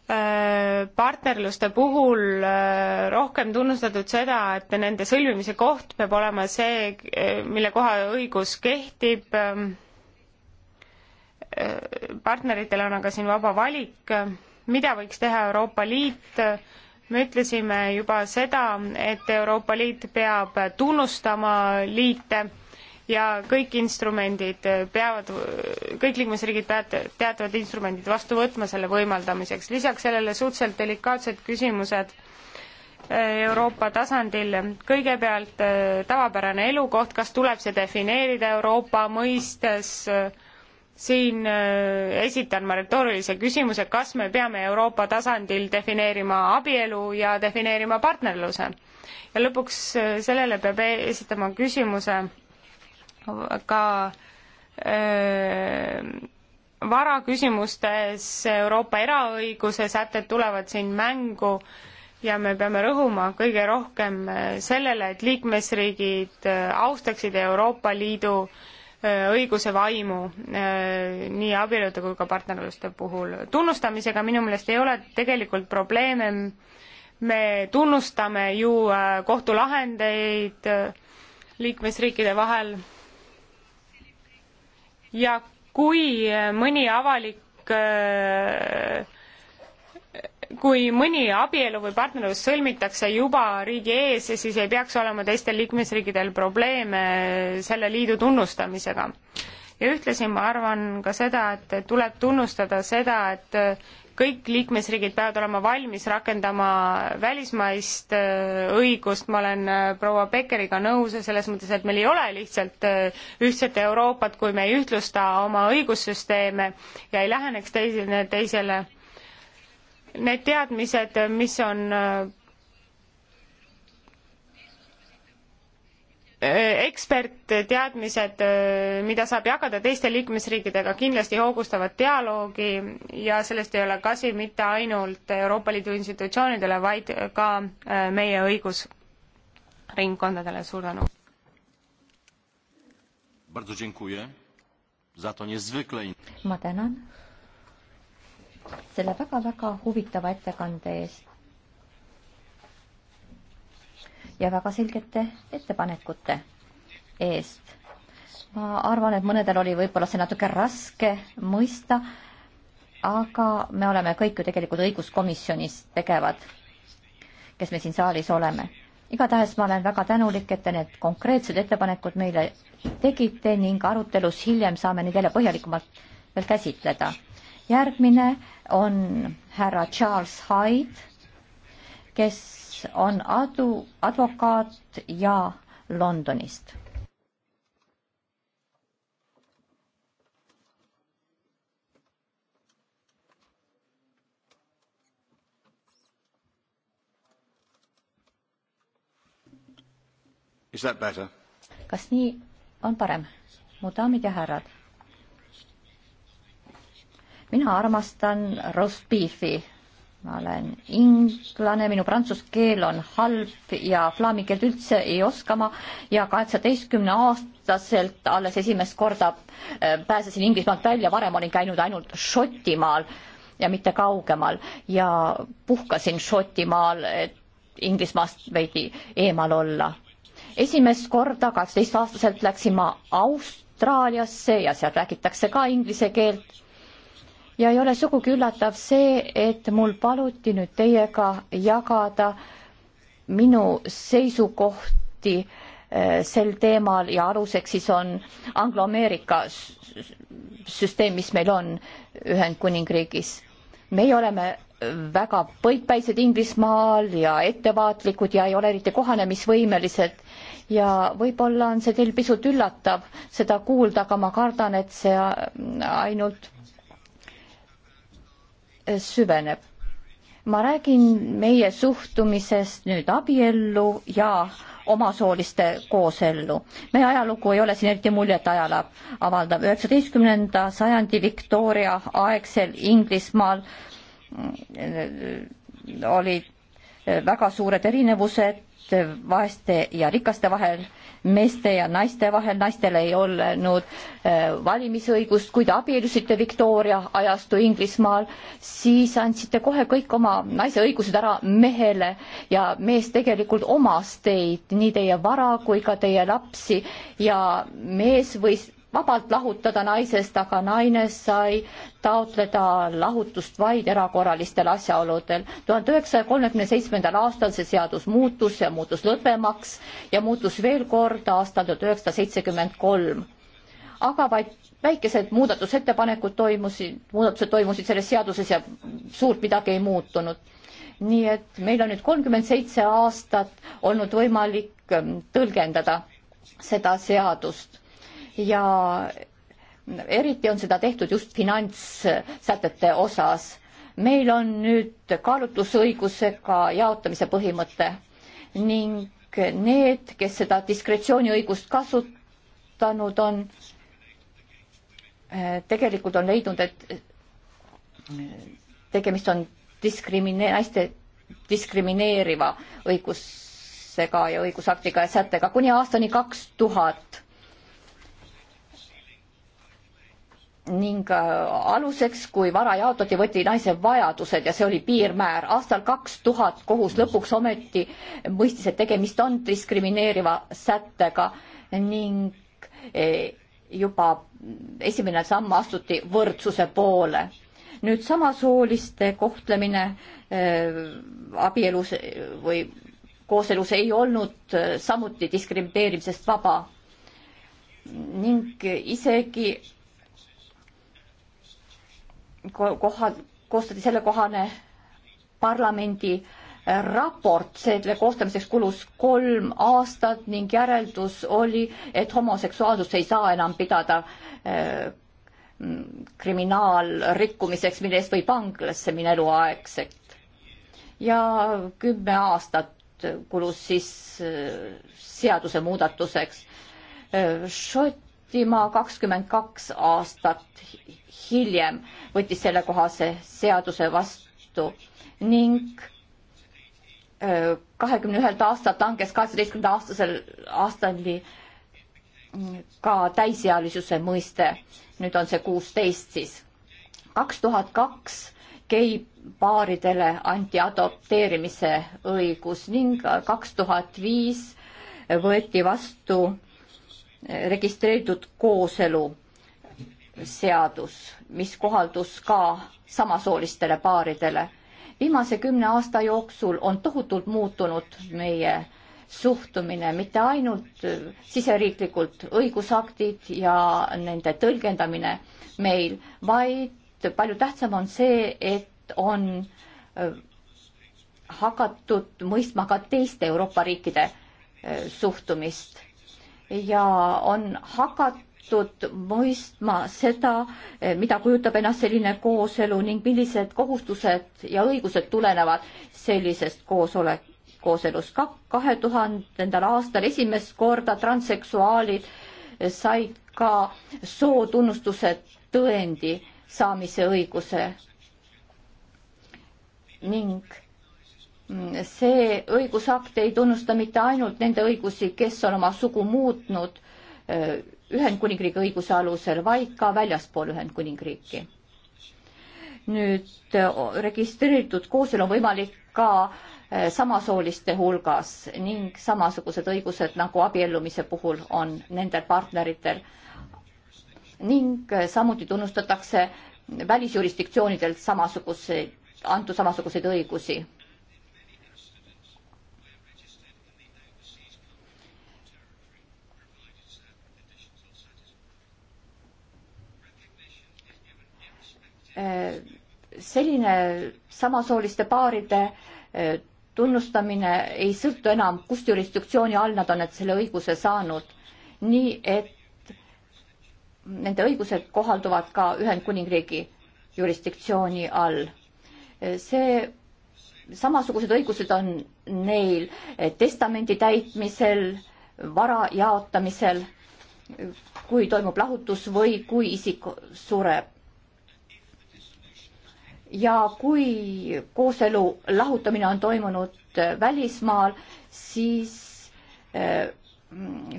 Äh, partnerluste puhul äh, rohkem tunnustatud seda, et nende sõlmimise koht peab olema see, äh, mille koha õigus kehtib. Ähm, partneritel on aga siin vaba valik, mida võiks teha Euroopa Liit. me ütlesime juba seda, et Euroopa Liit peab tunnustama liite ja kõik instrumendid peavad, kõik liikmesriigid peavad teatavad instrumendid vastu võtma selle võimaldamiseks. lisaks sellele suhteliselt delikaatsed küsimused eh, Euroopa tasandil. kõigepealt eh, tavapärane elukoht, kas tuleb see defineerida Euroopa mõistes? siin eh, esitan ma retoorilise küsimuse, kas me peame Euroopa tasandil defineerima abielu ja defineerima partnerluse? ja lõpuks sellele peab e-, esitama küsimuse ka öö, varaküsimustes Euroopa eraõiguse sätted tulevad siin mängu ja me peame rõhuma kõige rohkem sellele, et liikmesriigid austaksid Euroopa Liidu õiguse vaimu nii abielude kui ka partnerluste puhul. tunnustamisega minu meelest ei ole tegelikult probleeme, me tunnustame ju kohtulahendeid liikmesriikide vahel ja kui mõni avalik äh, kui mõni abielu või partnerlus sõlmitakse juba riigi ees, siis ei peaks olema teistel liikmesriikidel probleeme selle liidu tunnustamisega. ja ühtlasi ma arvan ka seda, et tuleb tunnustada seda, et kõik liikmesriigid peavad olema valmis rakendama välismaist äh, õigust, ma olen äh, proua Beckeriga nõus ja selles mõttes, et meil ei ole lihtsalt äh, ühtset Euroopat, kui me ei ühtlusta oma õigussüsteeme ja ei läheneks teisele, teisele. Need teadmised, mis on Äh, ekspertteadmised, äh, mida saab jagada teiste liikmesriikidega, kindlasti hoogustavad dialoogi ja sellest ei ole kasu mitte ainult Euroopa Liidu institutsioonidele, vaid ka äh, meie õigusringkondadele, suur tänu. ma tänan selle väga-väga huvitava ettekande eest ja väga selgete ettepanekute eest. ma arvan, et mõnedel oli võib-olla see natuke raske mõista, aga me oleme kõik ju tegelikult õiguskomisjonis tegevad, kes me siin saalis oleme. igatahes ma olen väga tänulik, et te need konkreetsed ettepanekud meile tegite ning arutelus hiljem saame neid jälle põhjalikumalt veel käsitleda. järgmine on härra Charles Hyde kes on adu, advokaat ja Londonist. kas nii on parem? mu daamid ja härrad mina armastan roast beef'i ma olen inglane, minu prantsuse keel on halb ja flaami keelt üldse ei oska ma ja kaheksateistkümne aastaselt alles esimest korda äh, pääsesin Inglismaalt välja, varem olin käinud ainult Šotimaal ja mitte kaugemal ja puhkasin Šotimaal, et Inglismaast veidi eemal olla. esimest korda kaheksateist aastaselt läksin ma Austraaliasse ja seal räägitakse ka inglise keelt ja ei ole sugugi üllatav see, et mul paluti nüüd teiega jagada minu seisukohti äh, sel teemal ja aluseks siis on Angloameerika süsteem, mis meil on Ühendkuningriigis. meie oleme väga põikpäised Inglismaal ja ettevaatlikud ja ei ole eriti kohanemisvõimelised ja võib-olla on see teil pisut üllatav seda kuulda, aga ma kardan, et see äh, ainult süveneb. ma räägin meie suhtumisest nüüd abiellu ja omasooliste koosellu. meie ajalugu ei ole siin eriti muljet ajala avaldav. üheksateistkümnenda sajandi Victoria aegsel Inglismaal mm, olid eh, väga suured erinevused eh, vaeste ja rikaste vahel meeste ja naiste vahel, naistel ei olnud äh, valimisõigust, kui te abiellusite Victoria ajastu Inglismaal, siis andsite kohe kõik oma naise õigused ära mehele ja mees tegelikult omas teid, nii teie vara kui ka teie lapsi ja mees võis vabalt lahutada naisest, aga naine sai taotleda lahutust vaid erakorralistel asjaoludel. tuhande üheksasaja kolmekümne seitsmendal aastal see seadus muutus, see muutus lõdvemaks ja muutus veel kord aastal tuhat üheksasada seitsekümmend kolm. aga vaid väikesed muudatusettepanekud toimusid, muudatused toimusid selles seaduses ja suurt midagi ei muutunud nii et meil on nüüd kolmkümmend seitse aastat olnud võimalik ähm, tõlgendada seda seadust ja eriti on seda tehtud just finantssätete osas. meil on nüüd kaalutlusõigusega jaotamise põhimõte ning need, kes seda diskretsiooniõigust kasutanud on, eh, tegelikult on leidnud, et eh, tegemist on diskrimineer-, naiste diskrimineeriva õigusega ja õigusaktiga ja sättega kuni aastani kaks tuhat ning äh, aluseks, kui vara jaotati, võeti naise vajadused ja see oli piirmäär. aastal kaks tuhat kohus lõpuks ometi mõistis, et tegemist on diskrimineeriva sättega ning e, juba esimene samm astuti võrdsuse poole. nüüd samasooliste kohtlemine äh, abielus e, või kooselus ei olnud samuti diskrimineerimisest vaba ning isegi kohad, koostati sellekohane parlamendi äh, raport, selle koostamiseks kulus kolm aastat ning järeldus oli, et homoseksuaalsust ei saa enam pidada äh, kriminaalrikkumiseks, mille eest võib vanglasse minna eluaegselt. ja kümme aastat kulus siis äh, seadusemuudatuseks äh,. Šot kehtima kakskümmend kaks aastat hiljem võttis sellekohase seaduse vastu ning kahekümne ühelt aastalt langes kaheksateistkümnenda aastasel aastani mm, ka täisealisuse mõiste. nüüd on see kuusteist siis. kaks tuhat kaks geipaaridele anti adopteerimise õigus ning kaks tuhat viis võeti vastu registreeritud kooselu seadus, mis kohaldus ka samasoolistele paaridele. viimase kümne aasta jooksul on tohutult muutunud meie suhtumine, mitte ainult siseriiklikult õigusaktid ja nende tõlgendamine meil, vaid palju tähtsam on see, et on äh, hakatud mõistma ka teiste Euroopa riikide äh, suhtumist ja on hakatud mõistma seda, mida kujutab ennast selline kooselu ning millised kohustused ja õigused tulenevad sellisest koosolek, kooselust. kahe tuhandendal aastal esimest korda transseksuaalid said ka sootunnustuse tõendi saamise õiguse ning see õigusakt ei tunnusta mitte ainult nende õigusi, kes on oma sugu muutnud äh, Ühendkuningriigi õiguse alusel, vaid ka väljaspool Ühendkuningriiki. nüüd äh, registreeritud kooselu on võimalik ka äh, samasooliste hulgas ning samasugused õigused nagu abiellumise puhul on nendel partneritel. ning samuti tunnustatakse välisjurisdiktsioonidelt samasuguseid, antud samasuguseid õigusi Äh, selline samasooliste paaride äh, tunnustamine ei sõltu enam, kust jurisdiktsiooni all nad on need selle õiguse saanud. nii et nende õigused kohalduvad ka Ühendkuningriigi jurisdiktsiooni all. Äh, see, samasugused õigused on neil testamendi täitmisel, vara jaotamisel, kui toimub lahutus või kui isik sureb ja kui kooselu lahutamine on toimunud äh, välismaal, siis äh,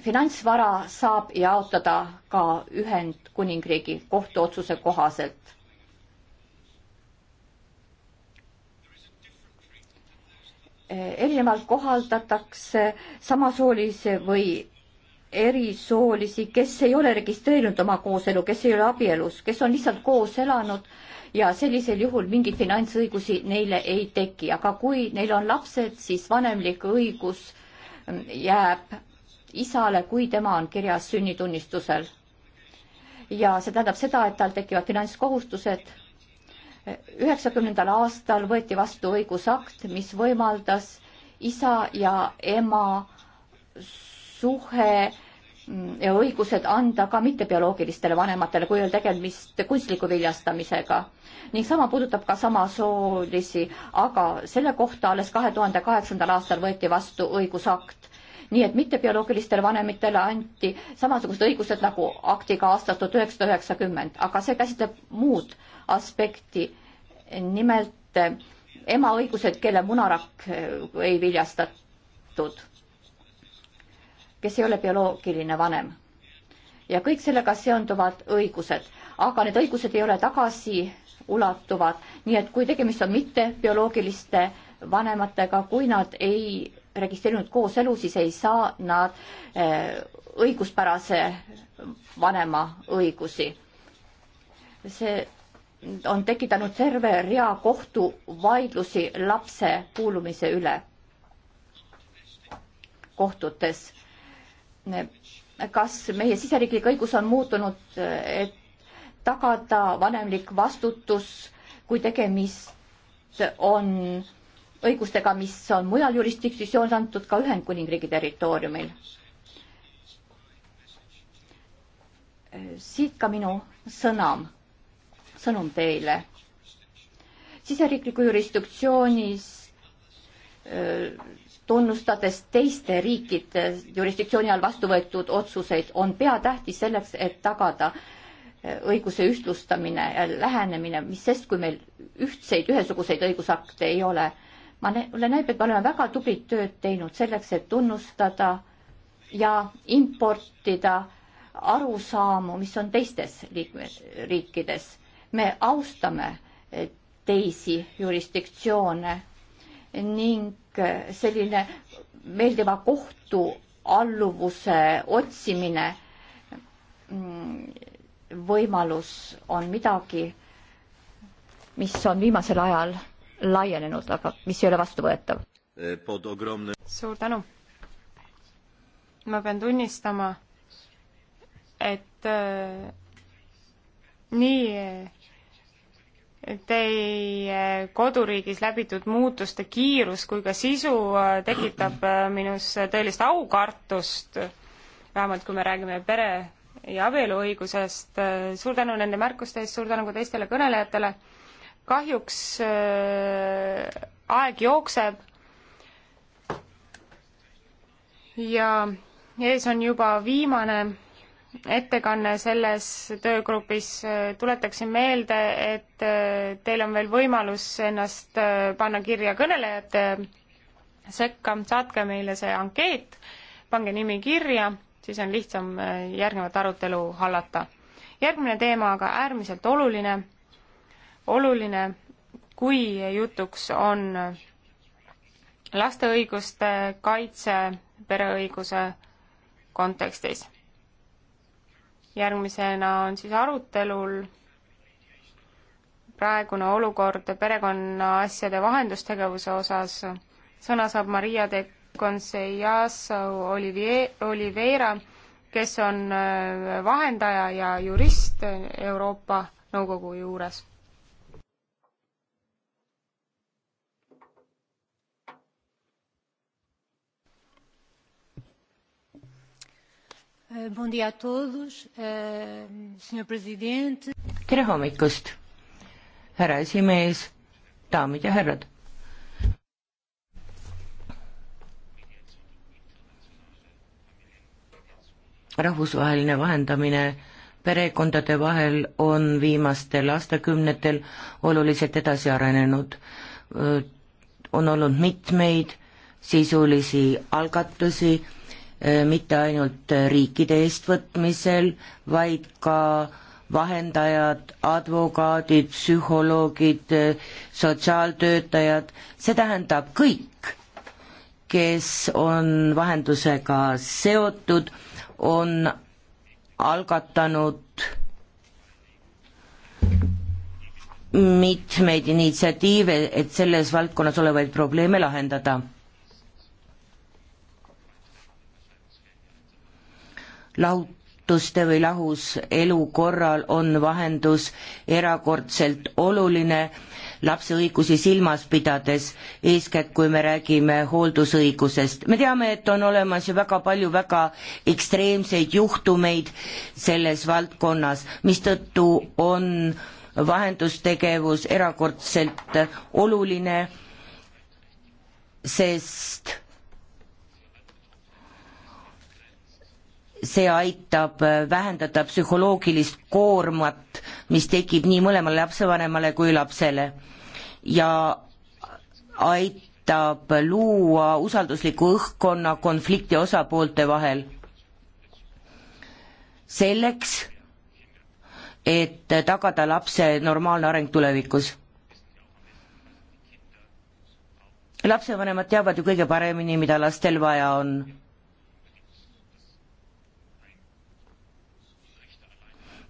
finantsvara saab jaotada ka Ühendkuningriigi kohtuotsuse kohaselt. Äh, erinevalt kohaldatakse samasoolisi või erisoolisi, kes ei ole registreerinud oma kooselu, kes ei ole abielus, kes on lihtsalt koos elanud ja sellisel juhul mingeid finantsõigusi neile ei teki, aga kui neil on lapsed, siis vanemlik õigus mm, jääb isale, kui tema on kirjas sünnitunnistusel. ja see tähendab seda, et tal tekivad finantskohustused. üheksakümnendal aastal võeti vastu õigusakt, mis võimaldas isa ja ema suhe ja õigused anda ka mittebioloogilistele vanematele, kui on tegemist kunstliku viljastamisega. ning sama puudutab ka samasoolisi, aga selle kohta alles kahe tuhande kaheksandal aastal võeti vastu õigusakt. nii et mittebioloogilistele vanemitele anti samasugused õigused nagu aktiga aastal tuhat üheksasada üheksakümmend, aga see käsitleb muud aspekti, nimelt ema õigused, kelle munarakk eh, ei viljastatud kes ei ole bioloogiline vanem. ja kõik sellega seonduvad õigused, aga need õigused ei ole tagasiulatuvad, nii et kui tegemist on mitte bioloogiliste vanematega, kui nad ei registreerinud kooselu, siis ei saa nad eh, õiguspärase vanema õigusi. see on tekitanud terve rea kohtuvaidlusi lapse kuulumise üle kohtutes kas meie siseriiklik õigus on muutunud, et tagada vanemlik vastutus, kui tegemist on õigustega, mis on mujal jurisdiktsioonis antud ka Ühendkuningriigi territooriumil. siit ka minu sõnam, sõnum teile. siseriikliku jurisdiktsioonis tunnustades teiste riikide jurisdiktsiooni all vastu võetud otsuseid, on peatähtis selleks, et tagada eh, õiguse ühtlustamine ja lähenemine, mis sest, kui meil ühtseid, ühesuguseid õigusakte ei ole. ma nä-, mulle näib, et me oleme väga tublit tööd teinud selleks, et tunnustada ja importida arusaamu, mis on teistes liikmesriikides. me austame eh, teisi jurisdiktsioone ning Eh, selline meeldiva kohtualluvuse otsimine mm, võimalus on midagi, mis on viimasel ajal laienenud, aga mis ei ole vastuvõetav. suur tänu. ma pean tunnistama, et äh, nii teie koduriigis läbitud muutuste kiirus kui ka sisu äh, tekitab äh, minus tõelist aukartust, vähemalt kui me räägime pere ja abieluõigusest. Äh, suur tänu nende märkuste eest, suur tänu ka teistele kõnelejatele. kahjuks äh, aeg jookseb. ja ees on juba viimane ettekanne selles töögrupis. tuletaksin meelde, et äh, teil on veel võimalus ennast äh, panna kirja kõnelejate sekka, saatke meile see ankeet, pange nimi kirja, siis on lihtsam äh, järgnevat arutelu hallata. järgmine teema aga äärmiselt oluline, oluline, kui jutuks on laste õiguste kaitse pereõiguse kontekstis järgmisena on siis arutelul praegune olukord perekonnaasjade vahendustegevuse osas. sõna saab Maria de Conseillaso Olivier, Oliveira, kes on äh, vahendaja ja jurist Euroopa Nõukogu juures Eh, bom dia a todos, eh, senhor president. tere hommikust, härra esimees, daamid ja härrad. rahvusvaheline vahendamine perekondade vahel on viimastel aastakümnetel oluliselt edasi arenenud. Eh, on olnud mitmeid sisulisi algatusi Äh, mitte ainult riikide eestvõtmisel, vaid ka vahendajad, advokaadid, psühholoogid, sotsiaaltöötajad, see tähendab kõik, kes on vahendusega seotud, on algatanud mitmeid initsiatiive, et selles valdkonnas olevaid probleeme lahendada lahutuste või lahus elu korral on vahendus erakordselt oluline lapse õigusi silmas pidades, eeskätt kui me räägime hooldusõigusest. me teame, et on olemas ju väga palju väga ekstreemseid juhtumeid selles valdkonnas, mistõttu on vahendustegevus erakordselt oluline, sest see aitab äh, vähendada psühholoogilist koormat, mis tekib nii mõlemale lapsevanemale kui lapsele ja aitab luua usaldusliku õhkkonna konflikti osapoolte vahel. selleks, et tagada lapse normaalne areng tulevikus. lapsevanemad teavad ju kõige paremini, mida lastel vaja on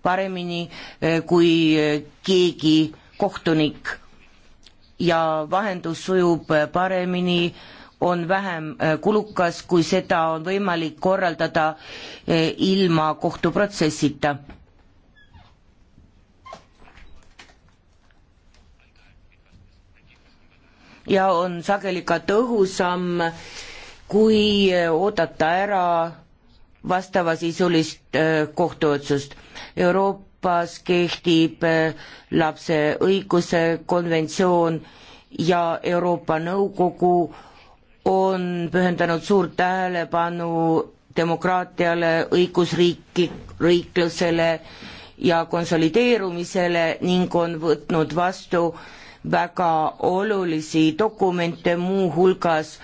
paremini eh, kui eh, keegi kohtunik ja vahendus sujub eh, paremini, on vähem kulukas, kui seda on võimalik korraldada ilma kohtuprotsessita. ja on sageli ka tõhusam, kui oodata ära vastavasisulist äh, kohtuotsust. Euroopas kehtib äh, lapse õiguse konventsioon ja Euroopa Nõukogu on pühendanud suurt tähelepanu demokraatiale, õigusriiki, riiklusele ja konsolideerumisele ning on võtnud vastu väga olulisi dokumente, muuhulgas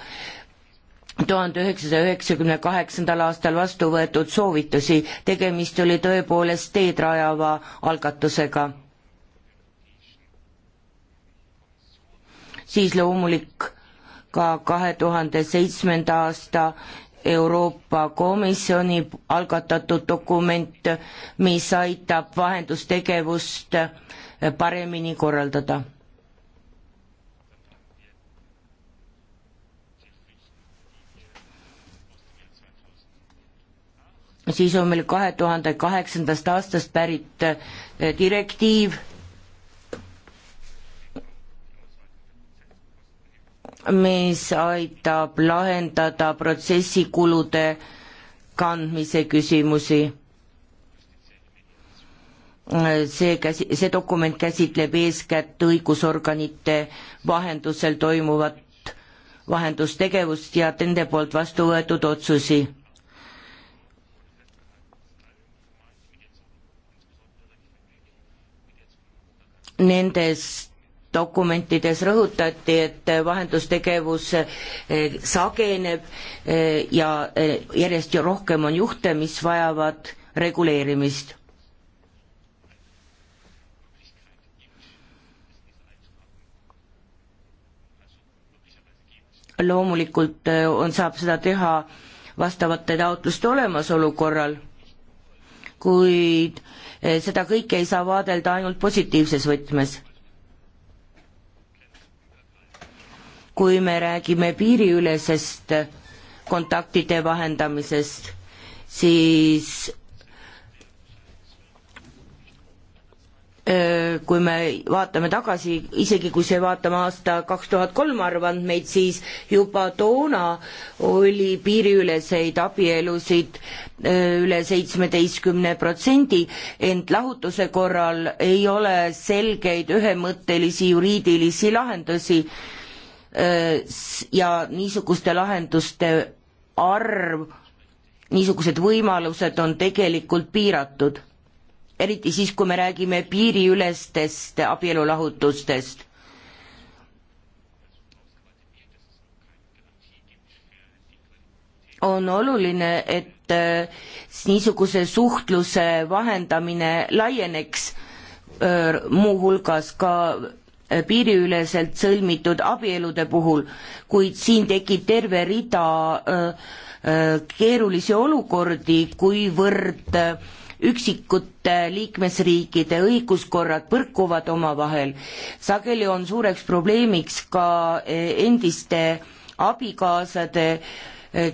tuhande üheksasaja üheksakümne kaheksandal aastal vastu võetud soovitusi, tegemist oli tõepoolest teed rajava algatusega. siis loomulik ka kahe tuhande seitsmenda aasta Euroopa Komisjoni algatatud dokument, mis aitab vahendustegevust paremini korraldada siis on meil kahe tuhande kaheksandast aastast pärit äh, direktiiv, mis aitab lahendada protsessikulude kandmise küsimusi. see käsi, see dokument käsitleb eeskätt õigusorganite vahendusel toimuvat vahendustegevust ja nende poolt vastu võetud otsusi nendes dokumentides rõhutati, et vahendustegevus eh, sageneb eh, ja eh, järjest ju rohkem on juhte, mis vajavad reguleerimist. loomulikult on, saab seda teha vastavate taotluste olemasolu korral, kuid äh, Eh, seda kõike ei saa vaadelda ainult positiivses võtmes. kui me räägime piiriülesest kontaktide vahendamisest, siis kui me vaatame tagasi, isegi kui see vaatame aasta kaks tuhat kolm arvandmeid, siis juba toona oli piiriüleseid abielusid üle seitsmeteistkümne protsendi, ent lahutuse korral ei ole selgeid ühemõttelisi juriidilisi lahendusi ja niisuguste lahenduste arv, niisugused võimalused on tegelikult piiratud eriti siis, kui me räägime piiriülestest abielulahutustest. on oluline, et äh, niisuguse suhtluse vahendamine laieneks äh, muuhulgas ka äh, piiriüleselt sõlmitud abielude puhul, kuid siin tekib terve rida keerulisi olukordi, kuivõrd üksikute liikmesriikide õiguskorrad põrkuvad omavahel. sageli on suureks probleemiks ka eh, endiste abikaasade eh,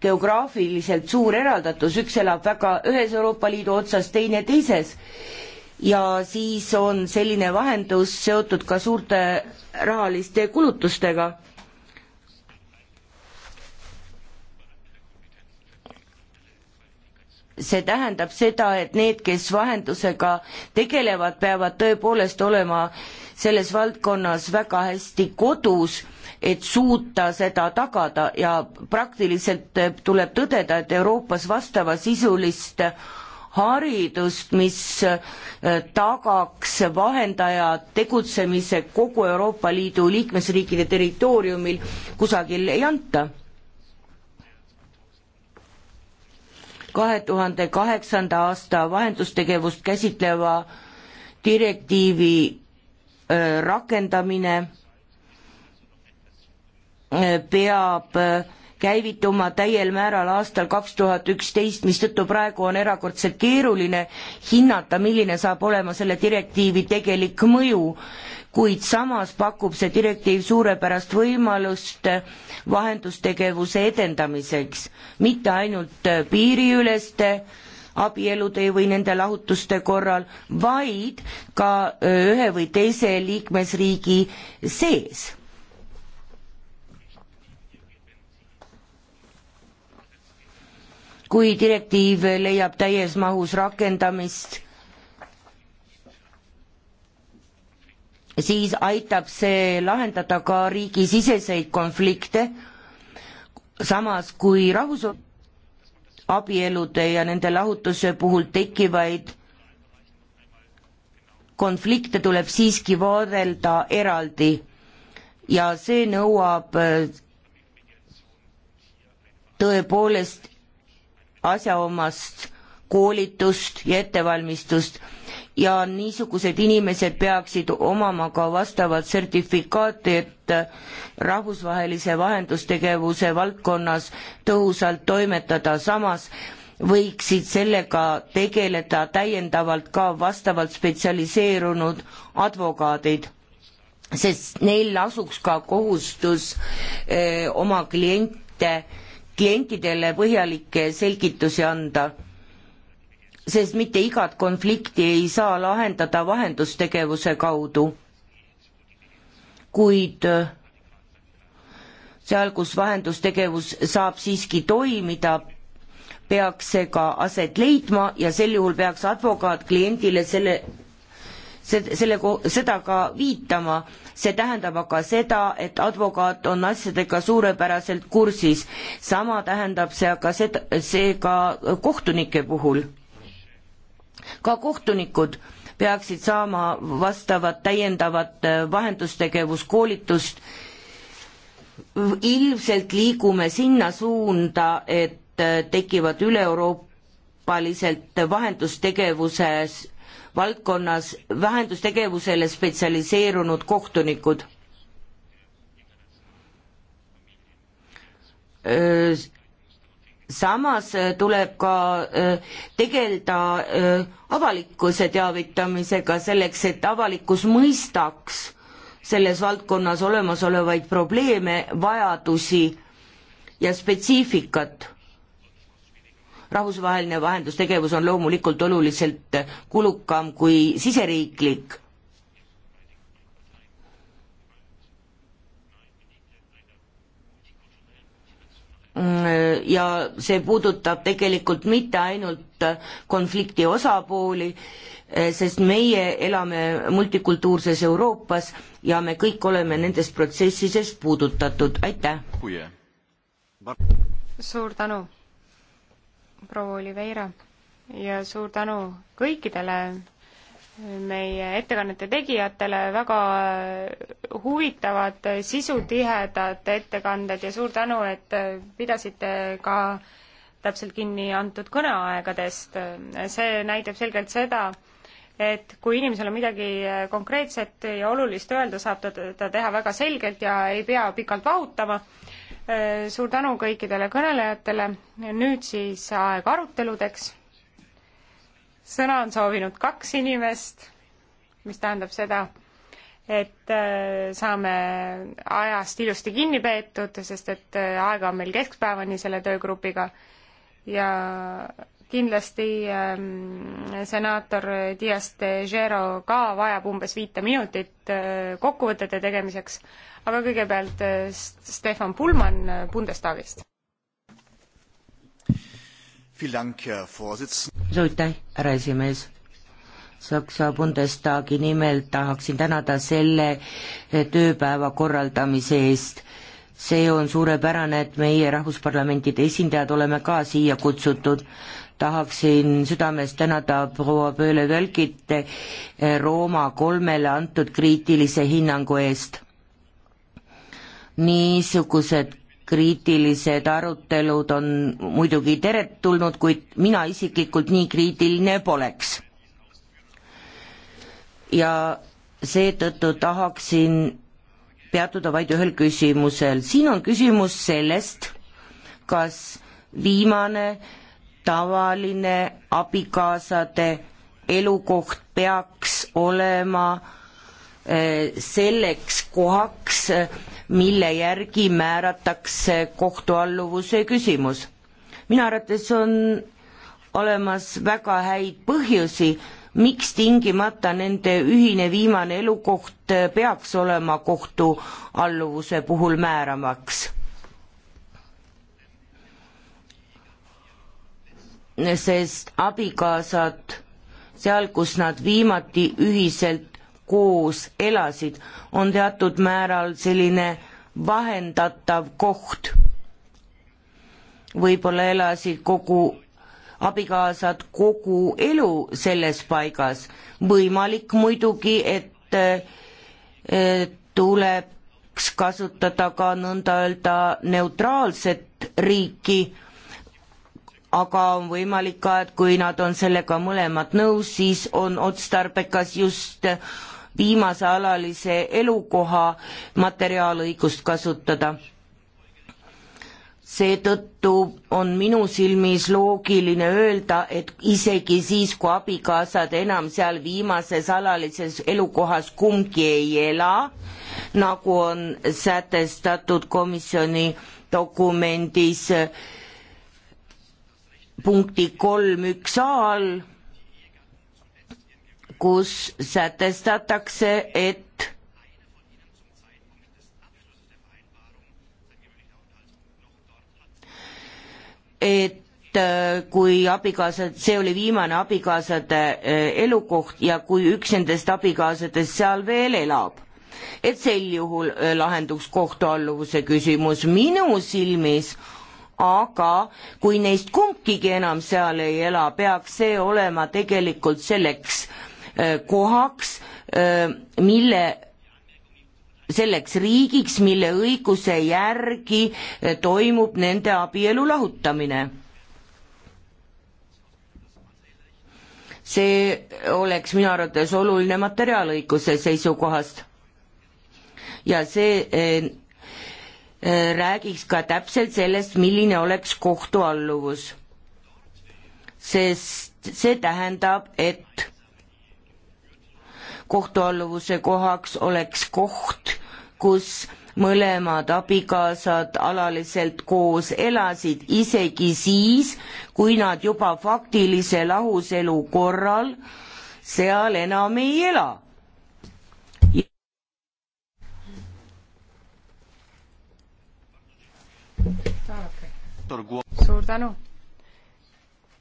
geograafiliselt suur eraldatus, üks elab väga ühes Euroopa Liidu otsas, teine teises ja siis on selline vahendus seotud ka suurte rahaliste kulutustega. see tähendab seda, et need, kes vahendusega tegelevad, peavad tõepoolest olema selles valdkonnas väga hästi kodus, et suuta seda tagada ja praktiliselt eh, tuleb tõdeda, et Euroopas vastavasisulist haridust, mis eh, tagaks vahendaja tegutsemise kogu Euroopa Liidu liikmesriikide territooriumil, kusagil ei anta kahe tuhande kaheksanda aasta vahendustegevust käsitleva direktiivi äh, rakendamine äh, peab äh, käivituma täiel määral aastal kaks tuhat üksteist, mistõttu praegu on erakordselt keeruline hinnata, milline saab olema selle direktiivi tegelik mõju kuid samas pakub see direktiiv suurepärast võimalust vahendustegevuse edendamiseks, mitte ainult piiriüleste abielude või nende lahutuste korral, vaid ka ühe või teise liikmesriigi sees. kui direktiiv leiab täies mahus rakendamist siis aitab see lahendada ka riigisiseseid konflikte, samas kui rahvus- abielude ja nende lahutuse puhul tekivaid konflikte tuleb siiski vaadelda eraldi ja see nõuab äh, tõepoolest asjaomast koolitust ja ettevalmistust ja niisugused inimesed peaksid omama ka vastavat sertifikaati, et rahvusvahelise vahendustegevuse valdkonnas tõhusalt toimetada, samas võiksid sellega tegeleda täiendavalt ka vastavalt spetsialiseerunud advokaadid, sest neil asuks ka kohustus öö, eh, oma kliente, klientidele põhjalikke selgitusi anda sest mitte igat konflikti ei saa lahendada vahendustegevuse kaudu. kuid äh, seal, kus vahendustegevus saab siiski toimida, peaks see ka aset leidma ja sel juhul peaks advokaat kliendile selle selle, seda ka viitama, see tähendab aga seda, et advokaat on asjadega suurepäraselt kursis. sama tähendab see aga seda, see ka kohtunike puhul ka kohtunikud peaksid saama vastavat täiendavat äh, vahendustegevuskoolitust. ilmselt liigume sinna suunda, et äh, tekivad üle-euroopaliselt vahendustegevuses, valdkonnas, vahendustegevusele spetsialiseerunud kohtunikud äh, samas äh, tuleb ka äh, tegeleda äh, avalikkuse teavitamisega selleks, et avalikkus mõistaks selles valdkonnas olemasolevaid probleeme, vajadusi ja spetsiifikat. rahvusvaheline vahendustegevus on loomulikult oluliselt kulukam kui siseriiklik ja see puudutab tegelikult mitte ainult konflikti osapooli, sest meie elame multikultuurses Euroopas ja me kõik oleme nendest protsessidest puudutatud, aitäh! suur tänu, proua Oliveira ja suur tänu kõikidele meie ettekannete tegijatele, väga huvitavad, sisutihedad ettekanded ja suur tänu, et pidasite ka täpselt kinni antud kõneaegadest. see näitab selgelt seda, et kui inimesel on midagi konkreetset ja olulist öelda, saab ta teda teha väga selgelt ja ei pea pikalt vahutama. suur tänu kõikidele kõnelejatele, nüüd siis aeg aruteludeks sõna on soovinud kaks inimest, mis tähendab seda, et äh, saame ajast ilusti kinni peetud, sest et äh, aega on meil keskpäevani selle töögrupiga ja kindlasti ähm, senaator Dias de Gero ka vajab umbes viite minutit äh, kokkuvõtete tegemiseks, aga kõigepealt äh, Stefan Pullmann Bundestagist suur aitäh, härra esimees. Saksa Bundestagi nimel tahaksin tänada selle tööpäeva korraldamise eest. see on suurepärane, et meie rahvusparlamentide esindajad oleme ka siia kutsutud tahaksin südames tänada proua Pööle-Völkit eh, Rooma kolmele antud kriitilise hinnangu eest. niisugused kriitilised arutelud on muidugi teretulnud, kuid mina isiklikult nii kriitiline poleks. ja seetõttu tahaksin peatuda vaid ühel küsimusel, siin on küsimus sellest, kas viimane tavaline abikaasade elukoht peaks olema äh, Äh, selleks kohaks, mille järgi määratakse kohtualluvuse küsimus. minu arvates on olemas väga häid põhjusi, miks tingimata nende ühine viimane elukoht peaks olema kohtualluvuse puhul määramaks sest abikaasad seal, kus nad viimati ühiselt koos elasid, on teatud määral selline vahendatav koht. võib-olla elasid kogu, abikaasad kogu elu selles paigas, võimalik muidugi, et, et eh, tuleks kasutada ka nõnda öelda neutraalset riiki, aga on võimalik ka, et kui nad on sellega mõlemad nõus, siis on otstarbekas just viimase alalise elukoha materiaalõigust kasutada. seetõttu on minu silmis loogiline öelda, et isegi siis, kui abikaasad enam seal viimases alalises elukohas kumbki ei ela, nagu on sätestatud komisjoni dokumendis punkti kolm üks A all kus sätestatakse, et et äh, kui abikaasad, see oli viimane abikaasade äh, elukoht ja kui üks nendest abikaasadest seal veel elab, et sel juhul äh, lahenduks kohtualluvuse küsimus minu silmis, aga kui neist kumbkigi enam seal ei ela, peaks see olema tegelikult selleks Äh, kohaks, äh, mille selleks riigiks, mille õiguse järgi äh, toimub nende abielu lahutamine. see oleks minu arvates oluline materiaalõiguse seisukohast. ja see räägiks ka täpselt sellest, milline oleks kohtualluvus. sest see tähendab, et kohtualluvuse kohaks oleks koht, kus mõlemad abikaasad alaliselt koos elasid, isegi siis, kui nad juba faktilise lahuselu korral seal enam ei ela suur tänu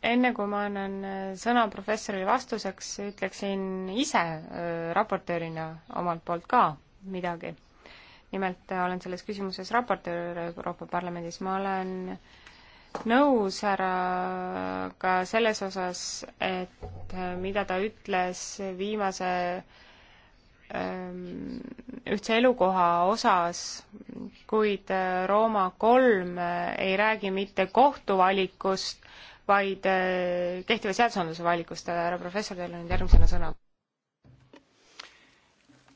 enne kui ma annan äh, sõna professorile vastuseks, ütleksin ise äh, raportöörina omalt poolt ka midagi. nimelt äh, olen selles küsimuses raportöör Euroopa Parlamendis, ma olen nõus härra ka selles osas, et mida ta ütles viimase ähm, ühtse elukoha osas, kuid Rooma kolm ei räägi mitte kohtuvalikust, vaid äh, kehtiva seadusandluse valikustada. härra professor, teil on nüüd järgmisena sõna.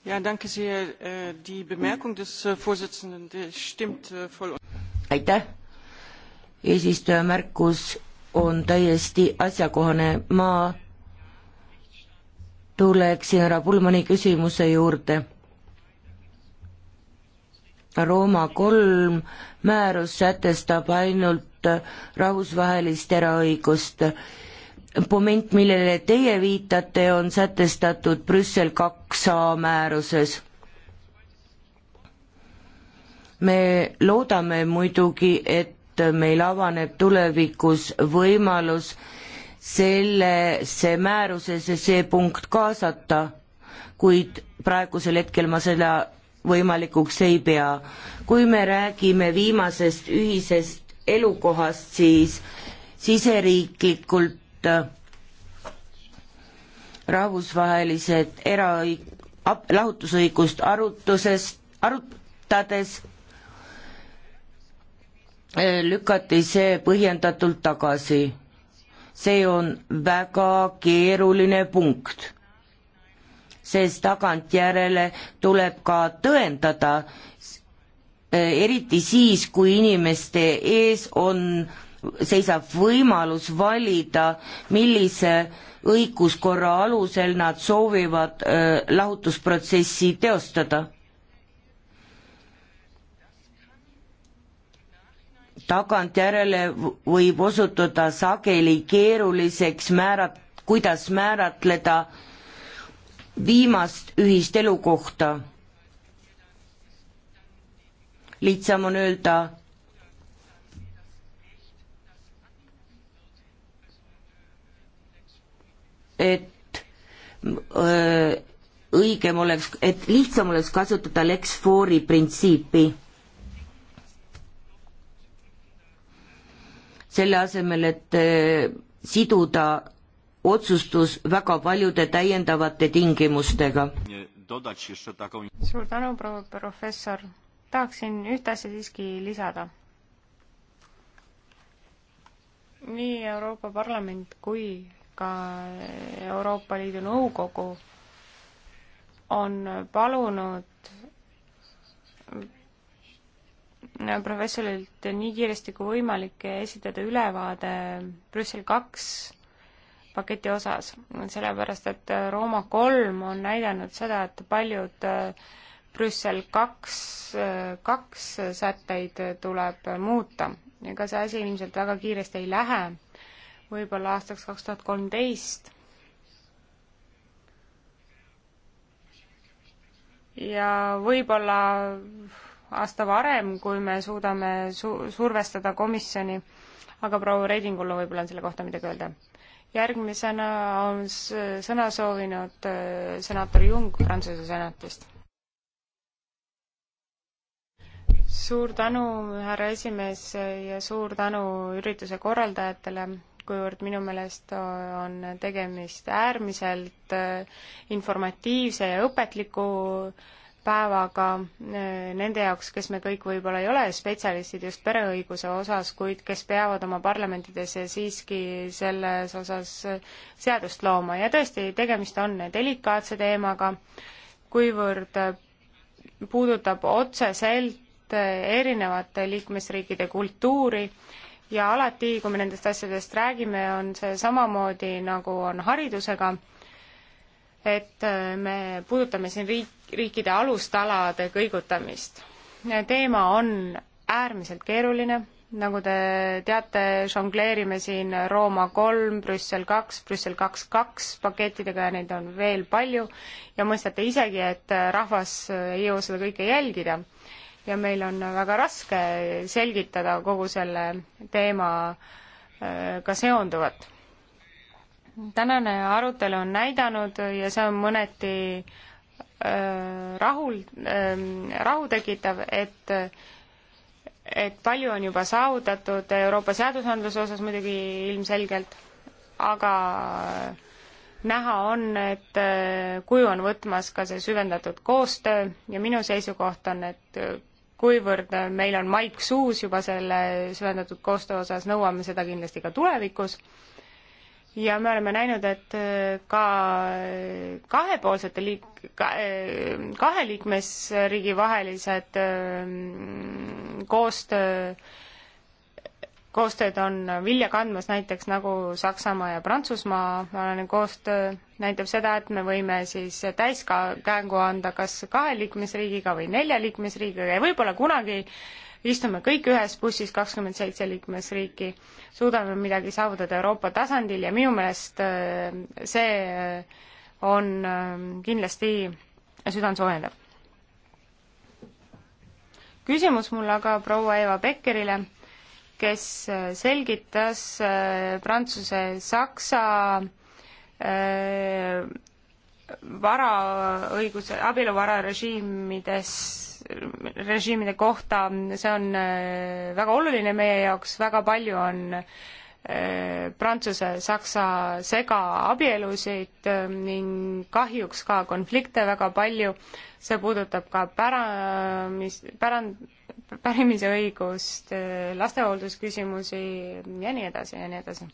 Ja, danke sehr. Äh, die Bemerkung des äh, Vorsitzenden stimmt voll. Aitäh. Eesistuja märkus on täiesti asjakohane. Ma tuleksin härra Pulmani küsimuse juurde Rooma kolm määrus sätestab ainult rahvusvahelist eraõigust. moment, millele teie viitate, on sätestatud Brüssel kaks A määruses. me loodame muidugi, et meil avaneb tulevikus võimalus sellesse määrusesse see punkt kaasata, kuid praegusel hetkel ma seda võimalikuks ei pea. kui me räägime viimasest ühisest elukohast, siis siseriiklikult äh, rahvusvahelised era-, lahutusõigust arutusest, arutades äh, lükati see põhjendatult tagasi. see on väga keeruline punkt sest tagantjärele tuleb ka tõendada, eriti siis, kui inimeste ees on, seisab võimalus valida, millise õiguskorra alusel nad soovivad öö, lahutusprotsessi teostada. tagantjärele võib osutuda sageli keeruliseks määrat-, kuidas määratleda öö, viimast ühist elukohta. lihtsam on öelda et öö, äh, õigem oleks, et lihtsam oleks kasutada Lex Fori printsiipi. selle asemel, et öö, äh, siduda otsustus väga paljude täiendavate tingimustega. suur tänu, proua professor. tahaksin ühte asja siiski lisada. nii Euroopa Parlament kui ka Euroopa Liidu Nõukogu on palunud professorilt nii kiiresti kui võimalik esitada ülevaade Brüssel kaks 2 paketi osas, sellepärast et äh, Rooma kolm on näidanud seda, et paljud äh, Brüssel kaks, äh, kaks sätteid tuleb muuta. ega see asi ilmselt väga kiiresti ei lähe, võib-olla aastaks kaks tuhat kolmteist. ja võib-olla aasta varem, kui me suudame su-, survestada komisjoni, aga proua Redingul võib-olla on selle kohta midagi öelda järgmisena on sõna soovinud äh, senaator Jung Prantsuse senatist. suur tänu, härra esimees, ja suur tänu ürituse korraldajatele, kuivõrd minu meelest on tegemist äärmiselt äh, informatiivse ja õpetliku äh, päevaga eh, nende jaoks, kes me kõik võib-olla ei ole spetsialistid just pereõiguse osas, kuid kes peavad oma parlamentides siiski selles osas eh, seadust looma ja tõesti, tegemist on delikaatse teemaga, kuivõrd eh, puudutab otseselt erinevate liikmesriikide kultuuri ja alati, kui me nendest asjadest räägime, on see samamoodi, nagu on haridusega, et me puudutame siin riik, liikmesriikide alustalade kõigutamist. teema on äärmiselt keeruline, nagu te teate, žongleerime siin Rooma kolm, Brüssel kaks, Brüssel kaks kaks pakettidega ja neid on veel palju ja mõistate isegi, et rahvas ei jõua seda kõike jälgida. ja meil on väga raske selgitada kogu selle teemaga äh, seonduvat tänane arutelu on näidanud ja see on mõneti äh, Äh, rahul, ähm, rahutekitav, et et palju on juba saavutatud Euroopa seadusandluse osas muidugi ilmselgelt, aga näha on, et äh, kuju on võtmas ka see süvendatud koostöö ja minu seisukoht on, et kuivõrd meil on maik suus juba selle süvendatud koostöö osas, nõuame seda kindlasti ka tulevikus ja me oleme näinud, et äh, ka äh, kahepoolsete liik-, äh, kahe liikmesriigi vahelised ähm, koostöö, koostööd on vilja kandmas, näiteks nagu Saksamaa ja Prantsusmaa vaheline koostöö näitab seda, et me võime siis täiskäängu anda kas kahe liikmesriigiga või nelja liikmesriigiga ja võib-olla kunagi äh, istume kõik ühes bussis, kakskümmend seitse liikmesriiki, suudame midagi saavutada Euroopa tasandil ja minu meelest äh, see äh, on äh, kindlasti südantsoojendav. küsimus mul aga proua Eva Pekkerile, kes selgitas Prantsuse-Saksa varaõiguse, abieluvararežiimides režiimide kohta, see on äh, väga oluline meie jaoks, väga palju on äh, Prantsuse-Saksa segaabielusid äh, ning kahjuks ka konflikte väga palju. see puudutab ka pära-, mis, pärand, pärimisõigust, lastehooldusküsimusi ja nii edasi ja nii edasi.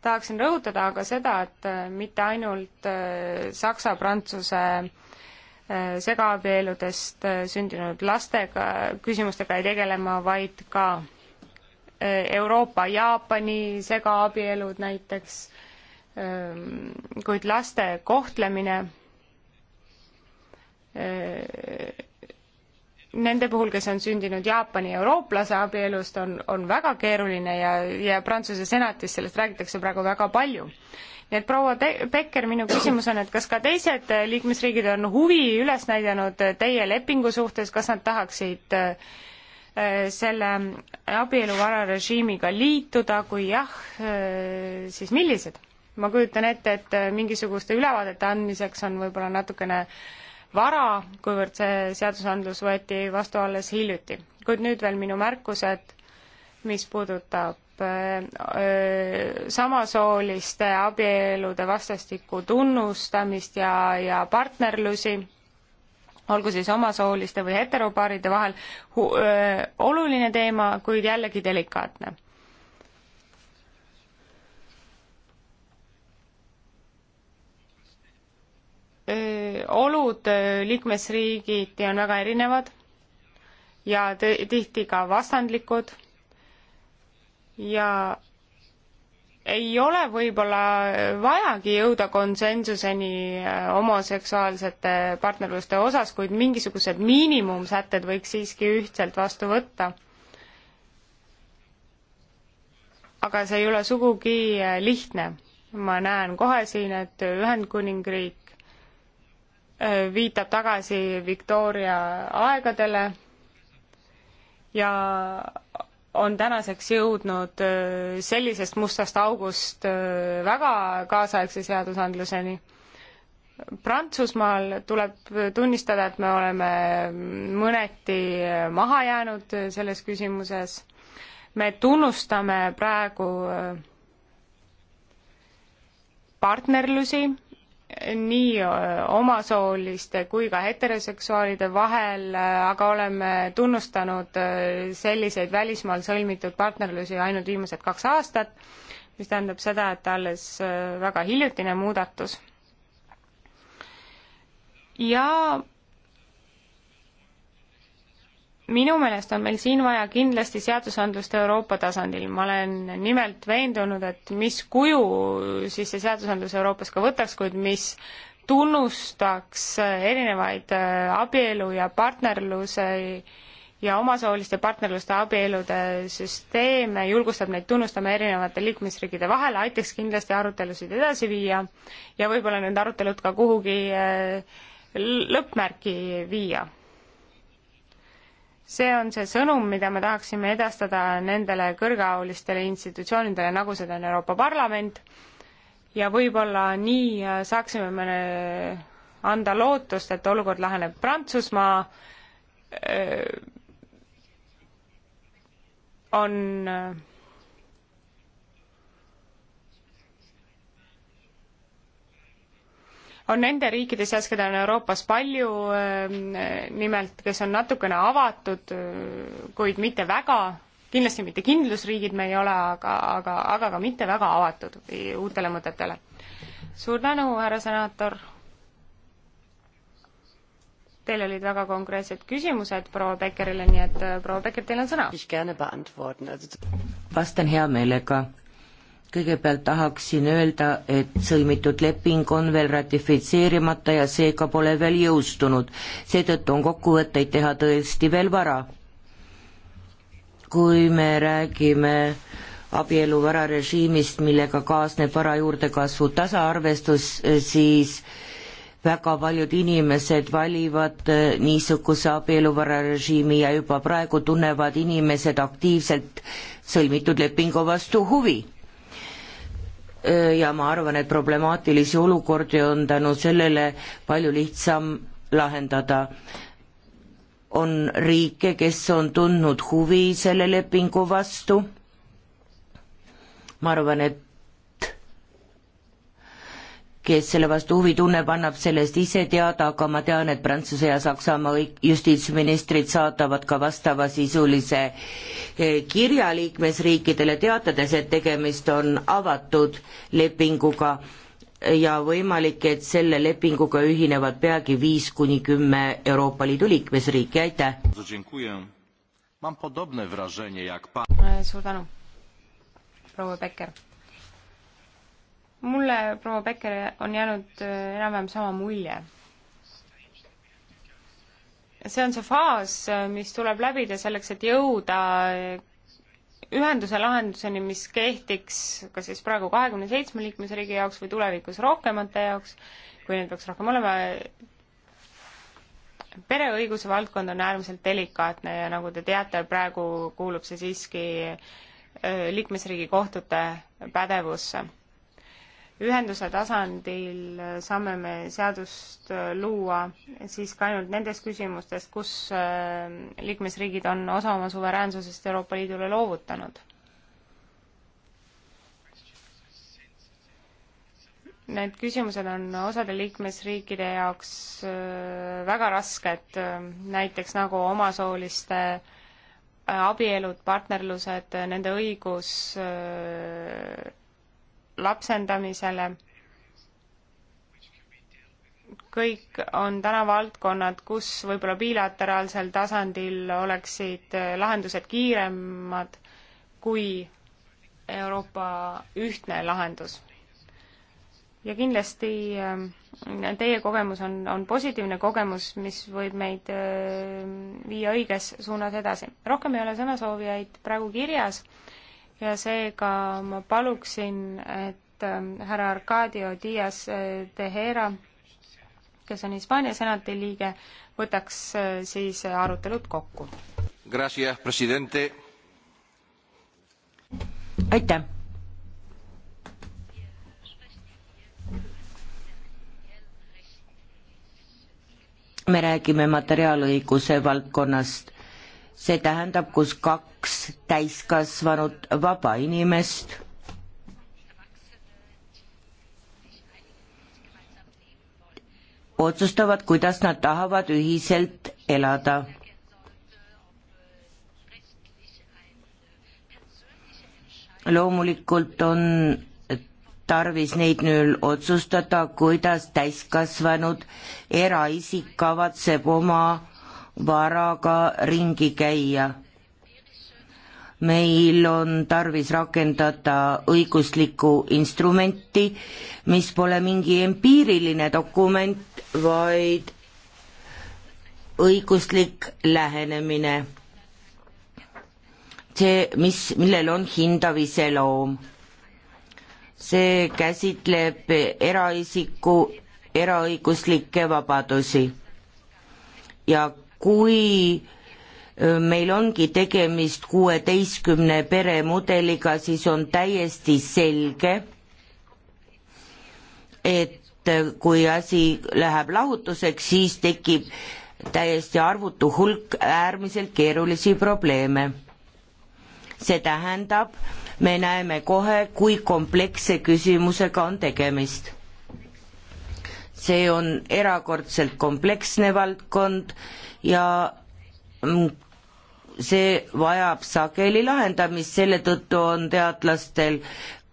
tahaksin rõhutada aga seda, et mitte ainult Saksa-Prantsuse segaabieludest äh, sündinud lastega küsimustega ei tegelema, vaid ka äh, Euroopa-Jaapani segaabielud näiteks, ähm, kuid laste kohtlemine äh, nende puhul, kes on sündinud Jaapani eurooplase abielust, on, on väga keeruline ja, ja Prantsuse senatis sellest räägitakse praegu väga palju nii et proua Becker, minu küsimus on, et kas ka teised äh, liikmesriigid on huvi üles näidanud äh, teie lepingu suhtes, kas nad tahaksid äh, selle abieluvararežiimiga liituda, kui jah, siis millised? ma kujutan ette, et mingisuguste ülevaadete andmiseks on võib-olla natukene vara, kuivõrd see seadusandlus võeti vastu alles hiljuti. kuid nüüd veel minu märkused, mis puudutab Äh, äh, samasooliste abielude vastastikku tunnustamist ja, ja partnerlusi, olgu siis omasooliste või heteropaaride vahel, äh, oluline teema, kuid jällegi delikaatne olud liikmesriigiti on väga erinevad ja tihti ka vastandlikud ja ei ole võib-olla vajagi jõuda konsensuseni äh, homoseksuaalsete partnerluste osas, kuid mingisugused miinimumsätted võiks siiski ühtselt vastu võtta. aga see ei ole sugugi äh, lihtne. ma näen kohe siin, et Ühendkuningriik äh, viitab tagasi Victoria aegadele ja on tänaseks jõudnud äh, sellisest mustast august äh, väga kaasaegse seadusandluseni. Prantsusmaal tuleb tunnistada, et me oleme mõneti äh, maha jäänud selles küsimuses. me tunnustame praegu partnerlusi nii äh, omasooliste kui ka heteroseksuaalide vahel, äh, aga oleme tunnustanud äh, selliseid välismaal sõlmitud partnerlusi ainult viimased kaks aastat, mis tähendab seda, et alles väga hiljutine muudatus. ja minu meelest on meil siin vaja kindlasti seadusandlust Euroopa tasandil, ma olen nimelt veendunud, et mis kuju siis see seadusandlus Euroopas ka võtaks, kuid mis tunnustaks erinevaid äh, abielu ja partnerluse ja omasooliste partnerluste abielude süsteeme, julgustab neid tunnustama erinevate liikmesriikide vahel, aitaks kindlasti arutelusid edasi viia ja võib-olla need arutelud ka kuhugi äh, lõppmärki viia see on see sõnum, mida me tahaksime edastada nendele kõrgeaulistele institutsioonidele, nagu seda on Euroopa Parlament, ja võib-olla nii äh, saaksime me äh, anda lootust, et olukord laheneb Prantsusmaa äh, on on nende riikide seas, keda on Euroopas palju, ähm, nimelt, kes on natukene avatud, äh, kuid mitte väga, kindlasti mitte kindlusriigid me ei ole, aga, aga, aga ka mitte väga avatud uutele mõtetele. suur tänu, härra senaator. Teil olid väga konkreetsed küsimused proua Beckerile, nii et äh, proua Becker, teil on sõna. vastan hea meelega kõigepealt tahaksin öelda, et sõlmitud leping on veel ratifitseerimata ja seega pole veel jõustunud. seetõttu on kokkuvõtteid teha tõesti veel vara. kui me räägime abielu vararežiimist, millega kaasneb vara juurdekasvu tasaarvestus, siis väga paljud inimesed valivad eh, niisuguse abieluvararežiimi ja juba praegu tunnevad inimesed aktiivselt sõlmitud lepingu vastu huvi ja ma arvan, et problemaatilisi olukordi on tänu sellele palju lihtsam lahendada. on riike, kes on tundnud huvi selle lepingu vastu, ma arvan, et kes selle vastu huvi tunneb, annab sellest ise teada, aga ma tean, et Prantsuse ja Saksamaa justiitsministrid saadavad ka vastavasisulise eh, kirja liikmesriikidele, teatades, et tegemist on avatud lepinguga ja võimalik, et selle lepinguga ühinevad peagi viis kuni kümme Euroopa Liidu liikmesriiki, aitäh! suur tänu, proua Becker! mulle, proua Becker, on jäänud äh, enam-vähem sama mulje. see on see faas, äh, mis tuleb läbida selleks, et jõuda äh, ühenduse lahenduseni, mis kehtiks kas siis praegu kahekümne seitsme liikmesriigi jaoks või tulevikus rohkemate jaoks, kui neid peaks rohkem olema, pereõiguse valdkond on äärmiselt delikaatne ja nagu te teate, praegu kuulub see siiski liikmesriigi kohtute pädevusse ühenduse tasandil saame me seadust äh, luua siiski ainult nendes küsimustes, kus äh, liikmesriigid on osa oma suveräänsusest Euroopa Liidule loovutanud. Need küsimused on osade liikmesriikide jaoks äh, väga rasked, näiteks nagu omasooliste abielud, partnerlused, nende õigus lapsendamisele. kõik on täna valdkonnad, kus võib-olla bilateraalsel tasandil oleksid lahendused kiiremad kui Euroopa ühtne lahendus. ja kindlasti äh, teie kogemus on, on positiivne kogemus, mis võib meid äh, viia õiges suunas edasi. rohkem ei ole sõnasoovijaid praegu kirjas ja seega ma paluksin, et ähm, härra Arcadio Dias Tehera, äh, kes on Hispaania senati liige, võtaks äh, siis arutelud kokku. aitäh. me räägime materiaalõiguse valdkonnast see tähendab, kus kaks täiskasvanud vaba inimest otsustavad, kuidas nad tahavad ühiselt elada. loomulikult on tarvis neid nüüd otsustada, kuidas täiskasvanud eraisik kavatseb oma varaga ringi käia. meil on tarvis rakendada õiguslikku instrumenti, mis pole mingi empiiriline dokument, vaid õiguslik lähenemine. see, mis, millel on hindav iseloom. see käsitleb eraisiku eraõiguslikke vabadusi ja kui meil ongi tegemist kuueteistkümne peremudeliga, siis on täiesti selge, et kui asi läheb lahutuseks, siis tekib täiesti arvutu hulk äärmiselt keerulisi probleeme. see tähendab, me näeme kohe, kui kompleksse küsimusega on tegemist. see on erakordselt kompleksne valdkond ja mm, see vajab sageli lahendamist, selle tõttu on teadlastel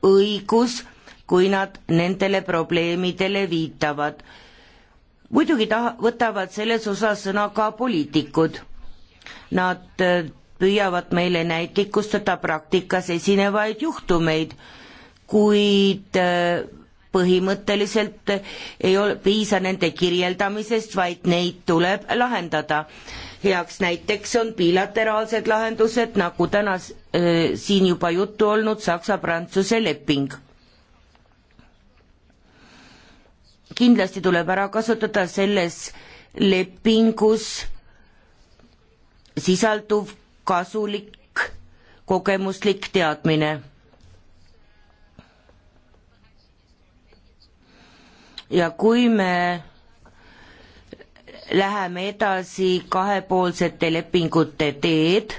õigus, kui nad nendele probleemidele viitavad. muidugi ta-, võtavad selles osas sõna ka poliitikud. Nad äh, püüavad meile näitlikustada praktikas esinevaid juhtumeid, kuid äh, põhimõtteliselt ei ole, piisa nende kirjeldamisest, vaid neid tuleb lahendada. heaks näiteks on bilateraalsed lahendused, nagu täna äh, siin juba juttu olnud Saksa-Prantsuse leping. kindlasti tuleb ära kasutada selles lepingus sisalduv kasulik kogemuslik teadmine ja kui me läheme edasi kahepoolsete lepingute teed,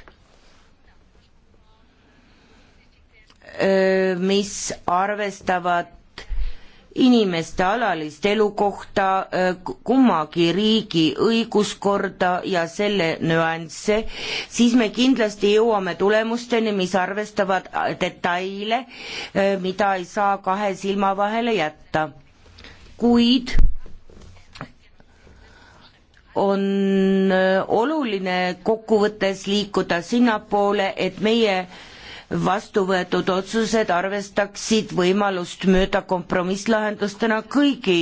mis arvestavad inimeste alalist elukohta, kummagi riigi õiguskorda ja selle nüansse, siis me kindlasti jõuame tulemusteni, mis arvestavad detaile, mida ei saa kahe silma vahele jätta kuid on äh, oluline kokkuvõttes liikuda sinnapoole, et meie vastu võetud otsused arvestaksid võimalust mööda kompromisslahendustena kõigi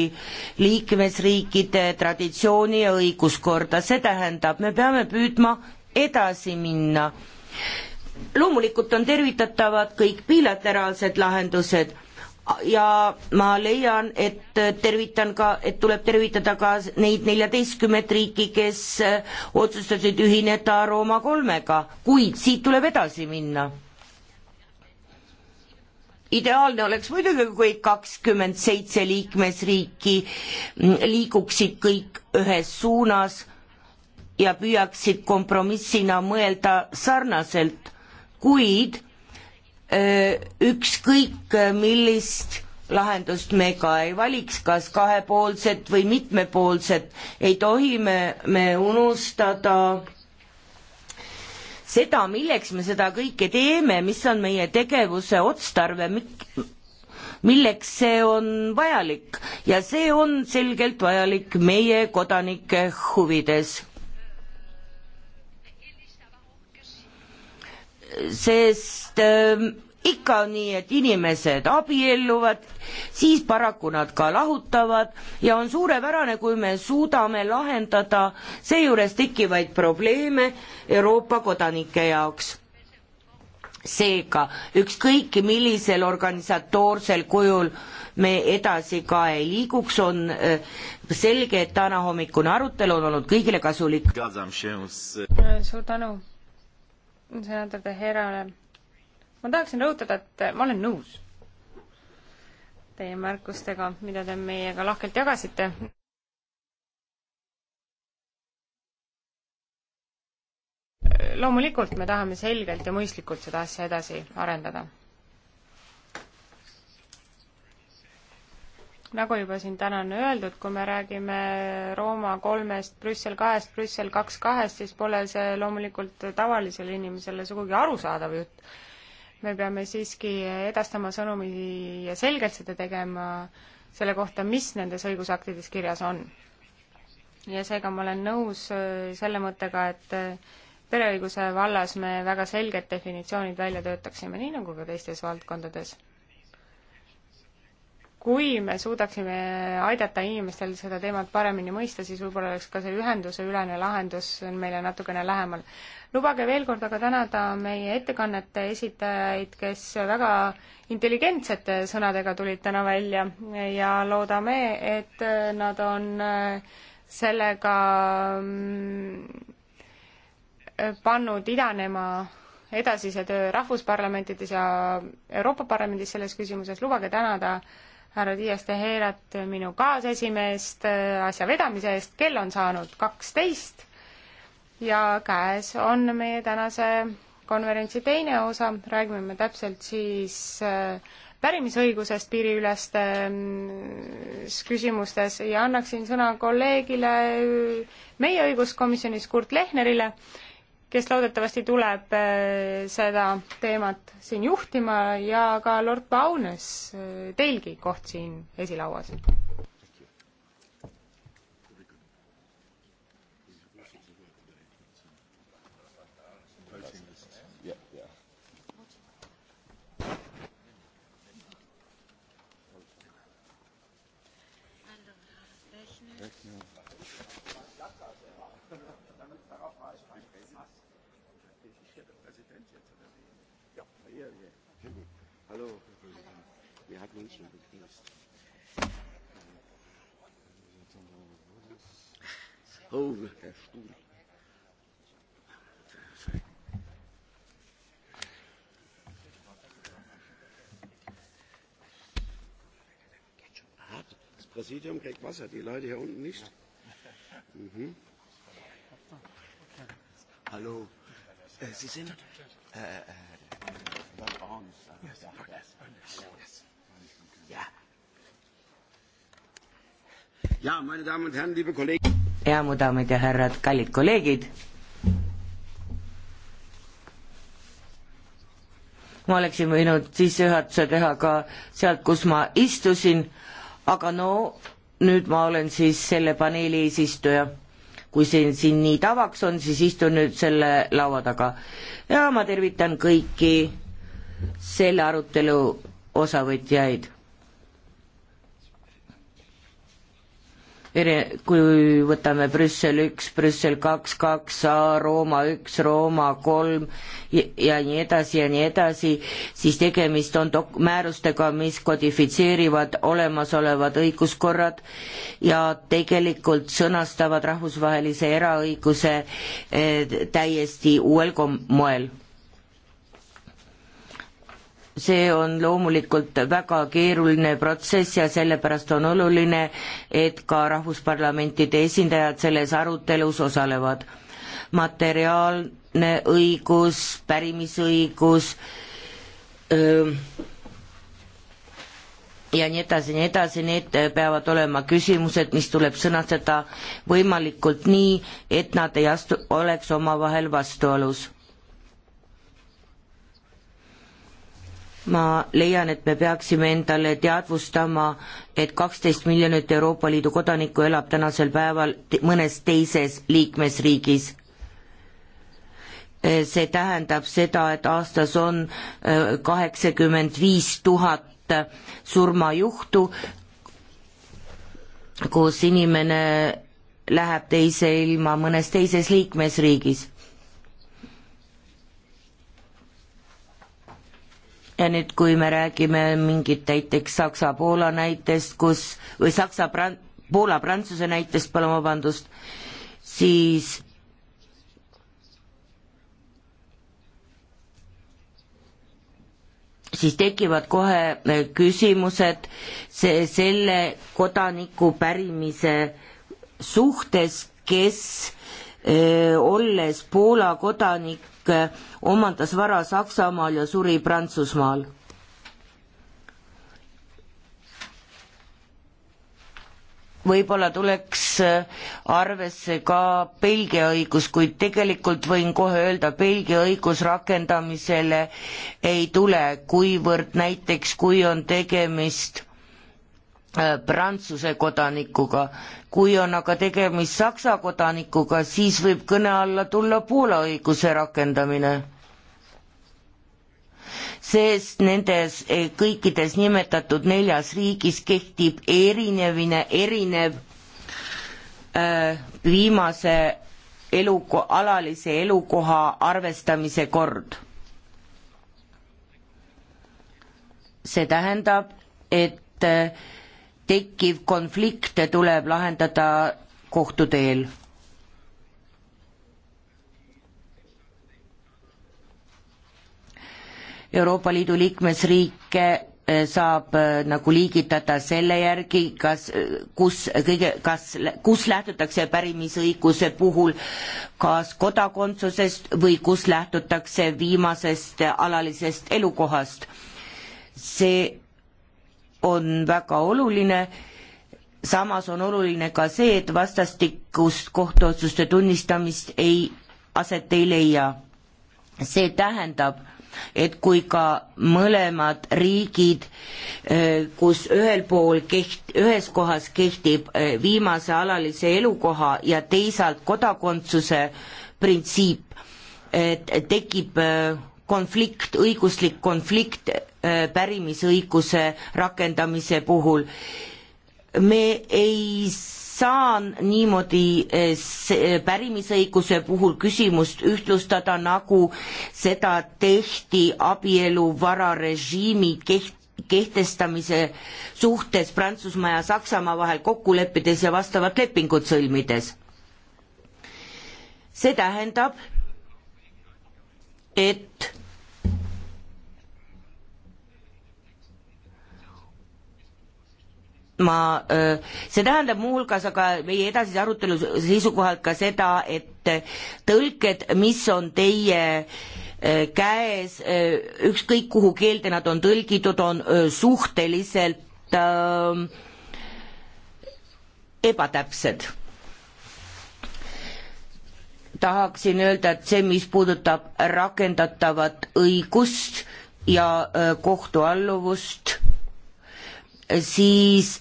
liikmesriikide traditsiooni ja õiguskorda, see tähendab, me peame püüdma edasi minna. loomulikult on tervitatavad kõik bilateraalsed lahendused ja ma leian, et tervitan ka, et tuleb tervitada ka neid neljateistkümmet riiki, kes otsustasid ühineda Rooma kolmega, kuid siit tuleb edasi minna. ideaalne oleks muidugi, kui kakskümmend seitse liikmesriiki liiguksid kõik ühes suunas ja püüaksid kompromissina mõelda sarnaselt, kuid ükskõik millist lahendust me ka ei valiks, kas kahepoolset või mitmepoolset, ei tohi me, me unustada seda, milleks me seda kõike teeme, mis on meie tegevuse otstarve, milleks see on vajalik ja see on selgelt vajalik meie kodanike huvides sest äh, ikka on nii, et inimesed abielluvad, siis paraku nad ka lahutavad ja on suurepärane, kui me suudame lahendada seejuures tekkivaid probleeme Euroopa kodanike jaoks seega ükskõik millisel organisatoorsel kujul me edasi ka ei liiguks, on äh, selge, et tänahommikune arutelu on olnud kõigile kasulik. suur tänu senator Teherale. ma tahaksin rõhutada, et ma olen nõus teie märkustega, mida te meiega lahkelt jagasite. loomulikult me tahame selgelt ja mõistlikult seda asja edasi arendada nagu juba siin täna on öeldud, kui me räägime Rooma kolmest, Brüssel kahest, Brüssel kaks kahest, siis pole see loomulikult tavalisele inimesele sugugi arusaadav jutt. me peame siiski edastama sõnumi ja selgelt seda tegema selle kohta, mis nendes õigusaktides kirjas on. ja seega ma olen nõus äh, selle mõttega, et äh, pereõiguse vallas me väga selged definitsioonid välja töötaksime, nii nagu ka teistes valdkondades kui me suudaksime aidata inimestel seda teemat paremini mõista, siis võib-olla oleks ka see ühenduseülene lahendus meile natukene lähemal. lubage veel kord aga tänada meie ettekannete esitajaid, kes väga intelligentsete sõnadega tulid täna välja ja loodame, et nad on äh, sellega mm, pannud idanema edasise töö rahvusparlamentides ja Euroopa Parlamendis selles küsimuses, lubage tänada äh, härra Dias de Herat, minu kaasesimeest äh, asja vedamise eest, kell on saanud kaksteist ja käes on meie tänase konverentsi teine osa, räägime me täpselt siis äh, pärimisõigusest piiriülestes mm, küsimustes ja annaksin sõna kolleegile äh, meie õiguskomisjonis Kurt Lehnerile kes loodetavasti tuleb äh, seda teemat siin juhtima ja ka Lord Paunes, äh, teilgi koht siin esilauas Over der Stuhl. Das Präsidium kriegt Wasser, die Leute hier unten nicht. Mhm. Hallo, äh, Sie sind. Äh, äh, äh not on. Yes, yes, yes ja mu daamid ja härrad, kallid kolleegid. ma oleksin võinud sissejuhatuse teha ka sealt, kus ma istusin, aga no nüüd ma olen siis selle paneeli eesistuja. kui see siin nii tavaks on, siis istun nüüd selle laua taga ja ma tervitan kõiki selle arutelu osavõtjaid eri, kui võtame Brüssel üks, Brüssel kaks, kaks A, Rooma üks, Rooma kolm ja nii edasi ja nii edasi, siis tegemist on dok-, määrustega, mis kodifitseerivad olemasolevad õiguskorrad ja tegelikult sõnastavad rahvusvahelise eraõiguse eh, täiesti uuel kom-, moel see on loomulikult väga keeruline protsess ja sellepärast on oluline, et ka rahvusparlamentide esindajad selles arutelus osalevad. materiaalne õigus, pärimisõigus öö, ja nii edasi, nii edasi, need peavad olema küsimused, mis tuleb sõnastada võimalikult nii, et nad ei astu, oleks omavahel vastuolus ma leian, et me peaksime endale teadvustama, et kaksteist miljonit Euroopa Liidu kodanikku elab tänasel päeval mõnes teises liikmesriigis. Äh, see tähendab seda, et aastas on äh, kaheksakümmend viis tuhat äh, surmajuhtu, kus inimene läheb teise ilma mõnes teises liikmesriigis ja nüüd, kui me räägime mingit näiteks Saksa-Poola näitest, kus, või Saksa-Pran-, Poola-Prantsuse näitest, palun vabandust, siis siis tekivad kohe eh, küsimused see, selle kodaniku pärimise suhtes, kes öö, eh, olles Poola kodanik, Erik eh, omandas vara Saksamaal ja suri Prantsusmaal. võib-olla tuleks eh, arvesse ka Belgia õigus, kuid tegelikult võin kohe öelda, Belgia õigus rakendamisele ei tule, kuivõrd näiteks kui on tegemist Äh, Prantsuse kodanikuga, kui on aga tegemist Saksa kodanikuga, siis võib kõne alla tulla Poola õiguse rakendamine. sest nendes eh, kõikides nimetatud neljas riigis kehtib erinevine, erinev äh, viimase elu, alalise elukoha arvestamise kord. see tähendab, et äh, tekkiv konflikte tuleb lahendada kohtu teel. Euroopa Liidu liikmesriike eh, saab eh, nagu liigitada selle järgi, kas, eh, kus kõige, kas, kus lähtutakse pärimisõiguse puhul kas kodakondsusest või kus lähtutakse viimasest alalisest elukohast. see on väga oluline, samas on oluline ka see, et vastastikust kohtuotsuste tunnistamist ei, aset ei leia. see tähendab, et kui ka mõlemad riigid, eh, kus ühel pool keht-, ühes kohas kehtib eh, viimase alalise elukoha ja teisalt kodakondsuse printsiip, et tekib eh, konflikt, õiguslik konflikt äh, pärimisõiguse rakendamise puhul. me ei saa niimoodi äh, äh, pärimisõiguse puhul küsimust ühtlustada, nagu seda tehti abieluvararežiimi keht-, kehtestamise suhtes Prantsusmaa ja Saksamaa vahel kokku leppides ja vastavat lepingut sõlmides. see tähendab, et ma, see tähendab muuhulgas aga meie edasise arutelu seisukohalt ka seda, et tõlked, mis on teie käes, ükskõik kuhu keelde nad on tõlgitud, on suhteliselt äh, ebatäpsed. tahaksin öelda, et see, mis puudutab rakendatavat õigust ja kohtualluvust, siis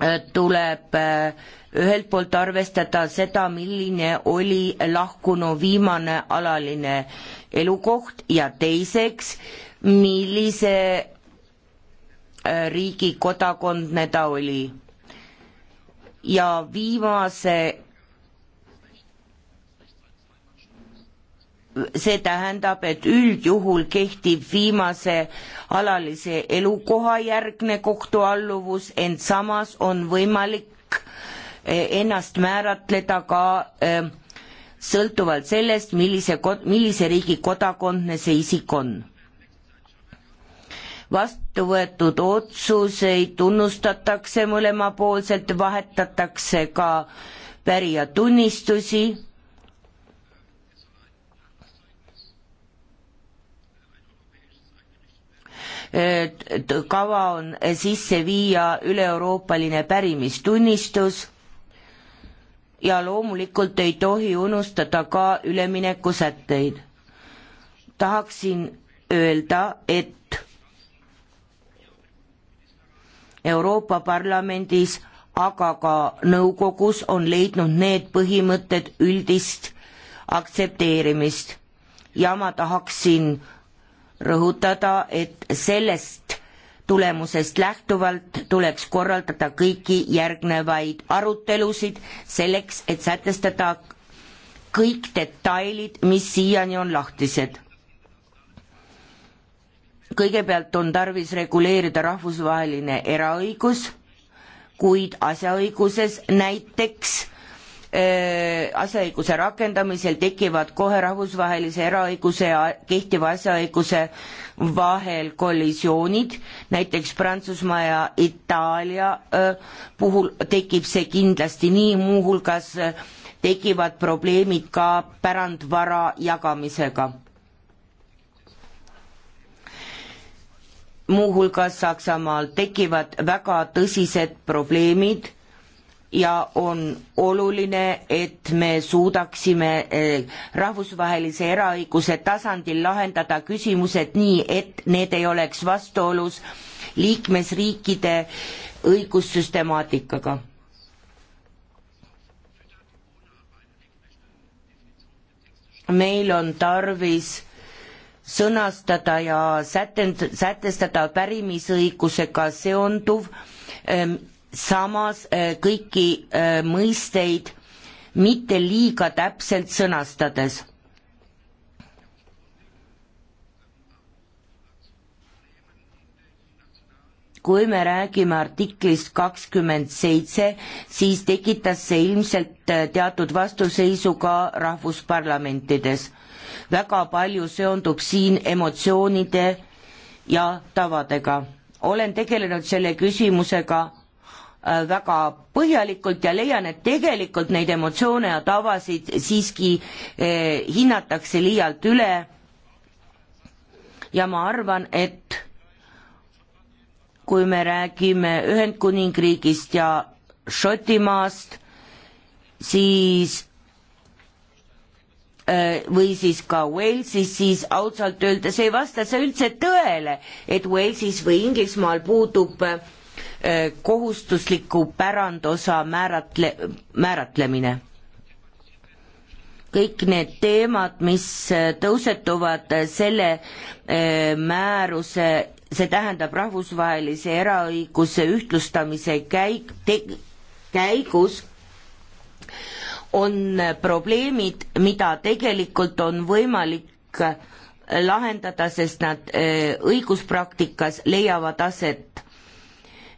Äh, tuleb äh, ühelt poolt arvestada seda, milline oli lahkunu viimane alaline elukoht ja teiseks, millise äh, riigi kodakondne ta oli. ja viimase see tähendab, et üldjuhul kehtib viimase alalise elukoha järgne kohtualluvus, ent samas on võimalik e, ennast määratleda ka e, sõltuvalt sellest, millise, millise riigi kodakondne see isik on. vastu võetud otsuseid tunnustatakse mõlemapoolselt, vahetatakse ka pärijatunnistusi Äh, kava on sisse viia üle-euroopaline pärimistunnistus ja loomulikult ei tohi unustada ka üleminekusätteid. tahaksin öelda, et Euroopa Parlamendis, aga ka nõukogus on leidnud need põhimõtted üldist aktsepteerimist ja ma tahaksin rõhutada, et sellest tulemusest lähtuvalt tuleks korraldada kõiki järgnevaid arutelusid selleks, et sätestada kõik detailid, mis siiani on lahtised. kõigepealt on tarvis reguleerida rahvusvaheline eraõigus, kuid asjaõiguses näiteks Äh, asjaõiguse rakendamisel tekivad kohe rahvusvahelise eraõiguse ja kehtiva asjaõiguse vahel kollisioonid, näiteks Prantsusmaa ja Itaalia äh, puhul tekib see kindlasti nii, muuhulgas äh, tekivad probleemid ka pärandvara jagamisega. muuhulgas Saksamaal tekivad väga tõsised probleemid ja on oluline, et me suudaksime eh, rahvusvahelise eraõiguse tasandil lahendada küsimused nii, et need ei oleks vastuolus liikmesriikide õigussüstemaatikaga. meil on tarvis sõnastada ja sätend-, sätestada pärimisõigusega seonduv ähm, samas äh, kõiki äh, mõisteid mitte liiga täpselt sõnastades. kui me räägime artiklist kakskümmend seitse, siis tekitas see ilmselt äh, teatud vastuseisu ka rahvusparlamentides. väga palju seondub siin emotsioonide ja tavadega. olen tegelenud selle küsimusega Äh, väga põhjalikult ja leian, et tegelikult neid emotsioone ja tavasid siiski eh, hinnatakse liialt üle. ja ma arvan, et kui me räägime Ühendkuningriigist ja Šotimaast, siis äh, või siis ka Walesis, siis ausalt öeldes ei vasta see üldse tõele, et Walesis või Inglismaal puudub äh, Eh, kohustusliku pärandosa määratle, määratlemine. kõik need teemad, mis eh, tõusetuvad eh, selle määruse, see tähendab rahvusvahelise eraõiguse ühtlustamise käik-, käigus, on probleemid, mida tegelikult on võimalik lahendada, sest nad õiguspraktikas leiavad aset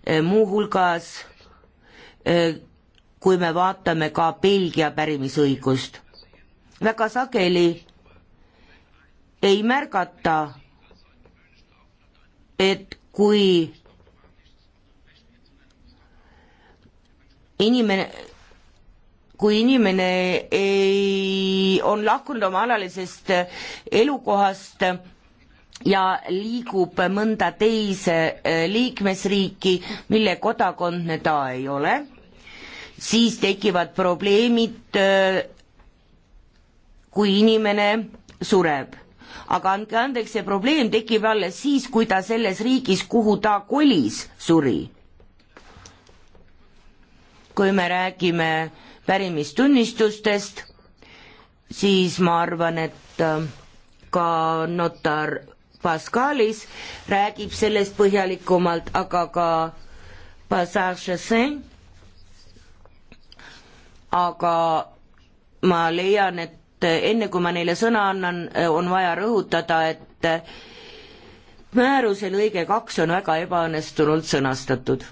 Äh, muuhulgas äh, kui me vaatame ka Belgia pärimisõigust. väga sageli ei märgata, et kui inimene, kui inimene ei, on lahkunud oma alalisest elukohast ja liigub mõnda teise äh, liikmesriiki, mille kodakondne ta ei ole, siis tekivad probleemid, äh, kui inimene sureb. aga andke andeks, see probleem tekib alles siis, kui ta selles riigis, kuhu ta kolis, suri. kui me räägime pärimistunnistustest, siis ma arvan, et äh, ka notar Pascalis räägib sellest põhjalikumalt, aga ka Passage Saint, aga ma leian, et enne kui ma neile sõna annan, on vaja rõhutada, et määruse lõige kaks on väga ebaõnnestunult sõnastatud.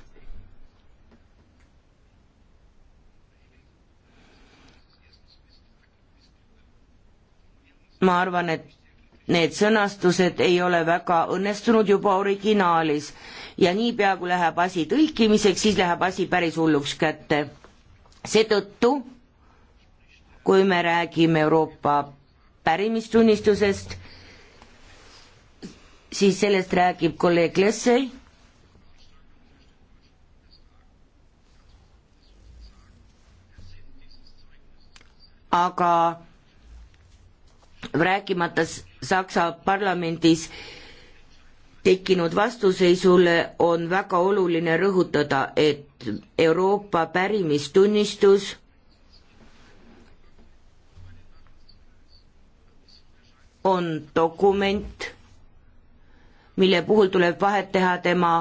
ma arvan, et need sõnastused ei ole väga õnnestunud juba originaalis ja niipea, kui läheb asi tõlkimiseks, siis läheb asi päris hulluks kätte. seetõttu, kui me räägime Euroopa pärimistunnistusest, siis sellest räägib kolleeg Lessei aga rääkimata Saksa parlamendis tekkinud vastuseisule on väga oluline rõhutada, et Euroopa pärimistunnistus on dokument, mille puhul tuleb vahet teha tema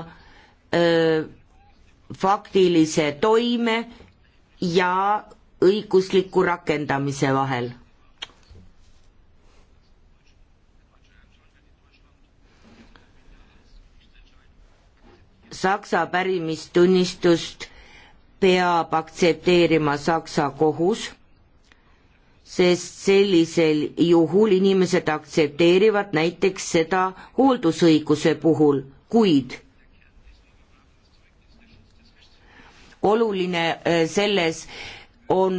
öö, faktilise toime ja õigusliku rakendamise vahel Saksa pärimistunnistust peab aktsepteerima Saksa kohus, sest sellisel juhul inimesed aktsepteerivad näiteks seda hooldusõiguse puhul, kuid oluline äh, selles on,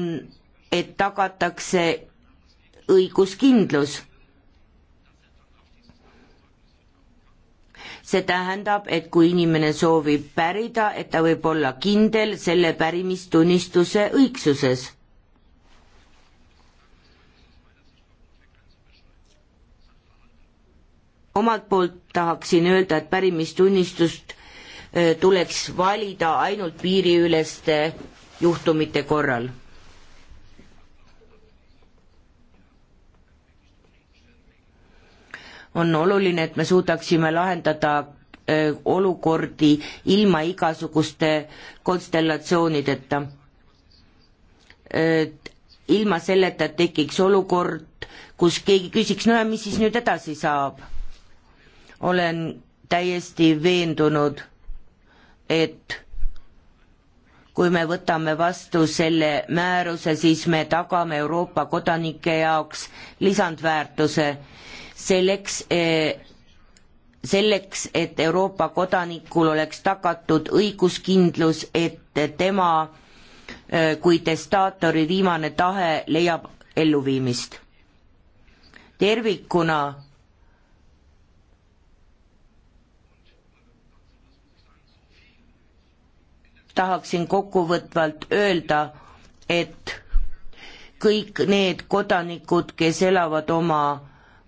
et tagatakse õiguskindlus see tähendab, et kui inimene soovib pärida, et ta võib olla kindel selle pärimistunnistuse õigsuses. omalt poolt tahaksin öelda, et pärimistunnistust äh, tuleks valida ainult piiriüleste juhtumite korral on oluline, et me suudaksime lahendada äh, olukordi ilma igasuguste konstellatsioonideta. Äh, ilma selleta, et tekiks olukord, kus keegi küsiks, no ja mis siis nüüd edasi saab? olen täiesti veendunud, et kui me võtame vastu selle määruse, siis me tagame Euroopa kodanike jaoks lisandväärtuse selleks, e, selleks, et Euroopa kodanikul oleks tagatud õiguskindlus, et tema e, kui testaatori viimane tahe leiab elluviimist. tervikuna tahaksin kokkuvõtvalt öelda, et kõik need kodanikud, kes elavad oma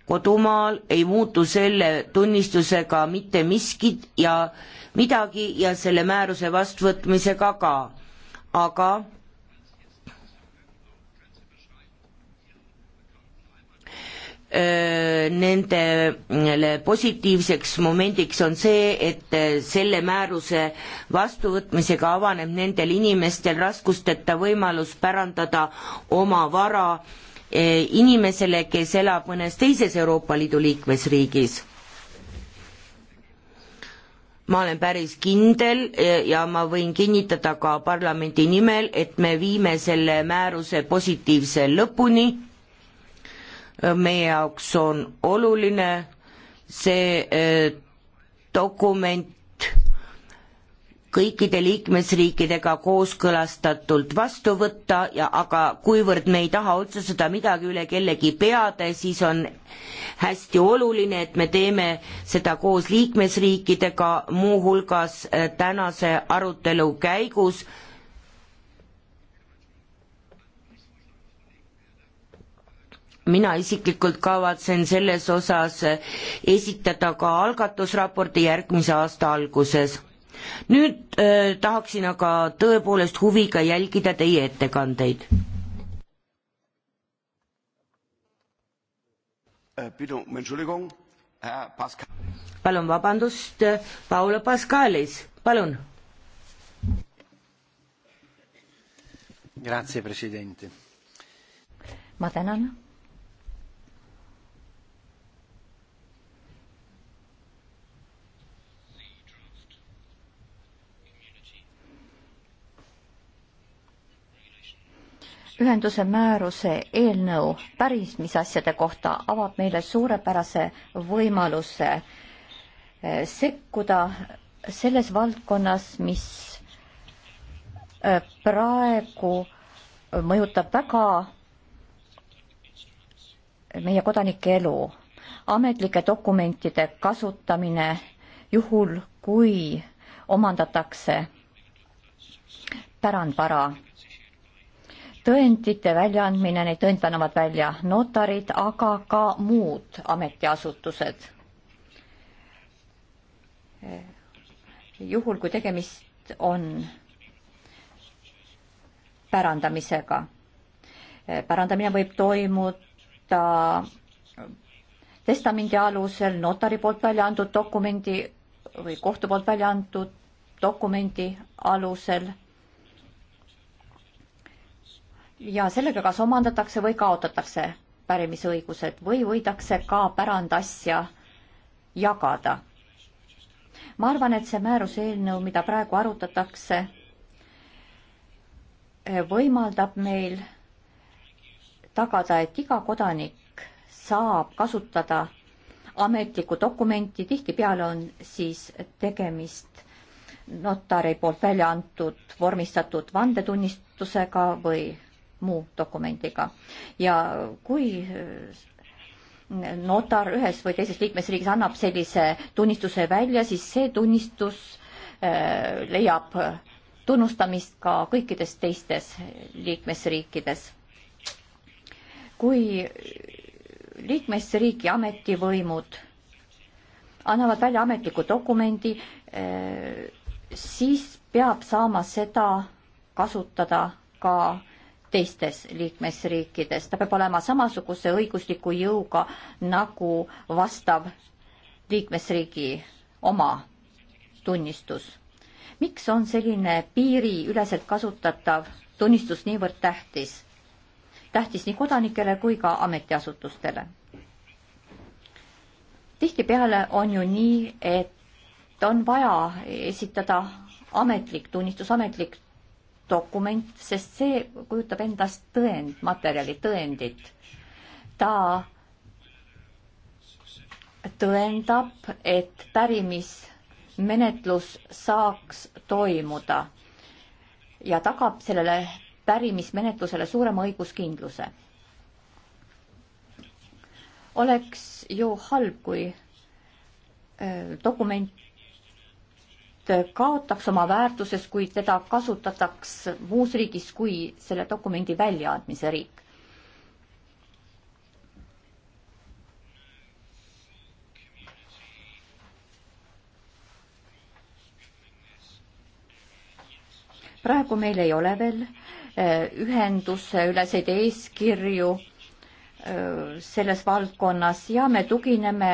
kodumaal ei muutu selle tunnistusega mitte miskit ja midagi ja selle määruse vastuvõtmisega ka, aga nendele positiivseks momendiks on see, et selle määruse vastuvõtmisega avaneb nendel inimestel raskusteta võimalus pärandada oma vara Eh, inimesele, kes elab mõnes teises Euroopa Liidu liikmesriigis ma olen päris kindel eh, ja ma võin kinnitada ka parlamendi nimel, et me viime selle määruse positiivse lõpuni. Eh, meie jaoks on oluline see dokument kõikide liikmesriikidega kooskõlastatult vastu võtta ja aga kuivõrd me ei taha otsustada midagi üle kellegi peade, siis on hästi oluline, et me teeme seda koos liikmesriikidega, muuhulgas äh, tänase arutelu käigus. mina isiklikult kavatsen selles osas äh, esitada ka algatusraporti järgmise aasta alguses nüüd äh, tahaksin aga tõepoolest huviga jälgida teie ettekandeid. Äh, palun vabandust, äh, Paolo Pascalis, palun. ma tänan ühenduse määruse eelnõu pärimisasjade kohta avab meile suurepärase võimaluse eh, sekkuda selles valdkonnas, mis eh, praegu mõjutab väga meie kodanike elu. ametlike dokumentide kasutamine juhul, kui omandatakse pärandvara tõendite väljaandmine, neid tõende annavad välja notarid, aga ka muud ametiasutused. juhul, kui tegemist on pärandamisega. pärandamine võib toimuda testamendi alusel, notari poolt välja antud dokumendi või kohtu poolt välja antud dokumendi alusel ja sellega kas omandatakse või kaotatakse pärimisõigused või võidakse ka pärandasja jagada. ma arvan, et see määruse eelnõu, mida praegu arutatakse, võimaldab meil tagada, et iga kodanik saab kasutada ametlikku dokumenti, tihtipeale on siis tegemist notari poolt välja antud vormistatud vandetunnistusega või muu dokumendiga. ja kui notar ühes või teises liikmesriigis annab sellise tunnistuse välja, siis see tunnistus äh, leiab tunnustamist ka kõikides teistes liikmesriikides. kui liikmesriigi ametivõimud annavad välja ametliku dokumendi, äh, siis peab saama seda kasutada ka teistes liikmesriikides. ta peab olema samasuguse õigusliku jõuga nagu vastav liikmesriigi oma tunnistus. miks on selline piiriüleselt kasutatav tunnistus niivõrd tähtis? tähtis nii kodanikele kui ka ametiasutustele. tihtipeale on ju nii, et on vaja esitada ametlik tunnistus, ametlik dokument, sest see kujutab endast tõend, materjali, tõendit. ta tõendab, et pärimismenetlus saaks toimuda ja tagab sellele pärimismenetlusele suurema õiguskindluse. oleks ju halb, kui äh, dokument kaotaks oma väärtuses, kui teda kasutataks muus riigis kui selle dokumendi väljaandmise riik. praegu meil ei ole veel eh, ühenduse üleseid eeskirju eh, selles valdkonnas ja me tugineme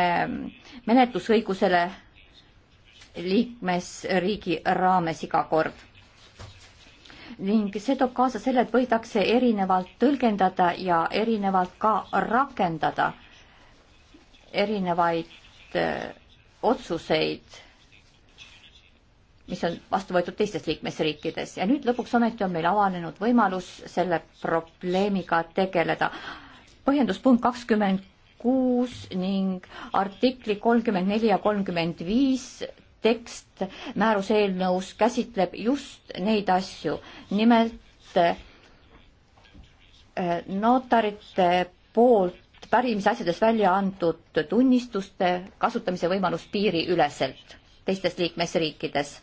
menetlusõigusele liikmesriigi raames iga kord. ning see toob kaasa selle, et võidakse erinevalt tõlgendada ja erinevalt ka rakendada erinevaid öö, äh, otsuseid, mis on vastu võetud teistes liikmesriikides ja nüüd lõpuks ometi on meil avanenud võimalus selle probleemiga tegeleda. põhjenduspunkt kakskümmend kuus ning artikli kolmkümmend neli ja kolmkümmend viis tekst määruse eelnõus käsitleb just neid asju, nimelt eh, notarite poolt pärimisasjades välja antud tunnistuste kasutamise võimalus piiriüleselt teistes liikmesriikides.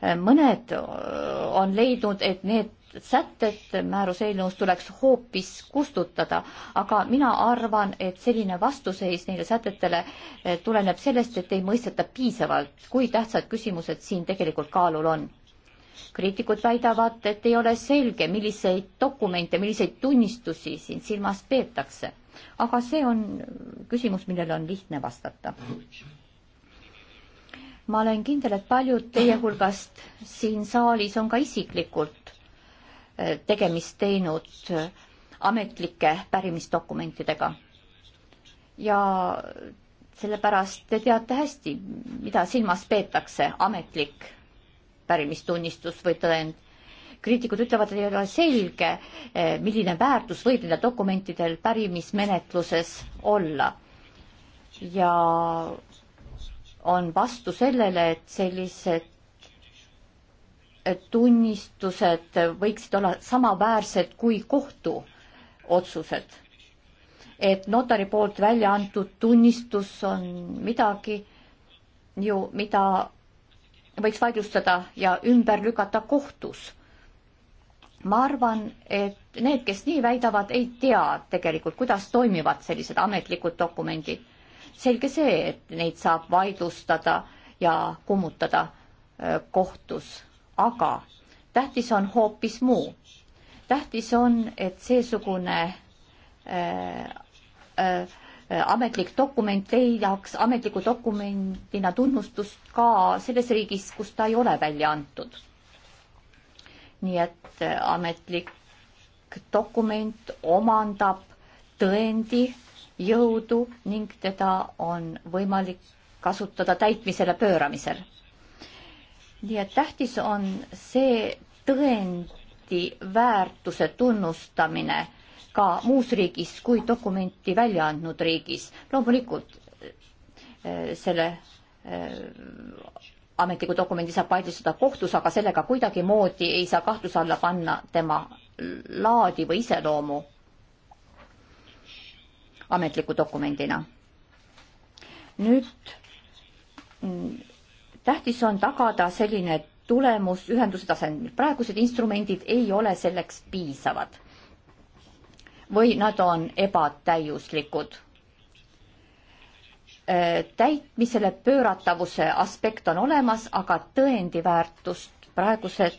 Eh, mõned eh, on leidnud, et need sätted määruse eelnõus tuleks hoopis kustutada, aga mina arvan, et selline vastuseis neile sätetele eh, tuleneb sellest, et ei mõisteta piisavalt, kui tähtsad küsimused siin tegelikult kaalul on. kriitikud väidavad, et ei ole selge, milliseid dokumente, milliseid tunnistusi siin silmas peetakse. aga see on küsimus, millele on lihtne vastata ma olen kindel, et paljud teie hulgast siin saalis on ka isiklikult tegemist teinud ametlike pärimisdokumentidega. ja sellepärast te teate hästi, mida silmas peetakse, ametlik pärimistunnistus või tõend. kriitikud ütlevad, et ei ole selge, milline väärtus võib nendel dokumentidel pärimismenetluses olla. ja on vastu sellele, et sellised tunnistused võiksid olla samaväärsed kui kohtuotsused. et notari poolt välja antud tunnistus on midagi ju, mida võiks vaidlustada ja ümber lükata kohtus. ma arvan, et need, kes nii väidavad, ei tea tegelikult, kuidas toimivad sellised ametlikud dokumendid. selge see, et neid saab vaidlustada ja kummutada äh, kohtus aga tähtis on hoopis muu. tähtis on, et seesugune äh, äh, ametlik dokument leidaks ametliku dokumendina tunnustust ka selles riigis, kus ta ei ole välja antud. nii et äh, ametlik dokument omandab tõendi jõudu ning teda on võimalik kasutada täitmisele pööramisel nii et tähtis on see tõendi väärtuse tunnustamine ka muus riigis kui dokumenti välja andnud riigis. loomulikult äh, selle äh, ametliku dokumendi saab vaidlustada kohtus, aga sellega kuidagimoodi ei saa kahtluse alla panna tema laadi või iseloomu ametliku dokumendina. nüüd mm, tähtis on tagada selline tulemus ühenduse tasandil. praegused instrumendid ei ole selleks piisavad või nad on ebatäiuslikud. Äh, täitmisele pööratavuse aspekt on olemas, aga tõendi väärtust praegused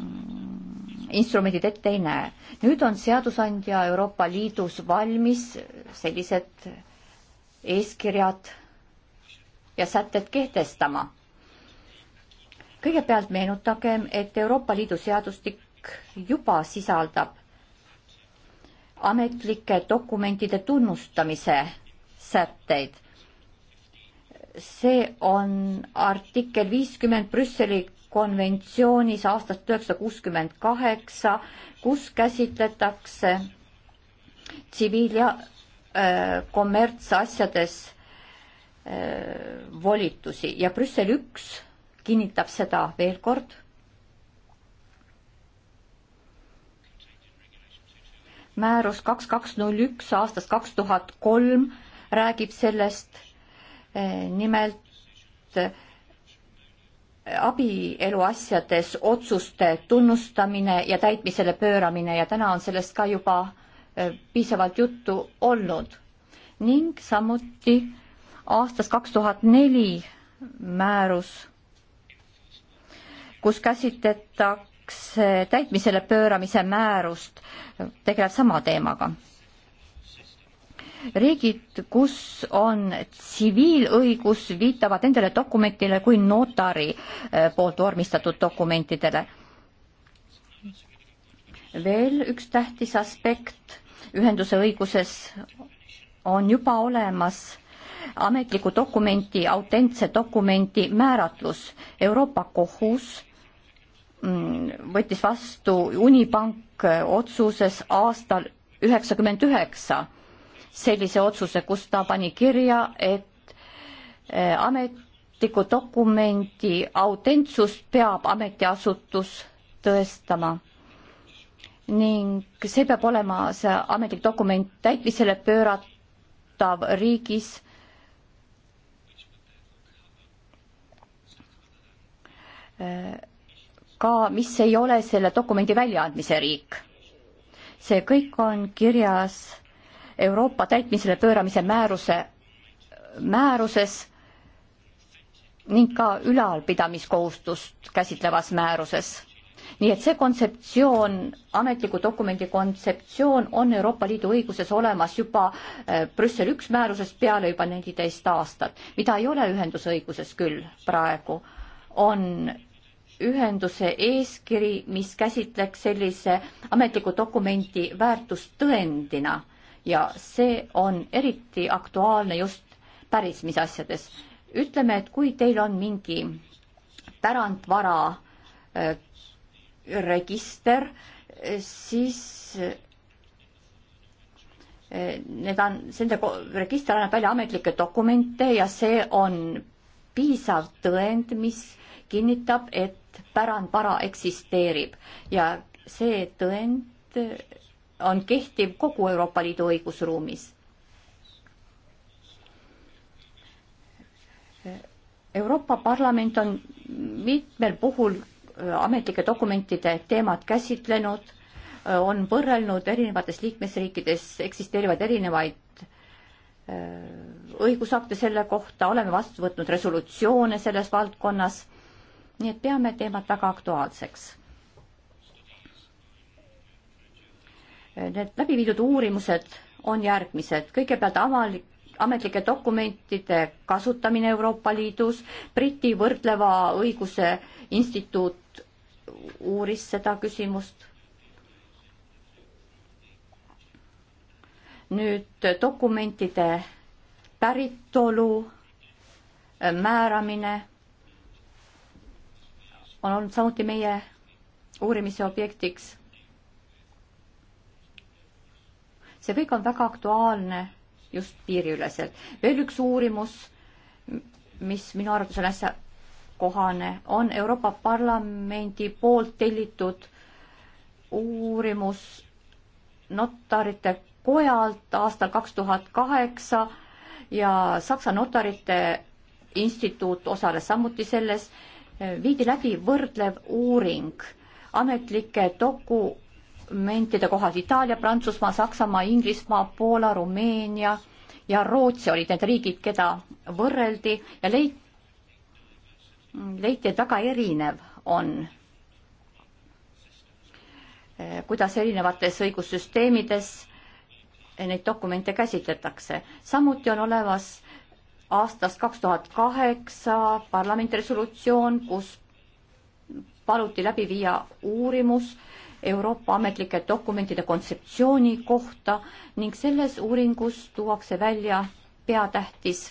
mm, instrumendid ette ei näe. nüüd on seadusandja Euroopa Liidus valmis sellised eeskirjad ja sätted kehtestama. kõigepealt meenutagem, et Euroopa Liidu seadustik juba sisaldab ametlike dokumentide tunnustamise sätteid. see on artikkel viiskümmend Brüsseli konventsioonis aastast üheksasada kuuskümmend kaheksa, kus käsitletakse tsiviil- ja äh, kommertsasjades Äh, volitusi ja Brüssel üks kinnitab seda veel kord. määrus kaks kaks null üks aastast kaks tuhat kolm räägib sellest äh, nimelt äh, abieluasjades otsuste tunnustamine ja täitmisele pööramine ja täna on sellest ka juba piisavalt juttu olnud ning samuti aastast kaks tuhat neli määrus, kus käsitletakse täitmisele pööramise määrust, tegeleb sama teemaga. riigid, kus on tsiviilõigus, viitavad nendele dokumentidele kui notari eh, poolt vormistatud dokumentidele. veel üks tähtis aspekt ühenduse õiguses on juba olemas ametliku dokumenti, autentse dokumenti määratlus. Euroopa Kohus mm, võttis vastu Unipank otsuses aastal üheksakümmend üheksa sellise otsuse, kus ta pani kirja, et eh, ametliku dokumendi autentsust peab ametiasutus tõestama ning see peab olema see ametlik dokument täitmisele pööratav riigis ka, mis ei ole selle dokumendi väljaandmise riik. see kõik on kirjas Euroopa täitmisele pööramise määruse, määruses ning ka ülalpidamiskohustust käsitlevas määruses. nii et see kontseptsioon, ametliku dokumendi kontseptsioon on Euroopa Liidu õiguses olemas juba äh, Brüssel üks määrusest peale juba neliteist aastat, mida ei ole ühendusõiguses küll praegu, on ühenduse eeskiri, mis käsitleks sellise ametliku dokumendi väärtust tõendina ja see on eriti aktuaalne just pärismis asjades. ütleme, et kui teil on mingi pärandvara äh, register, äh, siis äh, need on, nende register annab välja ametlikke dokumente ja see on piisav tõend, mis äh, kinnitab, et pärandvara eksisteerib ja see tõend on kehtiv kogu Euroopa Liidu õigusruumis. Euroopa Parlament on mitmel puhul äh, ametlike dokumentide teemat käsitlenud, äh, on võrrelnud erinevates liikmesriikides eksisteerivaid erinevaid äh, õigusakte selle kohta, oleme vastu võtnud resolutsioone selles valdkonnas nii et peame teemat väga aktuaalseks. Need läbi viidud uurimused on järgmised. kõigepealt avalik, ametlike dokumentide kasutamine Euroopa Liidus, Briti võrdleva õiguse instituut uuris seda küsimust nüüd dokumentide päritolu äh, määramine on olnud samuti meie uurimise objektiks. see kõik on väga aktuaalne just piiriüleselt. veel üks uurimus, mis minu arvates on äsja kohane, on Euroopa Parlamendi poolt tellitud uurimus notarite kojalt aastal kaks tuhat kaheksa ja Saksa Notarite Instituut osales samuti selles viidi läbi võrdlev uuring ametlike dokumentide kohas Itaalia, Prantsusmaa, Saksamaa, Inglismaa, Poola, Rumeenia ja Rootsi olid need riigid, keda võrreldi ja leiti, leiti, et väga erinev on, eh, kuidas erinevates õigussüsteemides neid dokumente käsitletakse. samuti on olemas aastast kaks tuhat kaheksa parlamendi resolutsioon, kus paluti läbi viia uurimus Euroopa ametlike dokumentide kontseptsiooni kohta ning selles uuringus tuuakse välja peatähtis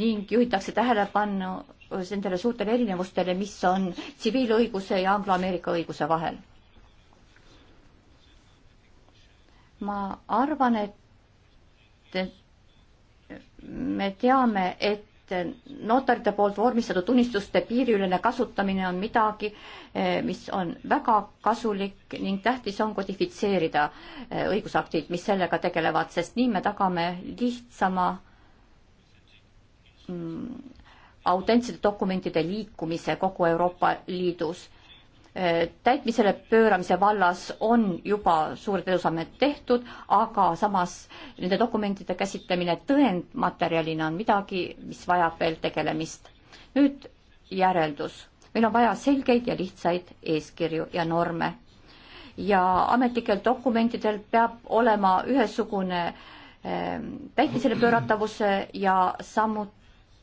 ning juhitakse tähelepanu nendele suurtele erinevustele, mis on tsiviilõiguse ja angloameerika õiguse vahel. ma arvan, et me teame, et notarite poolt vormistatud tunnistuste piiriülene kasutamine on midagi, eh, mis on väga kasulik ning tähtis on kodifitseerida eh, õigusaktid, mis sellega tegelevad, sest nii me tagame lihtsama mm, autentsete dokumentide liikumise kogu Euroopa Liidus täitmisele pööramise vallas on juba suured edusamme tehtud, aga samas nende dokumentide käsitlemine tõendmaterjalina on midagi, mis vajab veel tegelemist. nüüd järeldus. meil on vaja selgeid ja lihtsaid eeskirju ja norme. ja ametlikel dokumentidel peab olema ühesugune ehm, täitmisele pööratavuse ja samuti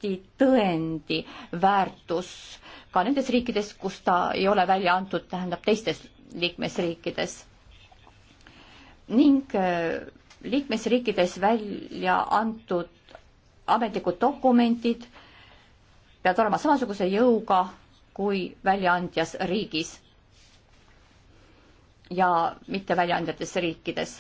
transporditõendi väärtus ka nendes riikides, kus ta ei ole välja antud, tähendab teistes liikmesriikides. ning äh, liikmesriikides välja antud ametlikud dokumendid peavad olema samasuguse jõuga kui väljaandjas riigis ja mitte väljaandjates riikides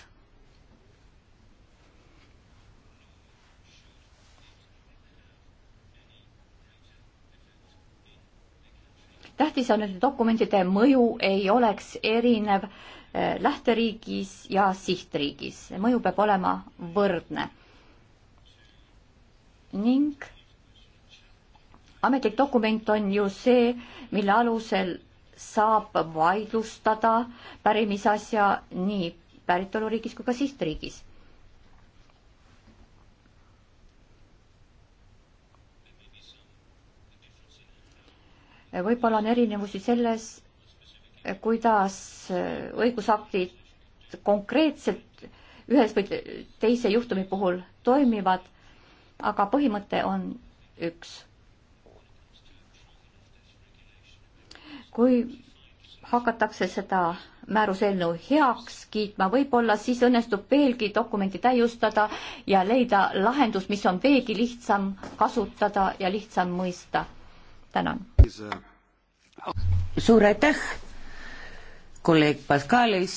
tähtis on, et dokumentide mõju ei oleks erinev eh, lähteriigis ja sihtriigis. mõju peab olema võrdne. ning ametlik dokument on ju see, mille alusel saab vaidlustada pärimisasja nii päritoluriigis kui ka sihtriigis võib-olla on erinevusi selles, kuidas õigusaktid konkreetselt ühes või teise juhtumi puhul toimivad, aga põhimõte on üks. kui hakatakse seda määruseelnõu heaks kiitma, võib-olla siis õnnestub veelgi dokumenti täiustada ja leida lahendus, mis on veelgi lihtsam kasutada ja lihtsam mõista. tänan suur aitäh, kolleeg Pascalis,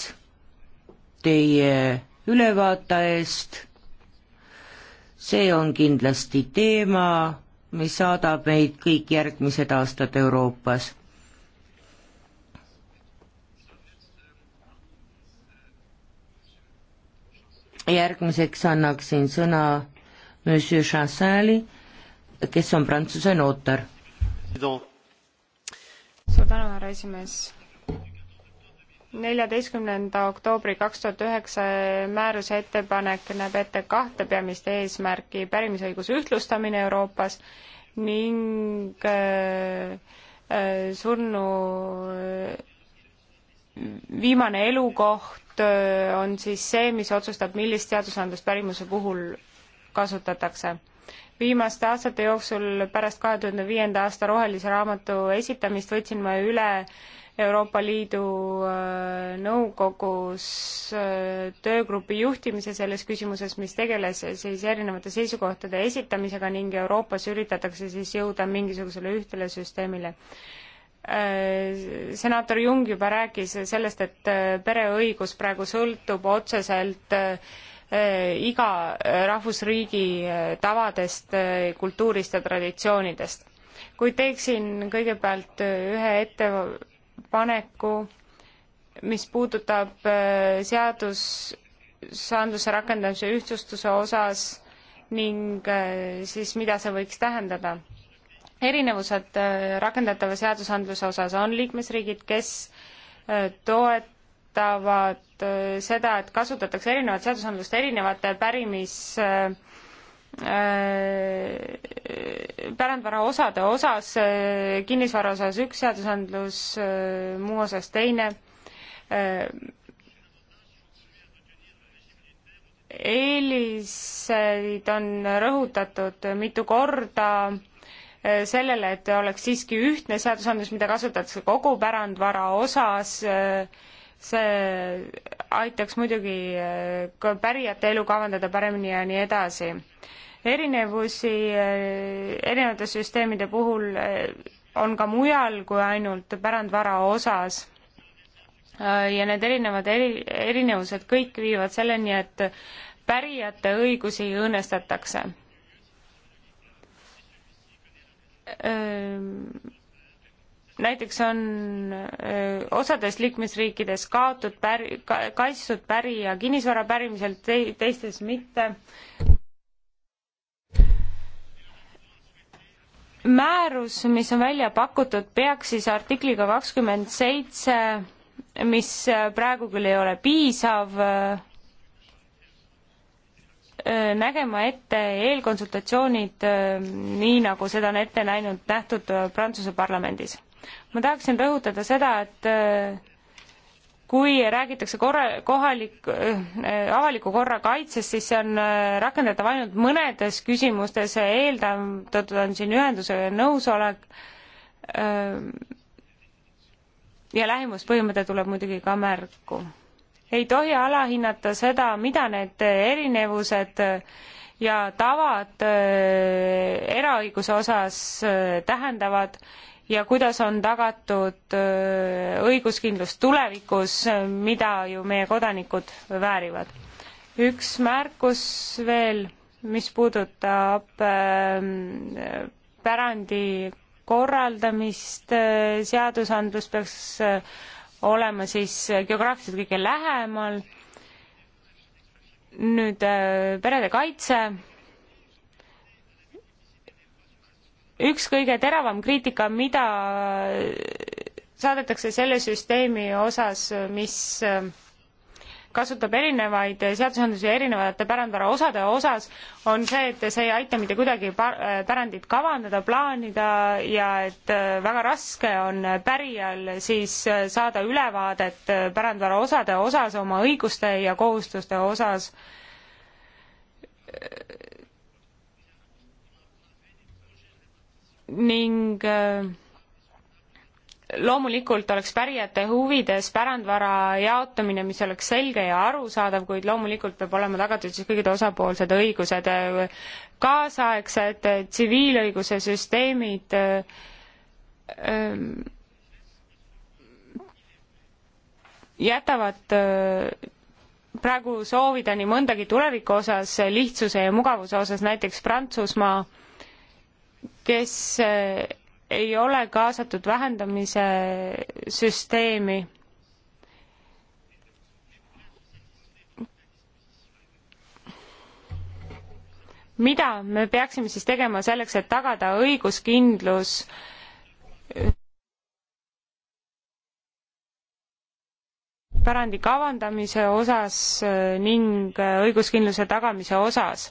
teie ülevaate eest. see on kindlasti teema, mis saadab meid kõik järgmised aastad Euroopas. järgmiseks annaksin sõna Monsieur Chassali, kes on Prantsuse notar härra esimees. neljateistkümnenda oktoobri kaks tuhat üheksa määruse ettepanek näeb ette kahte peamist eesmärki, pärimisõiguse ühtlustamine Euroopas ning äh, äh, surnu äh, viimane elukoht äh, on siis see, mis otsustab, millist seadusandlust pärimuse puhul kasutatakse viimaste aastate jooksul pärast kahe tuhande viienda aasta rohelise raamatu esitamist võtsin ma üle Euroopa Liidu äh, Nõukogus äh, töögrupi juhtimise selles küsimuses, mis tegeles siis erinevate seisukohtade esitamisega ning Euroopas üritatakse siis jõuda mingisugusele ühtele süsteemile. Äh, senaator Jung juba rääkis sellest, et pereõigus praegu sõltub otseselt Äh, iga rahvusriigi äh, tavadest, äh, kultuurist ja traditsioonidest. kuid teeksin kõigepealt ühe ettepaneku, mis puudutab seadusandluse rakendamise ühtsustuse osas ning siis mida see võiks tähendada. erinevused rakendatava seadusandluse osas on liikmesriigid, kes toet-, puudutavad äh, seda, et kasutatakse erinevat seadusandlust erinevate pärimis äh, äh, pärandvara osade osas, kinnisvara osas üks seadusandlus, muu osas teine. eeliseid on rõhutatud mitu korda sellele, et oleks siiski ühtne seadusandlus, mida kasutatakse kogu pärandvara osas äh, see aitaks muidugi eh, ka pärijate elu kavandada paremini ja nii edasi. erinevusi eh, erinevate süsteemide puhul eh, on ka mujal kui ainult pärandvara osas ja need erinevad eri, erinevused kõik viivad selleni, et pärijate õigusi õõnestatakse näiteks on öö, osades liikmesriikides kaotud pär- ka,, kaitstud pärija kinnisvara pärimiselt te,, teistes mitte. määrus, mis on välja pakutud, peaks siis artikliga kakskümmend seitse, mis praegu küll ei ole piisav, nägema ette eelkonsultatsioonid, nii nagu seda on ette näinud, nähtud Prantsuse parlamendis ma tahaksin rõhutada seda, et äh, kui räägitakse korra, kohalik äh,, avaliku korra kaitsest, siis see on äh, rakendatav ainult mõnedes küsimustes, eeldatud on siin ühenduse nõusolek äh, ja lähimuspõhimõte tuleb muidugi ka märku. ei tohi alahinnata seda, mida need erinevused äh, ja tavad äh, eraõiguse osas tähendavad ja kuidas on tagatud äh, õiguskindlus tulevikus, mida ju meie kodanikud väärivad. üks märkus veel, mis puudutab ähm, pärandi korraldamist, äh, seadusandlus peaks äh, olema siis geograafiliselt kõige lähemal, nüüd perede kaitse üks kõige teravam kriitika, mida saadetakse selle süsteemi osas, mis äh, kasutab erinevaid seadusandlusi erinevate pärandvara osade osas, on see, et see ei aita mitte kuidagi äh, pärandit kavandada, plaanida ja et äh, väga raske on pärijal siis saada ülevaadet pärandvara osade osas, oma õiguste ja kohustuste osas ning äh, loomulikult oleks pärijate huvides pärandvara jaotamine, mis oleks selge ja arusaadav, kuid loomulikult peab olema tagatud siis kõigid osapoolsed õigused, äh, kaasaegsed äh, tsiviilõiguse süsteemid ähm, jätavad praegu soovida nii mõndagi tuleviku osas, lihtsuse ja mugavuse osas, näiteks Prantsusmaa kes eh, ei ole kaasatud vähendamise süsteemi. mida me peaksime siis tegema selleks, et tagada õiguskindlus pärandi kavandamise osas eh, ning eh, õiguskindluse tagamise osas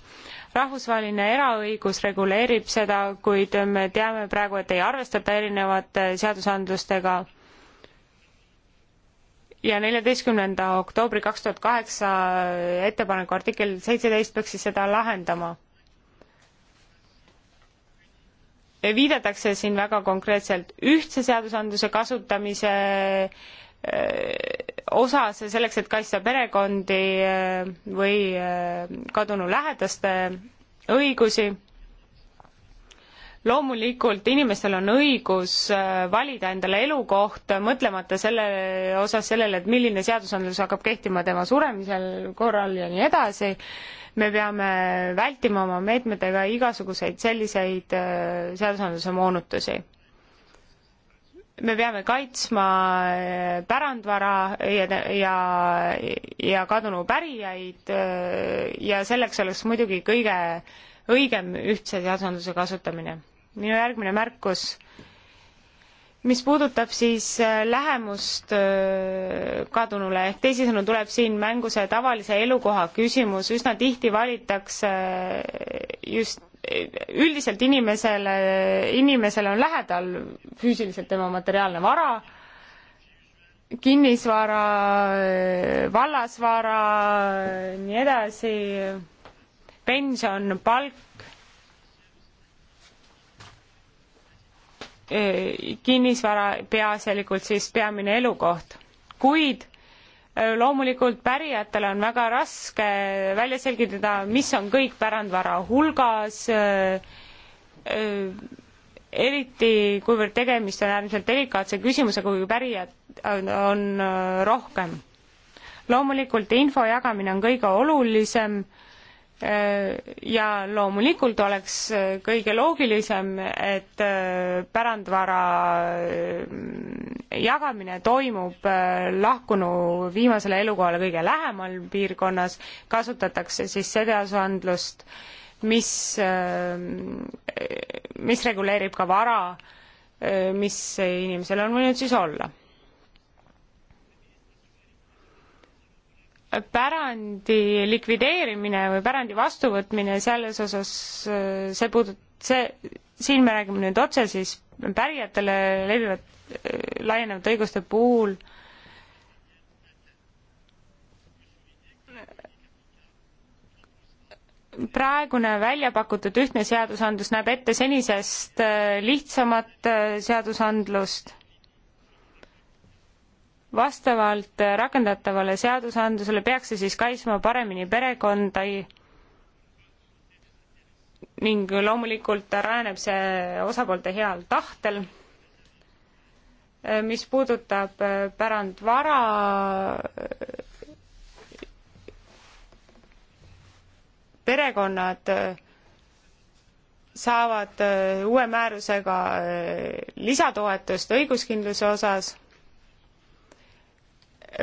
rahvusvaheline eraõigus reguleerib seda, kuid me teame praegu, et ei arvestata erinevate seadusandlustega. ja neljateistkümnenda oktoobri kaks tuhat kaheksa ettepaneku artikkel seitseteist peaks siis seda lahendama viidatakse siin väga konkreetselt ühtse seadusandluse kasutamise äh, osas selleks, et kaitsta perekondi äh, või äh, kadunu lähedaste õigusi. loomulikult inimestel on õigus äh, valida endale elukoht, mõtlemata selle osas sellele, et milline seadusandlus hakkab kehtima tema suremisel korral ja nii edasi. me peame vältima oma meetmetega igasuguseid selliseid seadusandluse moonutusi me peame kaitsma eh, pärandvara ja, ja, ja kadunu pärijaid eh, ja selleks oleks muidugi kõige õigem ühtse seadusandluse kasutamine. minu järgmine märkus, mis puudutab siis eh, lähemust kadunule, ehk teisisõnu tuleb siin mängu see tavalise elukoha küsimus, üsna tihti valitakse just üldiselt inimesele, inimesele on lähedal füüsiliselt tema materiaalne vara, kinnisvara, vallasvara, nii edasi, pension, palk, kinnisvara peaasjalikult siis peamine elukoht, kuid loomulikult pärijatel on väga raske välja selgitada, mis on kõik pärandvara hulgas, eriti kuivõrd tegemist on äärmiselt delikaatse küsimusega, kui pärijad on äh, rohkem. loomulikult info jagamine on kõige olulisem ja loomulikult oleks kõige loogilisem, et äh, pärandvara äh, jagamine toimub äh, lahkunu viimasele elukohale kõige lähemal piirkonnas, kasutatakse siis seadusandlust, mis, mis reguleerib ka vara, mis inimesel on võinud siis olla pärandi likvideerimine või pärandi vastuvõtmine selles osas, see puudut-, see, siin me räägime nüüd otse siis pärijatele levivat, laienevate õiguste puhul praegune välja pakutud ühtne seadusandlus näeb ette senisest lihtsamat äh, seadusandlust vastavalt rakendatavale seadusandlusele peaks see siis kaitsma paremini perekonda ning loomulikult rajaneb see osapoolte heal tahtel. mis puudutab äh, pärandvara perekonnad äh, saavad äh, uue määrusega lisatoetust õiguskindluse osas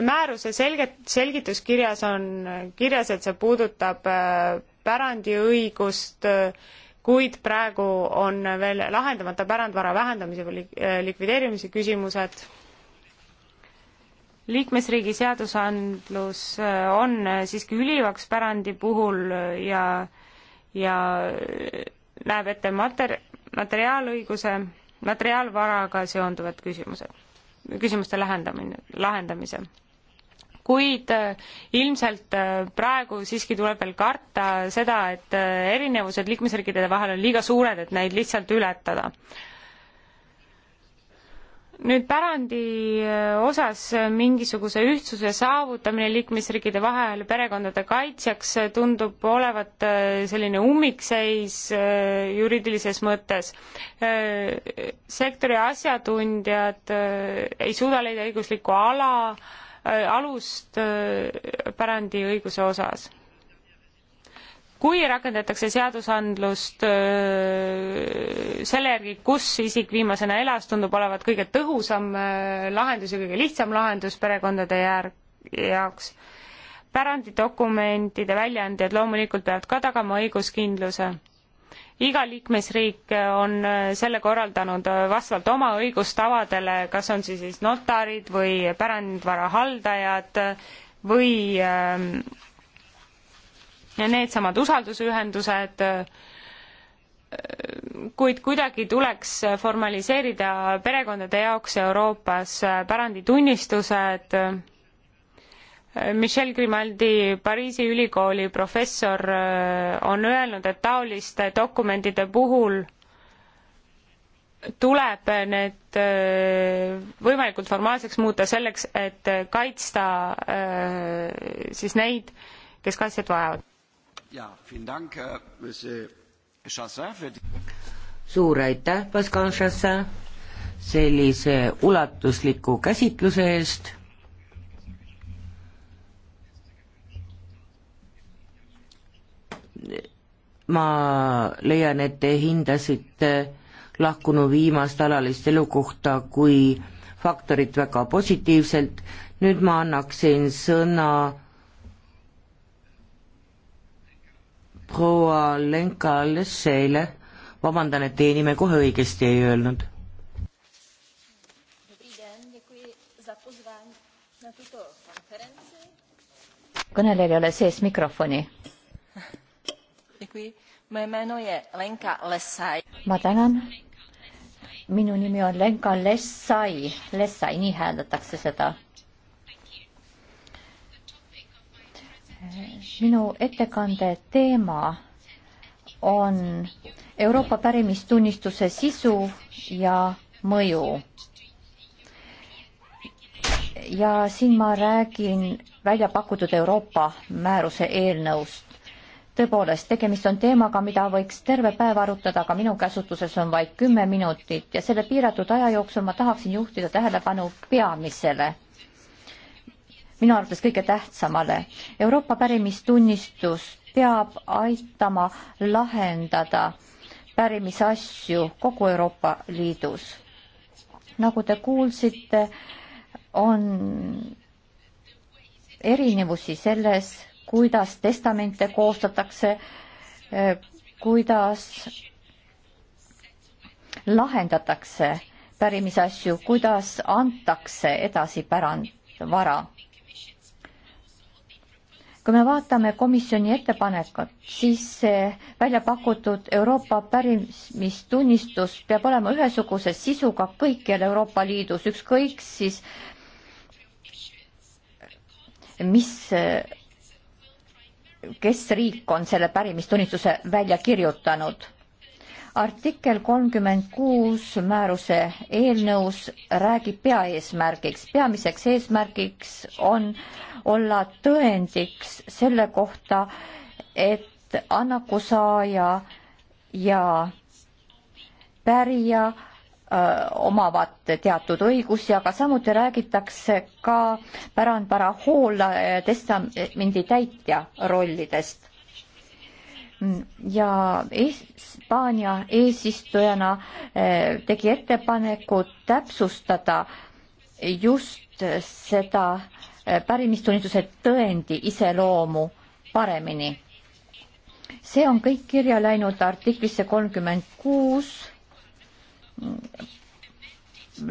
määruse selget-, selgituskirjas on kirjas, et see puudutab äh, pärandiõigust, äh, kuid praegu on veel lahendamata pärandvara vähendamise või äh, likvideerimise küsimused. liikmesriigi seadusandlus on siiski ülivaks pärandi puhul ja, ja näeb ette mater-, materiaalõiguse, materiaalvaraga seonduvad küsimused, küsimuste lahendamine, lahendamise kuid äh, ilmselt äh, praegu siiski tuleb veel karta seda, et äh, erinevused liikmesriikide vahel on liiga suured, et neid lihtsalt ületada nüüd pärandi osas mingisuguse ühtsuse saavutamine liikmesriikide vahel perekondade kaitsjaks tundub olevat selline ummikseis juriidilises mõttes. sektori asjatundjad ei suuda leida õiguslikku ala Äh, alust äh, pärandiõiguse osas. kui rakendatakse seadusandlust äh, selle järgi, kus isik viimasena elas, tundub olevat kõige tõhusam lahendus ja kõige lihtsam lahendus perekondade jär-, jaoks. pärandidokumentide väljaandjad loomulikult peavad ka tagama õiguskindluse iga liikmesriik on äh, selle korraldanud äh, vastavalt oma õigustavadele, kas on see siis notarid või pärandvara haldajad äh, või ähm, needsamad usaldusühendused, kuid kuidagi tuleks formaliseerida perekondade jaoks Euroopas päranditunnistused Michel Grimaldi, Pariisi ülikooli professor, äh, on öelnud, et taoliste dokumentide puhul tuleb need äh, võimalikult formaalseks muuta selleks, et kaitsta äh, siis neid, kes kaitset vajavad. suur aitäh, Pascal Chassin, sellise ulatusliku käsitluse eest ma leian, et te hindasite lahkunu viimast alalist elukohta kui faktorit väga positiivselt, nüüd ma annaksin sõna proua Lenka Lesseile, vabandan, et teie nime kohe õigesti ei öelnud. kõnel ei ole sees mikrofoni Děkuji. Moje jméno je Lenka Lesaj. Ma tänan. Minu nimi on Lenka Lesai. Lesai, nii hääldatakse seda. Minu ettekande teema on Euroopa pärimistunnistuse sisu ja mõju. Ja siin ma räägin välja pakutud Euroopa määruse eelnõust tõepoolest, tegemist on teemaga, mida võiks terve päev arutada, aga minu käsutuses on vaid kümme minutit ja selle piiratud aja jooksul ma tahaksin juhtida tähelepanu peamisele, minu arvates kõige tähtsamale. Euroopa pärimistunnistus peab aitama lahendada pärimisasju kogu Euroopa Liidus. nagu te kuulsite, on erinevusi selles, kuidas testamente koostatakse, eh, kuidas lahendatakse pärimisasju, kuidas antakse edasi pärandvara. kui me vaatame komisjoni ettepanekut, siis see välja pakutud Euroopa pärimistunnistus peab olema ühesuguse sisuga kõikjal Euroopa Liidus, ükskõik siis mis kes riik on selle pärimistunnistuse välja kirjutanud. artikkel kolmkümmend kuus määruse eelnõus räägib peaeesmärgiks. peamiseks eesmärgiks on olla tõendiks selle kohta, et annakusaaja ja pärija Äh, omavad teatud õigusi, aga samuti räägitakse ka pärandvara hoollaja ja äh, testamendi täitja rollidest. Mm, ja Hispaania eesistujana äh, tegi ettepaneku täpsustada just seda pärimistunnistuse tõendi iseloomu paremini. see on kõik kirja läinud artiklisse kolmkümmend kuus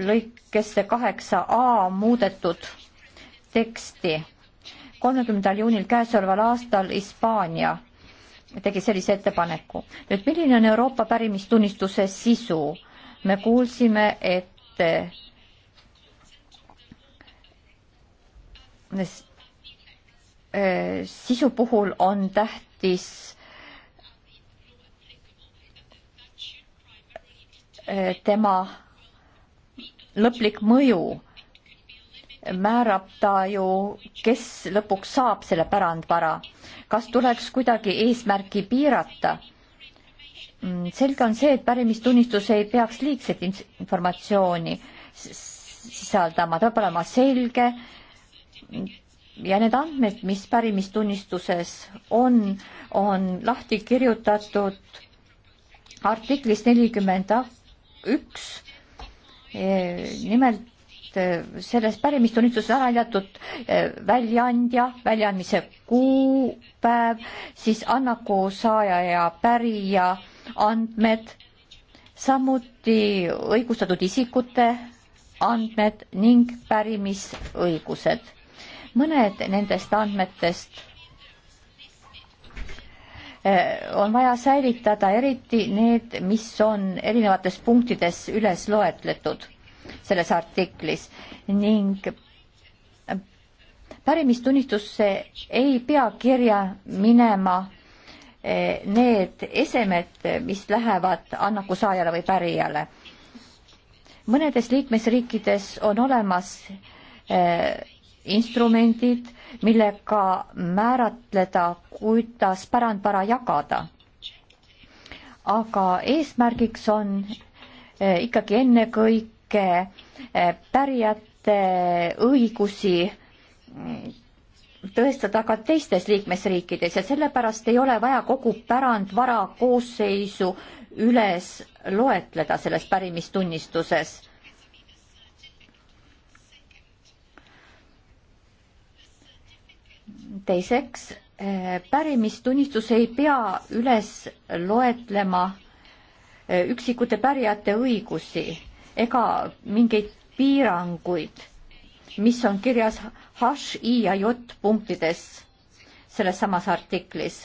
lõikesse kaheksa A muudetud teksti. kolmekümnendal juunil käesoleval aastal Hispaania tegi sellise ettepaneku. nüüd milline on Euroopa pärimistunnistuse sisu? me kuulsime, et eh, sisu puhul on tähtis Eh, tema lõplik mõju määrab ta ju, kes lõpuks saab selle pärandvara. kas tuleks kuidagi eesmärki piirata? Mm, selge on see, et pärimistunnistus ei peaks liigset informatsiooni sisaldama, ta peab olema selge ja need andmed, mis pärimistunnistuses on, on lahti kirjutatud artiklis nelikümmend üks, e, nimelt e, sellest pärimistunnistusest ära jäetud e, väljaandja, väljaandmise kuupäev, siis annaku saaja ja pärija andmed, samuti õigustatud isikute andmed ning pärimisõigused. mõned nendest andmetest Äh, on vaja säilitada eriti need, mis on erinevates punktides üles loetletud selles artiklis ning pärimistunnistusse ei pea kirja minema äh, need esemed, mis lähevad annakusaajale või pärijale. mõnedes liikmesriikides on olemas äh, instrumendid, millega määratleda, kuidas pärandvara jagada. aga eesmärgiks on eh, ikkagi ennekõike eh, pärijate õigusi mm, tõestada ka teistes liikmesriikides ja sellepärast ei ole vaja kogu pärandvara koosseisu üles loetleda selles pärimistunnistuses teiseks, eh, pärimistunnistus ei pea üles loetlema eh, üksikute pärijate õigusi ega mingeid piiranguid, mis on kirjas H, I ja J punktides selles samas artiklis.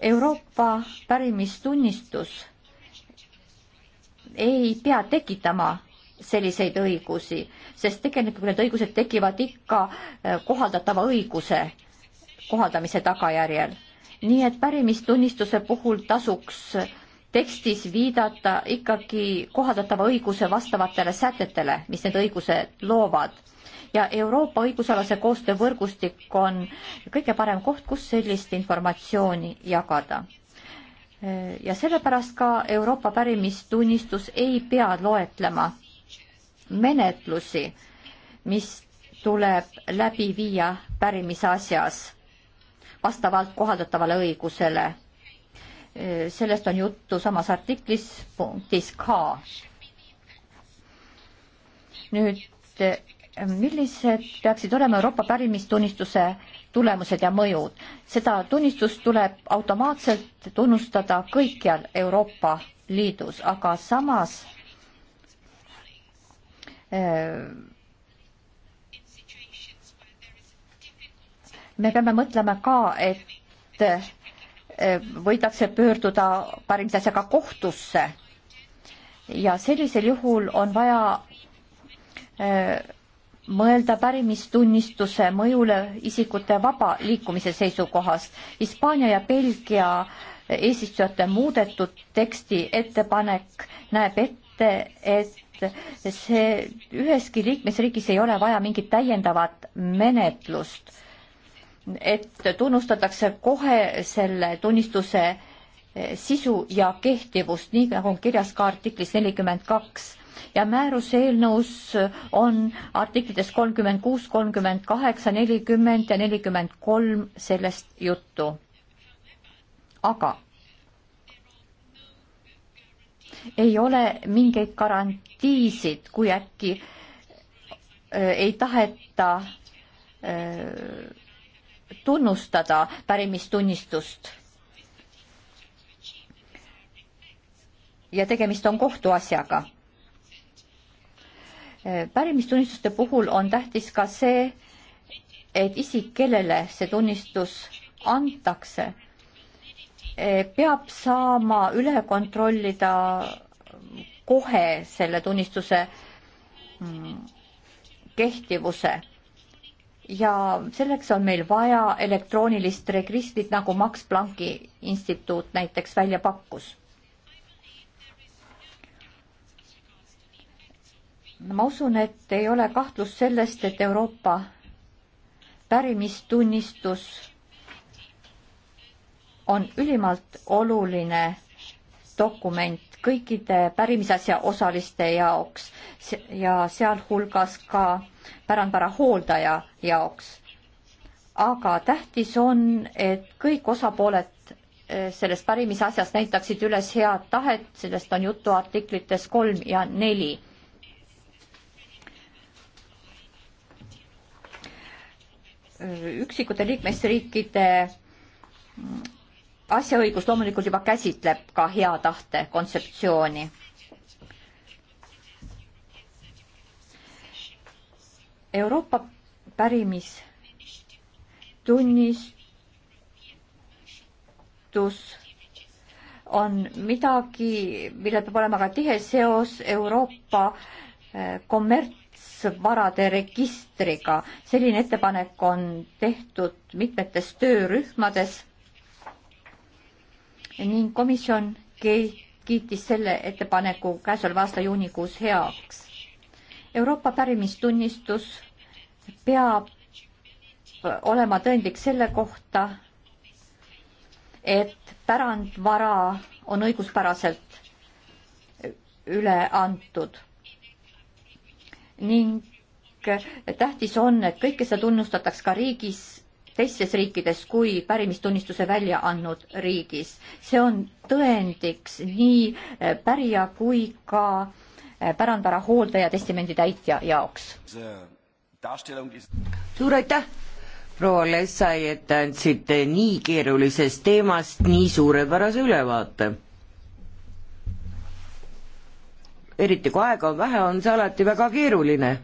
Euroopa pärimistunnistus ei pea tekitama selliseid õigusi, sest tegelikult need õigused tekivad ikka äh, kohaldatava õiguse kohaldamise tagajärjel. nii et pärimistunnistuse puhul tasuks tekstis viidata ikkagi kohaldatava õiguse vastavatele sätetele, mis need õigused loovad. ja Euroopa õigusalase koostöövõrgustik on kõige parem koht, kus sellist informatsiooni jagada äh, ja sellepärast ka Euroopa pärimistunnistus ei pea loetlema menetlusi, mis tuleb läbi viia pärimisasjas vastavalt kohaldatavale õigusele. sellest on juttu samas artiklis punktis K. nüüd, millised peaksid olema Euroopa pärimistunnistuse tulemused ja mõjud? seda tunnistust tuleb automaatselt tunnustada kõikjal Euroopa Liidus, aga samas me peame mõtlema ka, et eh, võidakse pöörduda parimise asjaga kohtusse ja sellisel juhul on vaja eh, mõelda pärimistunnistuse mõjule isikute vaba liikumise seisukohast. Hispaania ja Belgia eesistujate muudetud teksti ettepanek näeb ette, et et see üheski liikmesriigis ei ole vaja mingit täiendavat menetlust, et tunnustatakse kohe selle tunnistuse eh, sisu ja kehtivust, nii nagu on kirjas ka artiklis nelikümmend kaks ja määruse eelnõus on artiklites kolmkümmend kuus, kolmkümmend kaheksa, nelikümmend ja nelikümmend kolm sellest juttu. aga ei ole mingeid garantiisid, kui äkki äh, ei taheta äh, tunnustada pärimistunnistust. ja tegemist on kohtuasjaga. Äh, pärimistunnistuste puhul on tähtis ka see, et isik, kellele see tunnistus antakse, Eh, peab saama üle kontrollida kohe selle tunnistuse mm, kehtivuse. ja selleks on meil vaja elektroonilist registrit, nagu Max Plancki instituut näiteks välja pakkus. ma usun, et ei ole kahtlust sellest, et Euroopa pärimistunnistus on ülimalt oluline dokument kõikide pärimisasja osaliste jaoks ja sealhulgas ka pärandvara hooldaja jaoks. aga tähtis on, et kõik osapooled eh, selles pärimisasjas näitaksid üles head tahet, sellest on juttu artiklites kolm ja neli. üksikute liikmesriikide mm, asjaõigus loomulikult juba käsitleb ka hea tahte kontseptsiooni. Euroopa pärimistunnistus on midagi, millel peab olema ka tihe seos Euroopa eh, kommertsvarade registriga. selline ettepanek on tehtud mitmetes töörühmades ning komisjon kiitis selle ettepaneku käesoleva aasta juunikuus heaks. Euroopa pärimistunnistus peab olema tõendiks selle kohta, et pärandvara on õiguspäraselt üle antud. ning tähtis on, et kõike seda tunnustataks ka riigis, teistes riikides kui pärimistunnistuse välja andnud riigis. see on tõendiks nii eh, pärija kui ka eh, pärandvara hooldaja testamendi täitja jaoks. suur aitäh, proua Lessai, et te andsite nii keerulisest teemast nii suurepärase ülevaate. eriti kui aega on vähe, on see alati väga keeruline.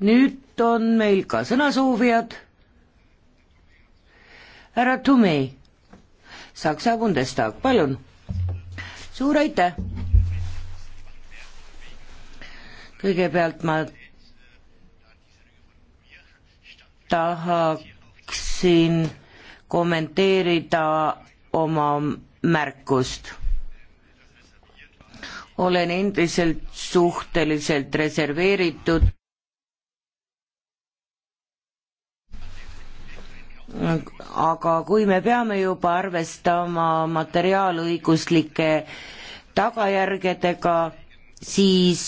nüüd on meil ka sõnasoovijad härra Tumei, Saksa Bundestag, palun. suur aitäh. kõigepealt ma tahaksin kommenteerida oma märkust. olen endiselt suhteliselt reserveeritud aga kui me peame juba arvestama materiaalõiguslike tagajärgedega, siis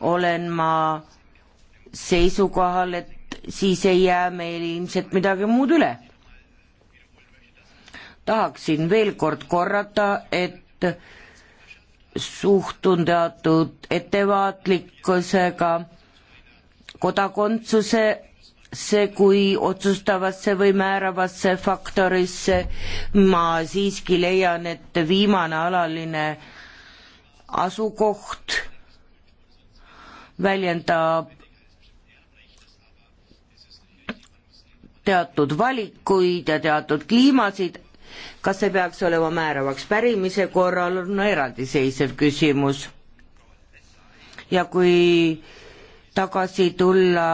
olen ma seisukohal, et siis ei jää meil ilmselt midagi muud üle. tahaksin veel kord korrata, et suhtun teatud ettevaatlikkusega kodakondsuse see kui otsustavasse või määravasse faktorisse, ma siiski leian, et viimane alaline asukoht väljendab teatud valikuid ja teatud kliimasid, kas see peaks olema määravaks pärimise korral, on no, eraldiseisev küsimus. ja kui tagasi tulla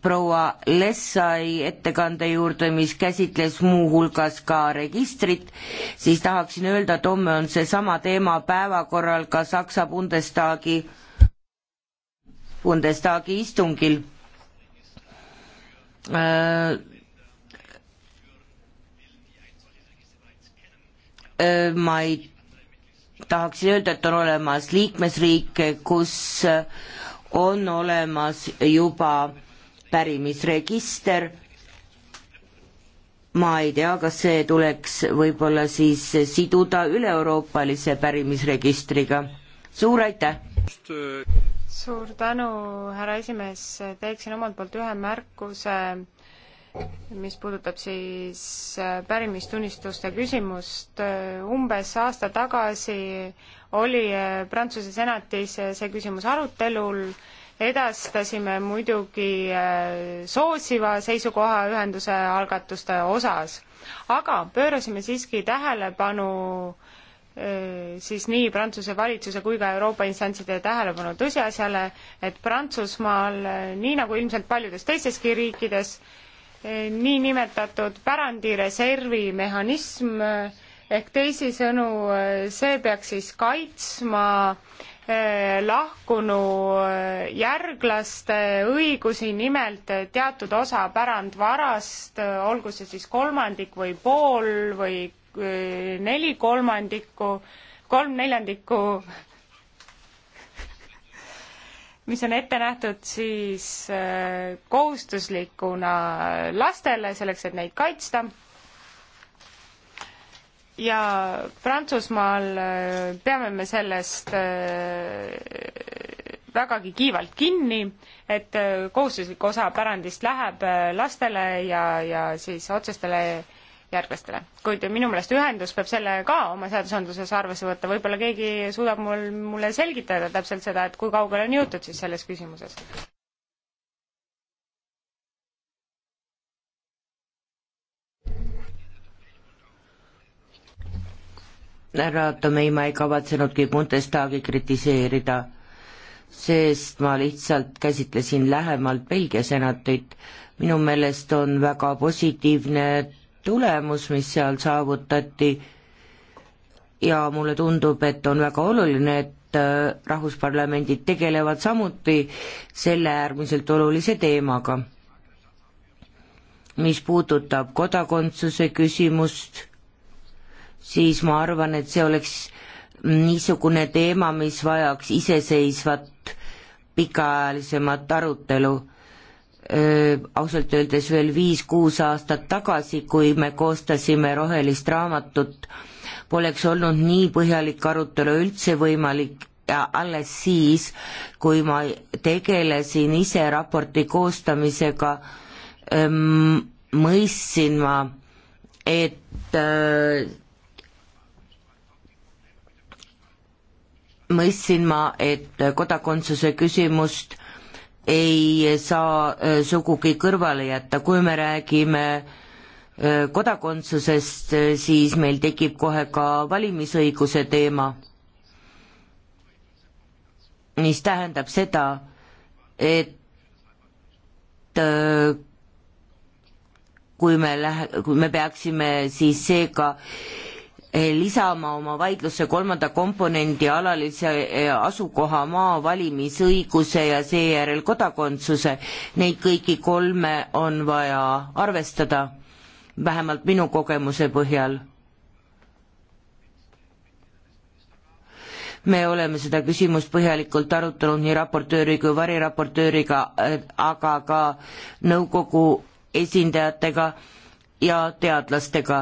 proua Lessai ettekande juurde, mis käsitles muuhulgas ka registrit, siis tahaksin öelda, et homme on seesama teema päevakorral ka Saksa Bundestagi, Bundestagi istungil. Äh, äh, ma ei, tahaksin öelda, et on olemas liikmesriike, kus on olemas juba äh, pärimisregister, ma ei tea, kas see tuleks võib-olla siis siduda üle-euroopalise pärimisregistriga. suur aitäh! suur tänu, härra esimees, teeksin omalt poolt ühe märkuse, mis puudutab siis äh, pärimistunnistuste küsimust. Äh, umbes aasta tagasi oli äh, Prantsuse senatis see küsimus arutelul edastasime muidugi äh, soosiva seisukoha ühenduse algatuste osas, aga pöörasime siiski tähelepanu äh, siis nii Prantsuse valitsuse kui ka Euroopa instantside tähelepanu tõsiasjale, et Prantsusmaal, äh, nii nagu ilmselt paljudes teisteski riikides, niinimetatud pärandireservi mehhanism ehk teisisõnu, see peaks siis kaitsma äh, Eh, lahkunu eh, järglaste õigusi, nimelt eh, teatud osa pärandvarast, olgu see siis kolmandik või pool või neli kolmandikku, kolm neljandikku, mis on ette nähtud siis kohustuslikuna lastele, selleks et neid kaitsta ja Prantsusmaal äh, peame me sellest äh, vägagi kiivalt kinni, et äh, kohustuslik osa pärandist läheb lastele ja, ja siis otsestele järglastele. kuid minu meelest ühendus peab selle ka oma seadusandluses arvesse võtta, võib-olla keegi suudab mul, mulle selgitada täpselt seda, et kui kaugele on jõutud siis selles küsimuses. härra Tomeima ei kavatsenudki Bundestagi kritiseerida, sest ma lihtsalt käsitlesin lähemalt Belgia senatit. minu meelest on väga positiivne tulemus, mis seal saavutati ja mulle tundub, et on väga oluline, et äh, rahvusparlamendid tegelevad samuti selle äärmiselt olulise teemaga. mis puudutab kodakondsuse küsimust siis ma arvan, et see oleks niisugune teema, mis vajaks iseseisvat pikaajalisemat arutelu. ausalt öeldes veel viis-kuus aastat tagasi, kui me koostasime rohelist raamatut, poleks olnud nii põhjalik arutelu üldse võimalik ja alles siis, kui ma tegelesin ise raporti koostamisega, mõistsin ma, et mõistsin ma, et kodakondsuse küsimust ei saa äh, sugugi kõrvale jätta, kui me räägime äh, kodakondsusest, äh, siis meil tekib kohe ka valimisõiguse teema, mis tähendab seda, et kui me lähe-, kui me peaksime siis seega Eh, lisama oma vaidlusse kolmanda komponendi alalise eh, asukohamaa valimisõiguse ja seejärel kodakondsuse. Neid kõiki kolme on vaja arvestada, vähemalt minu kogemuse põhjal. me oleme seda küsimust põhjalikult arutanud nii raportööri kui variraportööriga, eh, aga ka nõukogu esindajatega ja teadlastega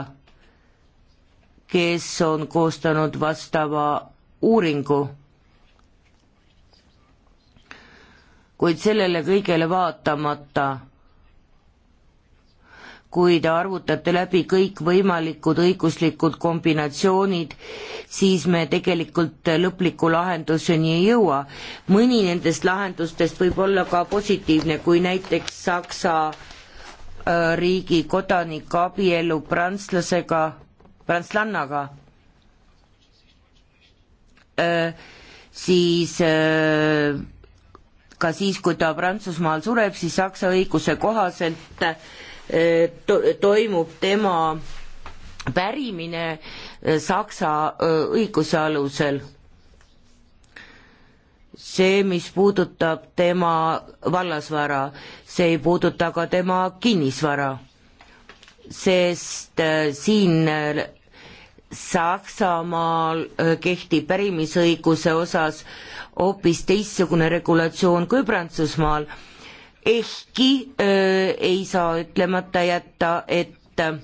kes on koostanud vastava uuringu. kuid sellele kõigele vaatamata, kui te arvutate läbi kõikvõimalikud õiguslikud kombinatsioonid, siis me tegelikult lõpliku lahenduseni ei jõua. mõni nendest lahendustest võib olla ka positiivne, kui näiteks Saksa äh, riigi kodanik abiellub prantslasega prantslannaga, siis ka siis, kui ta Prantsusmaal sureb, siis Saksa õiguse kohaselt to toimub tema pärimine Saksa õiguse alusel. see, mis puudutab tema vallasvara, see ei puuduta ka tema kinnisvara, sest siin Saksamaal äh, kehtib pärimisõiguse osas hoopis teistsugune regulatsioon kui Prantsusmaal, ehkki öö, äh, ei saa ütlemata jätta, et äh,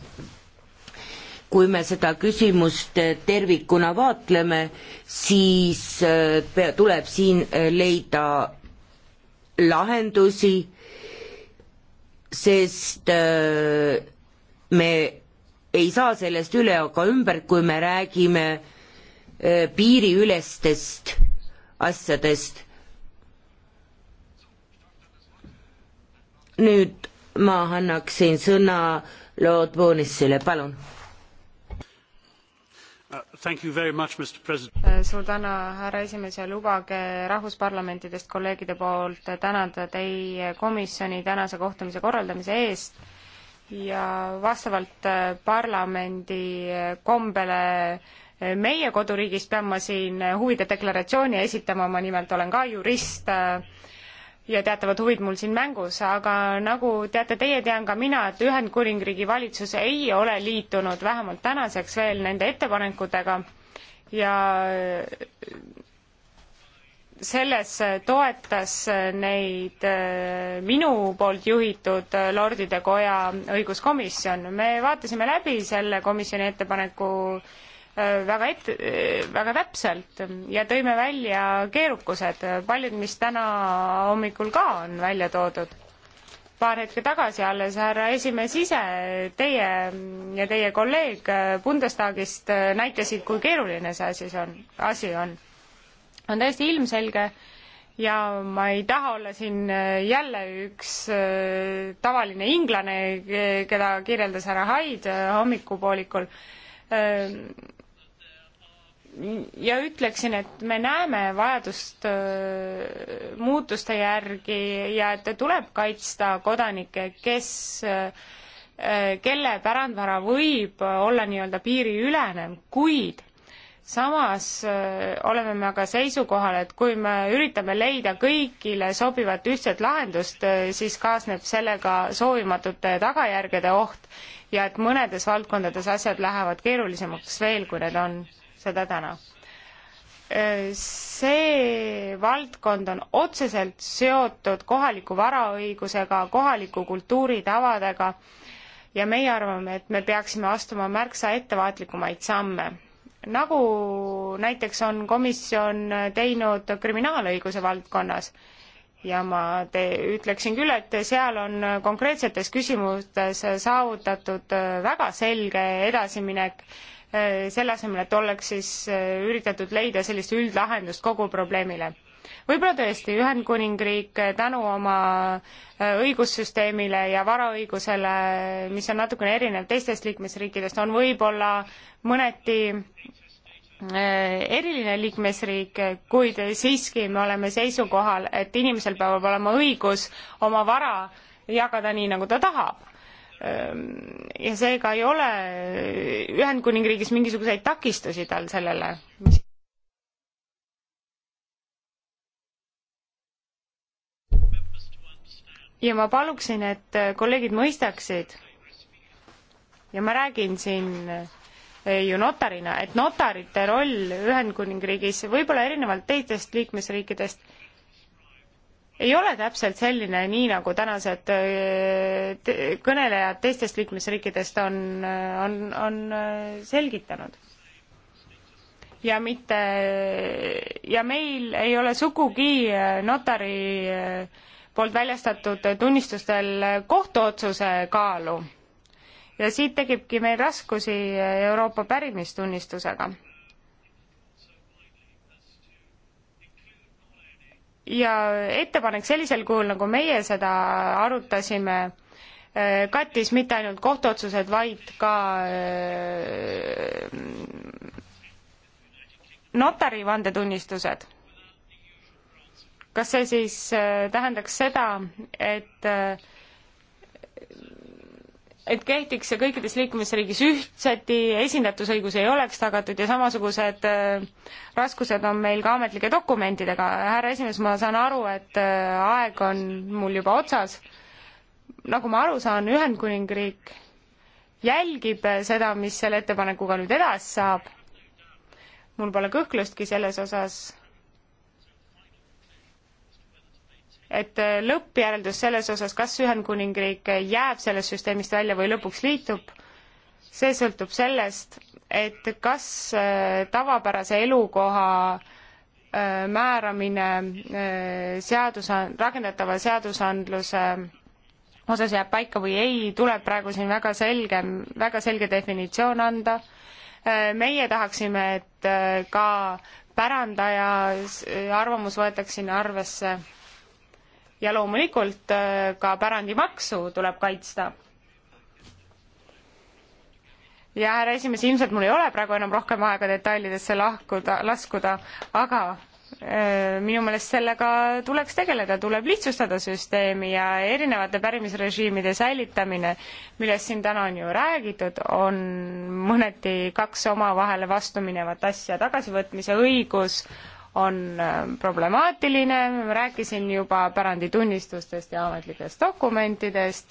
kui me seda küsimust tervikuna vaatleme, siis öö, tuleb siin leida lahendusi, sest öö, me ei saa sellest üle aga ümber, kui me räägime piiriülestest asjadest. nüüd ma annaksin sõna Lord Bonisile, palun. Uh, much, äh, suur tänu, härra esimees ja lubage rahvusparlamentidest kolleegide poolt tänada teie komisjoni tänase kohtumise korraldamise eest ja vastavalt äh, parlamendi äh, kombele äh, meie koduriigis pean ma siin huvide deklaratsiooni esitama, ma nimelt olen ka jurist ja teatavad huvid mul siin mängus, aga nagu teate teie, tean ka mina, et Ühendkuningriigi valitsus ei ole liitunud vähemalt tänaseks veel nende ettepanekutega ja selles toetas neid äh, minu poolt juhitud äh, Lordide Koja õiguskomisjon. me vaatasime läbi selle komisjoni ettepaneku äh, väga ette, väga täpselt ja tõime välja keerukused, paljud, mis täna hommikul ka on välja toodud. paar hetke tagasi alles härra esimees ise, teie ja teie kolleeg Bundestagist näitasid, kui keeruline see asi on, asi on on täiesti ilmselge ja ma ei taha olla siin äh, jälle üks äh, tavaline inglane, keda kirjeldas härra Haid äh, hommikupoolikul. ja ütleksin, et me näeme vajadust muutuste järgi ja et tuleb kaitsta kodanikke, kes kelle pärandvara võib olla nii-öelda piiriülene, kuid samas äh, oleme me aga seisukohal, et kui me üritame leida kõigile sobivat ühtset lahendust, äh, siis kaasneb sellega soovimatute tagajärgede oht ja et mõnedes valdkondades asjad lähevad keerulisemaks veel, kui need on seda täna. Äh, see valdkond on otseselt seotud kohaliku varaõigusega, kohaliku kultuuritavadega ja meie arvame, et me peaksime astuma märksa ettevaatlikumaid samme nagu näiteks on komisjon teinud kriminaalõiguse valdkonnas ja ma te ütleksin küll, et seal on konkreetsetes küsimustes saavutatud väga selge edasiminek, selle asemel, et oleks siis üritatud leida sellist üldlahendust kogu probleemile võib-olla tõesti Ühendkuningriik tänu oma äh, õigussüsteemile ja varaõigusele, mis on natukene erinev teistest liikmesriikidest, on võib-olla mõneti äh, eriline liikmesriik, kuid siiski me oleme seisukohal, et inimesel peab olema õigus oma vara jagada nii, nagu ta tahab ähm, ja seega ei ole Ühendkuningriigis mingisuguseid takistusi tal sellele, mis ja ma paluksin, et kolleegid mõistaksid ja ma räägin siin eh, ju notarina, et notarite roll Ühendkuningriigis võib-olla erinevalt teistest liikmesriikidest ei ole täpselt selline, nii nagu tänased eh, kõnelejad teistest liikmesriikidest on, on, on eh, selgitanud ja mitte ja meil ei ole sugugi notari poolt väljastatud tunnistustel kohtuotsuse kaalu. ja siit tekibki meil raskusi Euroopa pärimistunnistusega. ja ettepanek sellisel kujul, nagu meie seda arutasime, äh, kattis mitte ainult kohtuotsused, vaid ka äh, notari vandetunnistused kas see siis äh, tähendaks seda, et äh, et kehtiks see kõikides liikumisriigis ühtseti, esindatusõigus ei oleks tagatud ja samasugused äh, raskused on meil ka ametlike dokumentidega. härra esimees, ma saan aru, et aeg on mul juba otsas. nagu ma aru saan, Ühendkuningriik jälgib seda, mis selle ettepanekuga nüüd edasi saab. mul pole kõhklustki selles osas et äh, lõppjäreldus selles osas, kas Ühendkuningriik jääb sellest süsteemist välja või lõpuks liitub, see sõltub sellest, et kas äh, tavapärase elukoha äh, määramine seadus, rakendatava seadusandluse osas jääb paika või ei, tuleb praegu siin väga selge, väga selge definitsioon anda. meie tahaksime, et ka pärandaja arvamus võetakse sinna arvesse ja loomulikult äh, ka pärandimaksu tuleb kaitsta. ja härra esimees, ilmselt mul ei ole praegu enam rohkem aega detailidesse lahkuda, laskuda, aga äh, minu meelest sellega tuleks tegeleda, tuleb lihtsustada süsteemi ja erinevate pärimisrežiimide säilitamine, millest siin täna on ju räägitud, on mõneti kaks omavahele vastuminevat asja, tagasivõtmise õigus äh, on äh, problemaatiline, rääkisin juba päranditunnistustest ja ametlikest dokumentidest,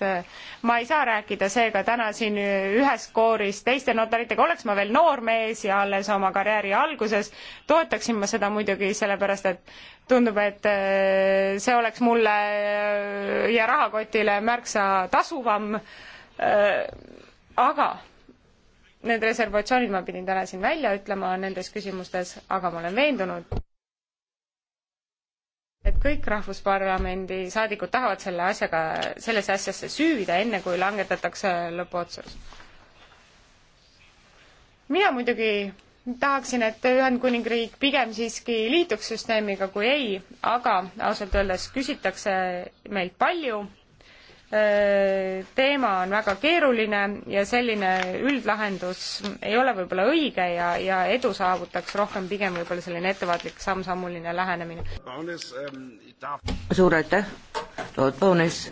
ma ei saa rääkida seega täna siin ühes kooris teiste notaritega, oleks ma veel noor mees ja alles oma karjääri alguses, toetaksin ma seda muidugi, sellepärast et tundub, et äh, see oleks mulle äh, ja rahakotile märksa tasuvam, aga need reservatsioonid ma pidin täna siin välja ütlema nendes küsimustes aga ma olen veendunud et kõik Rahvusparlamendi saadikud tahavad selle asjaga, sellesse asjasse süüvida, enne kui langetatakse lõpuotsus. mina muidugi tahaksin, et Ühendkuningriik pigem siiski liituks süsteemiga kui ei, aga ausalt öeldes küsitakse meilt palju Äh, teema on väga keeruline ja selline üldlahendus ei ole võib-olla õige ja, ja edu saavutaks rohkem pigem võib-olla selline ettevaatlik samm-sammuline lähenemine. Ähm, suur aitäh, Toot Paunes.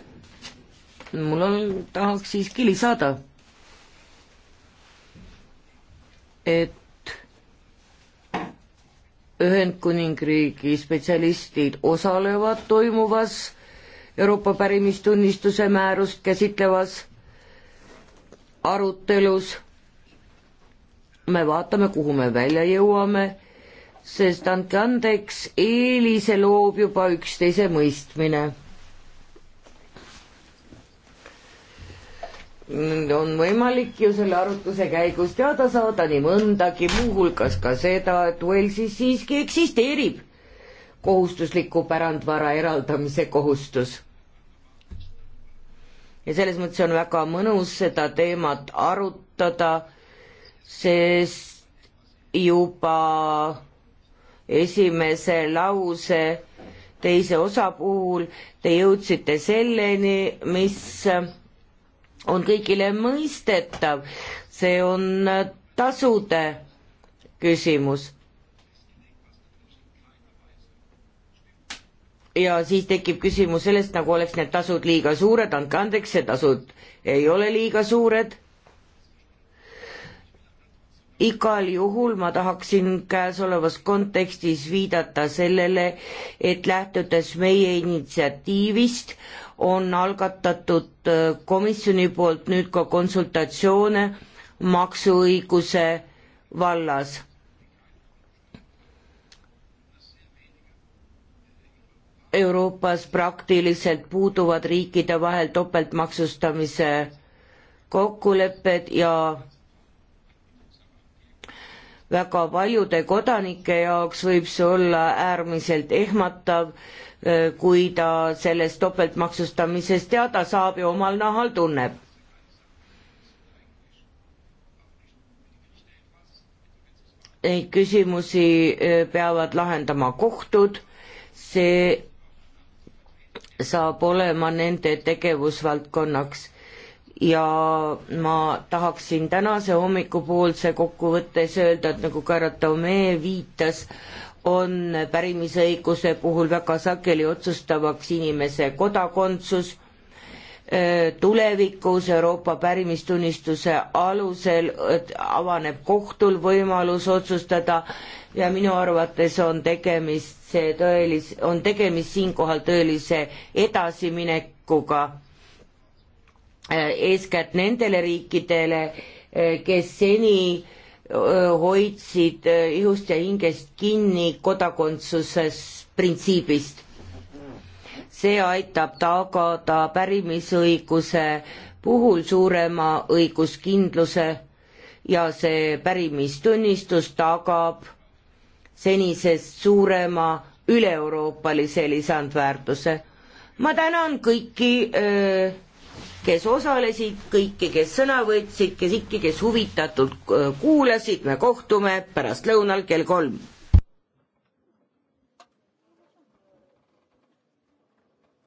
mul on, tahaks siiski lisada, et Ühendkuningriigi spetsialistid osalevad toimuvas Euroopa pärimistunnistuse määrust käsitlevas arutelus me vaatame, kuhu me välja jõuame, sest andke andeks, eelise loob juba üksteise mõistmine. on võimalik ju selle arutluse käigus teada saada nii mõndagi, muuhulgas ka seda, et Walesis siiski eksisteerib kohustusliku pärandvara eraldamise kohustus ja selles mõttes on väga mõnus seda teemat arutada, sest juba esimese lause teise osa puhul te jõudsite selleni, mis on kõigile mõistetav, see on tasude küsimus. ja siis tekib küsimus sellest, nagu oleks need tasud liiga suured, andke andeks, see tasud ei ole liiga suured. igal juhul ma tahaksin käesolevas kontekstis viidata sellele, et lähtudes meie initsiatiivist, on algatatud äh, komisjoni poolt nüüd ka konsultatsioone maksuõiguse vallas Euroopas praktiliselt puuduvad riikide vahel topeltmaksustamise kokkulepped ja väga paljude kodanike jaoks võib see olla äärmiselt ehmatav, eh, kui ta sellest topeltmaksustamisest teada saab ja omal nahal tunneb. Neid küsimusi eh, peavad lahendama kohtud, see saab olema nende tegevusvaldkonnaks. ja ma tahaksin tänase hommikupoolse kokkuvõttes öelda, et nagu ka härra Tomee viitas, on pärimisõiguse puhul väga sageli otsustavaks inimese kodakondsus, tulevikus Euroopa pärimistunnistuse alusel avaneb kohtul võimalus otsustada ja minu arvates on tegemist see tõelis-, on tegemist siinkohal tõelise edasiminekuga äh, eeskätt nendele riikidele, äh, kes seni äh, hoidsid ihust ja hingest kinni kodakondsuses printsiibist. see aitab tagada pärimisõiguse puhul suurema õiguskindluse ja see pärimistunnistus tagab senisest suurema üle-euroopalise lisandväärtuse. ma tänan kõiki, kes osalesid, kõiki, kes sõna võtsid, kes ikka, kes huvitatult kuulasid, me kohtume pärastlõunal kell kolm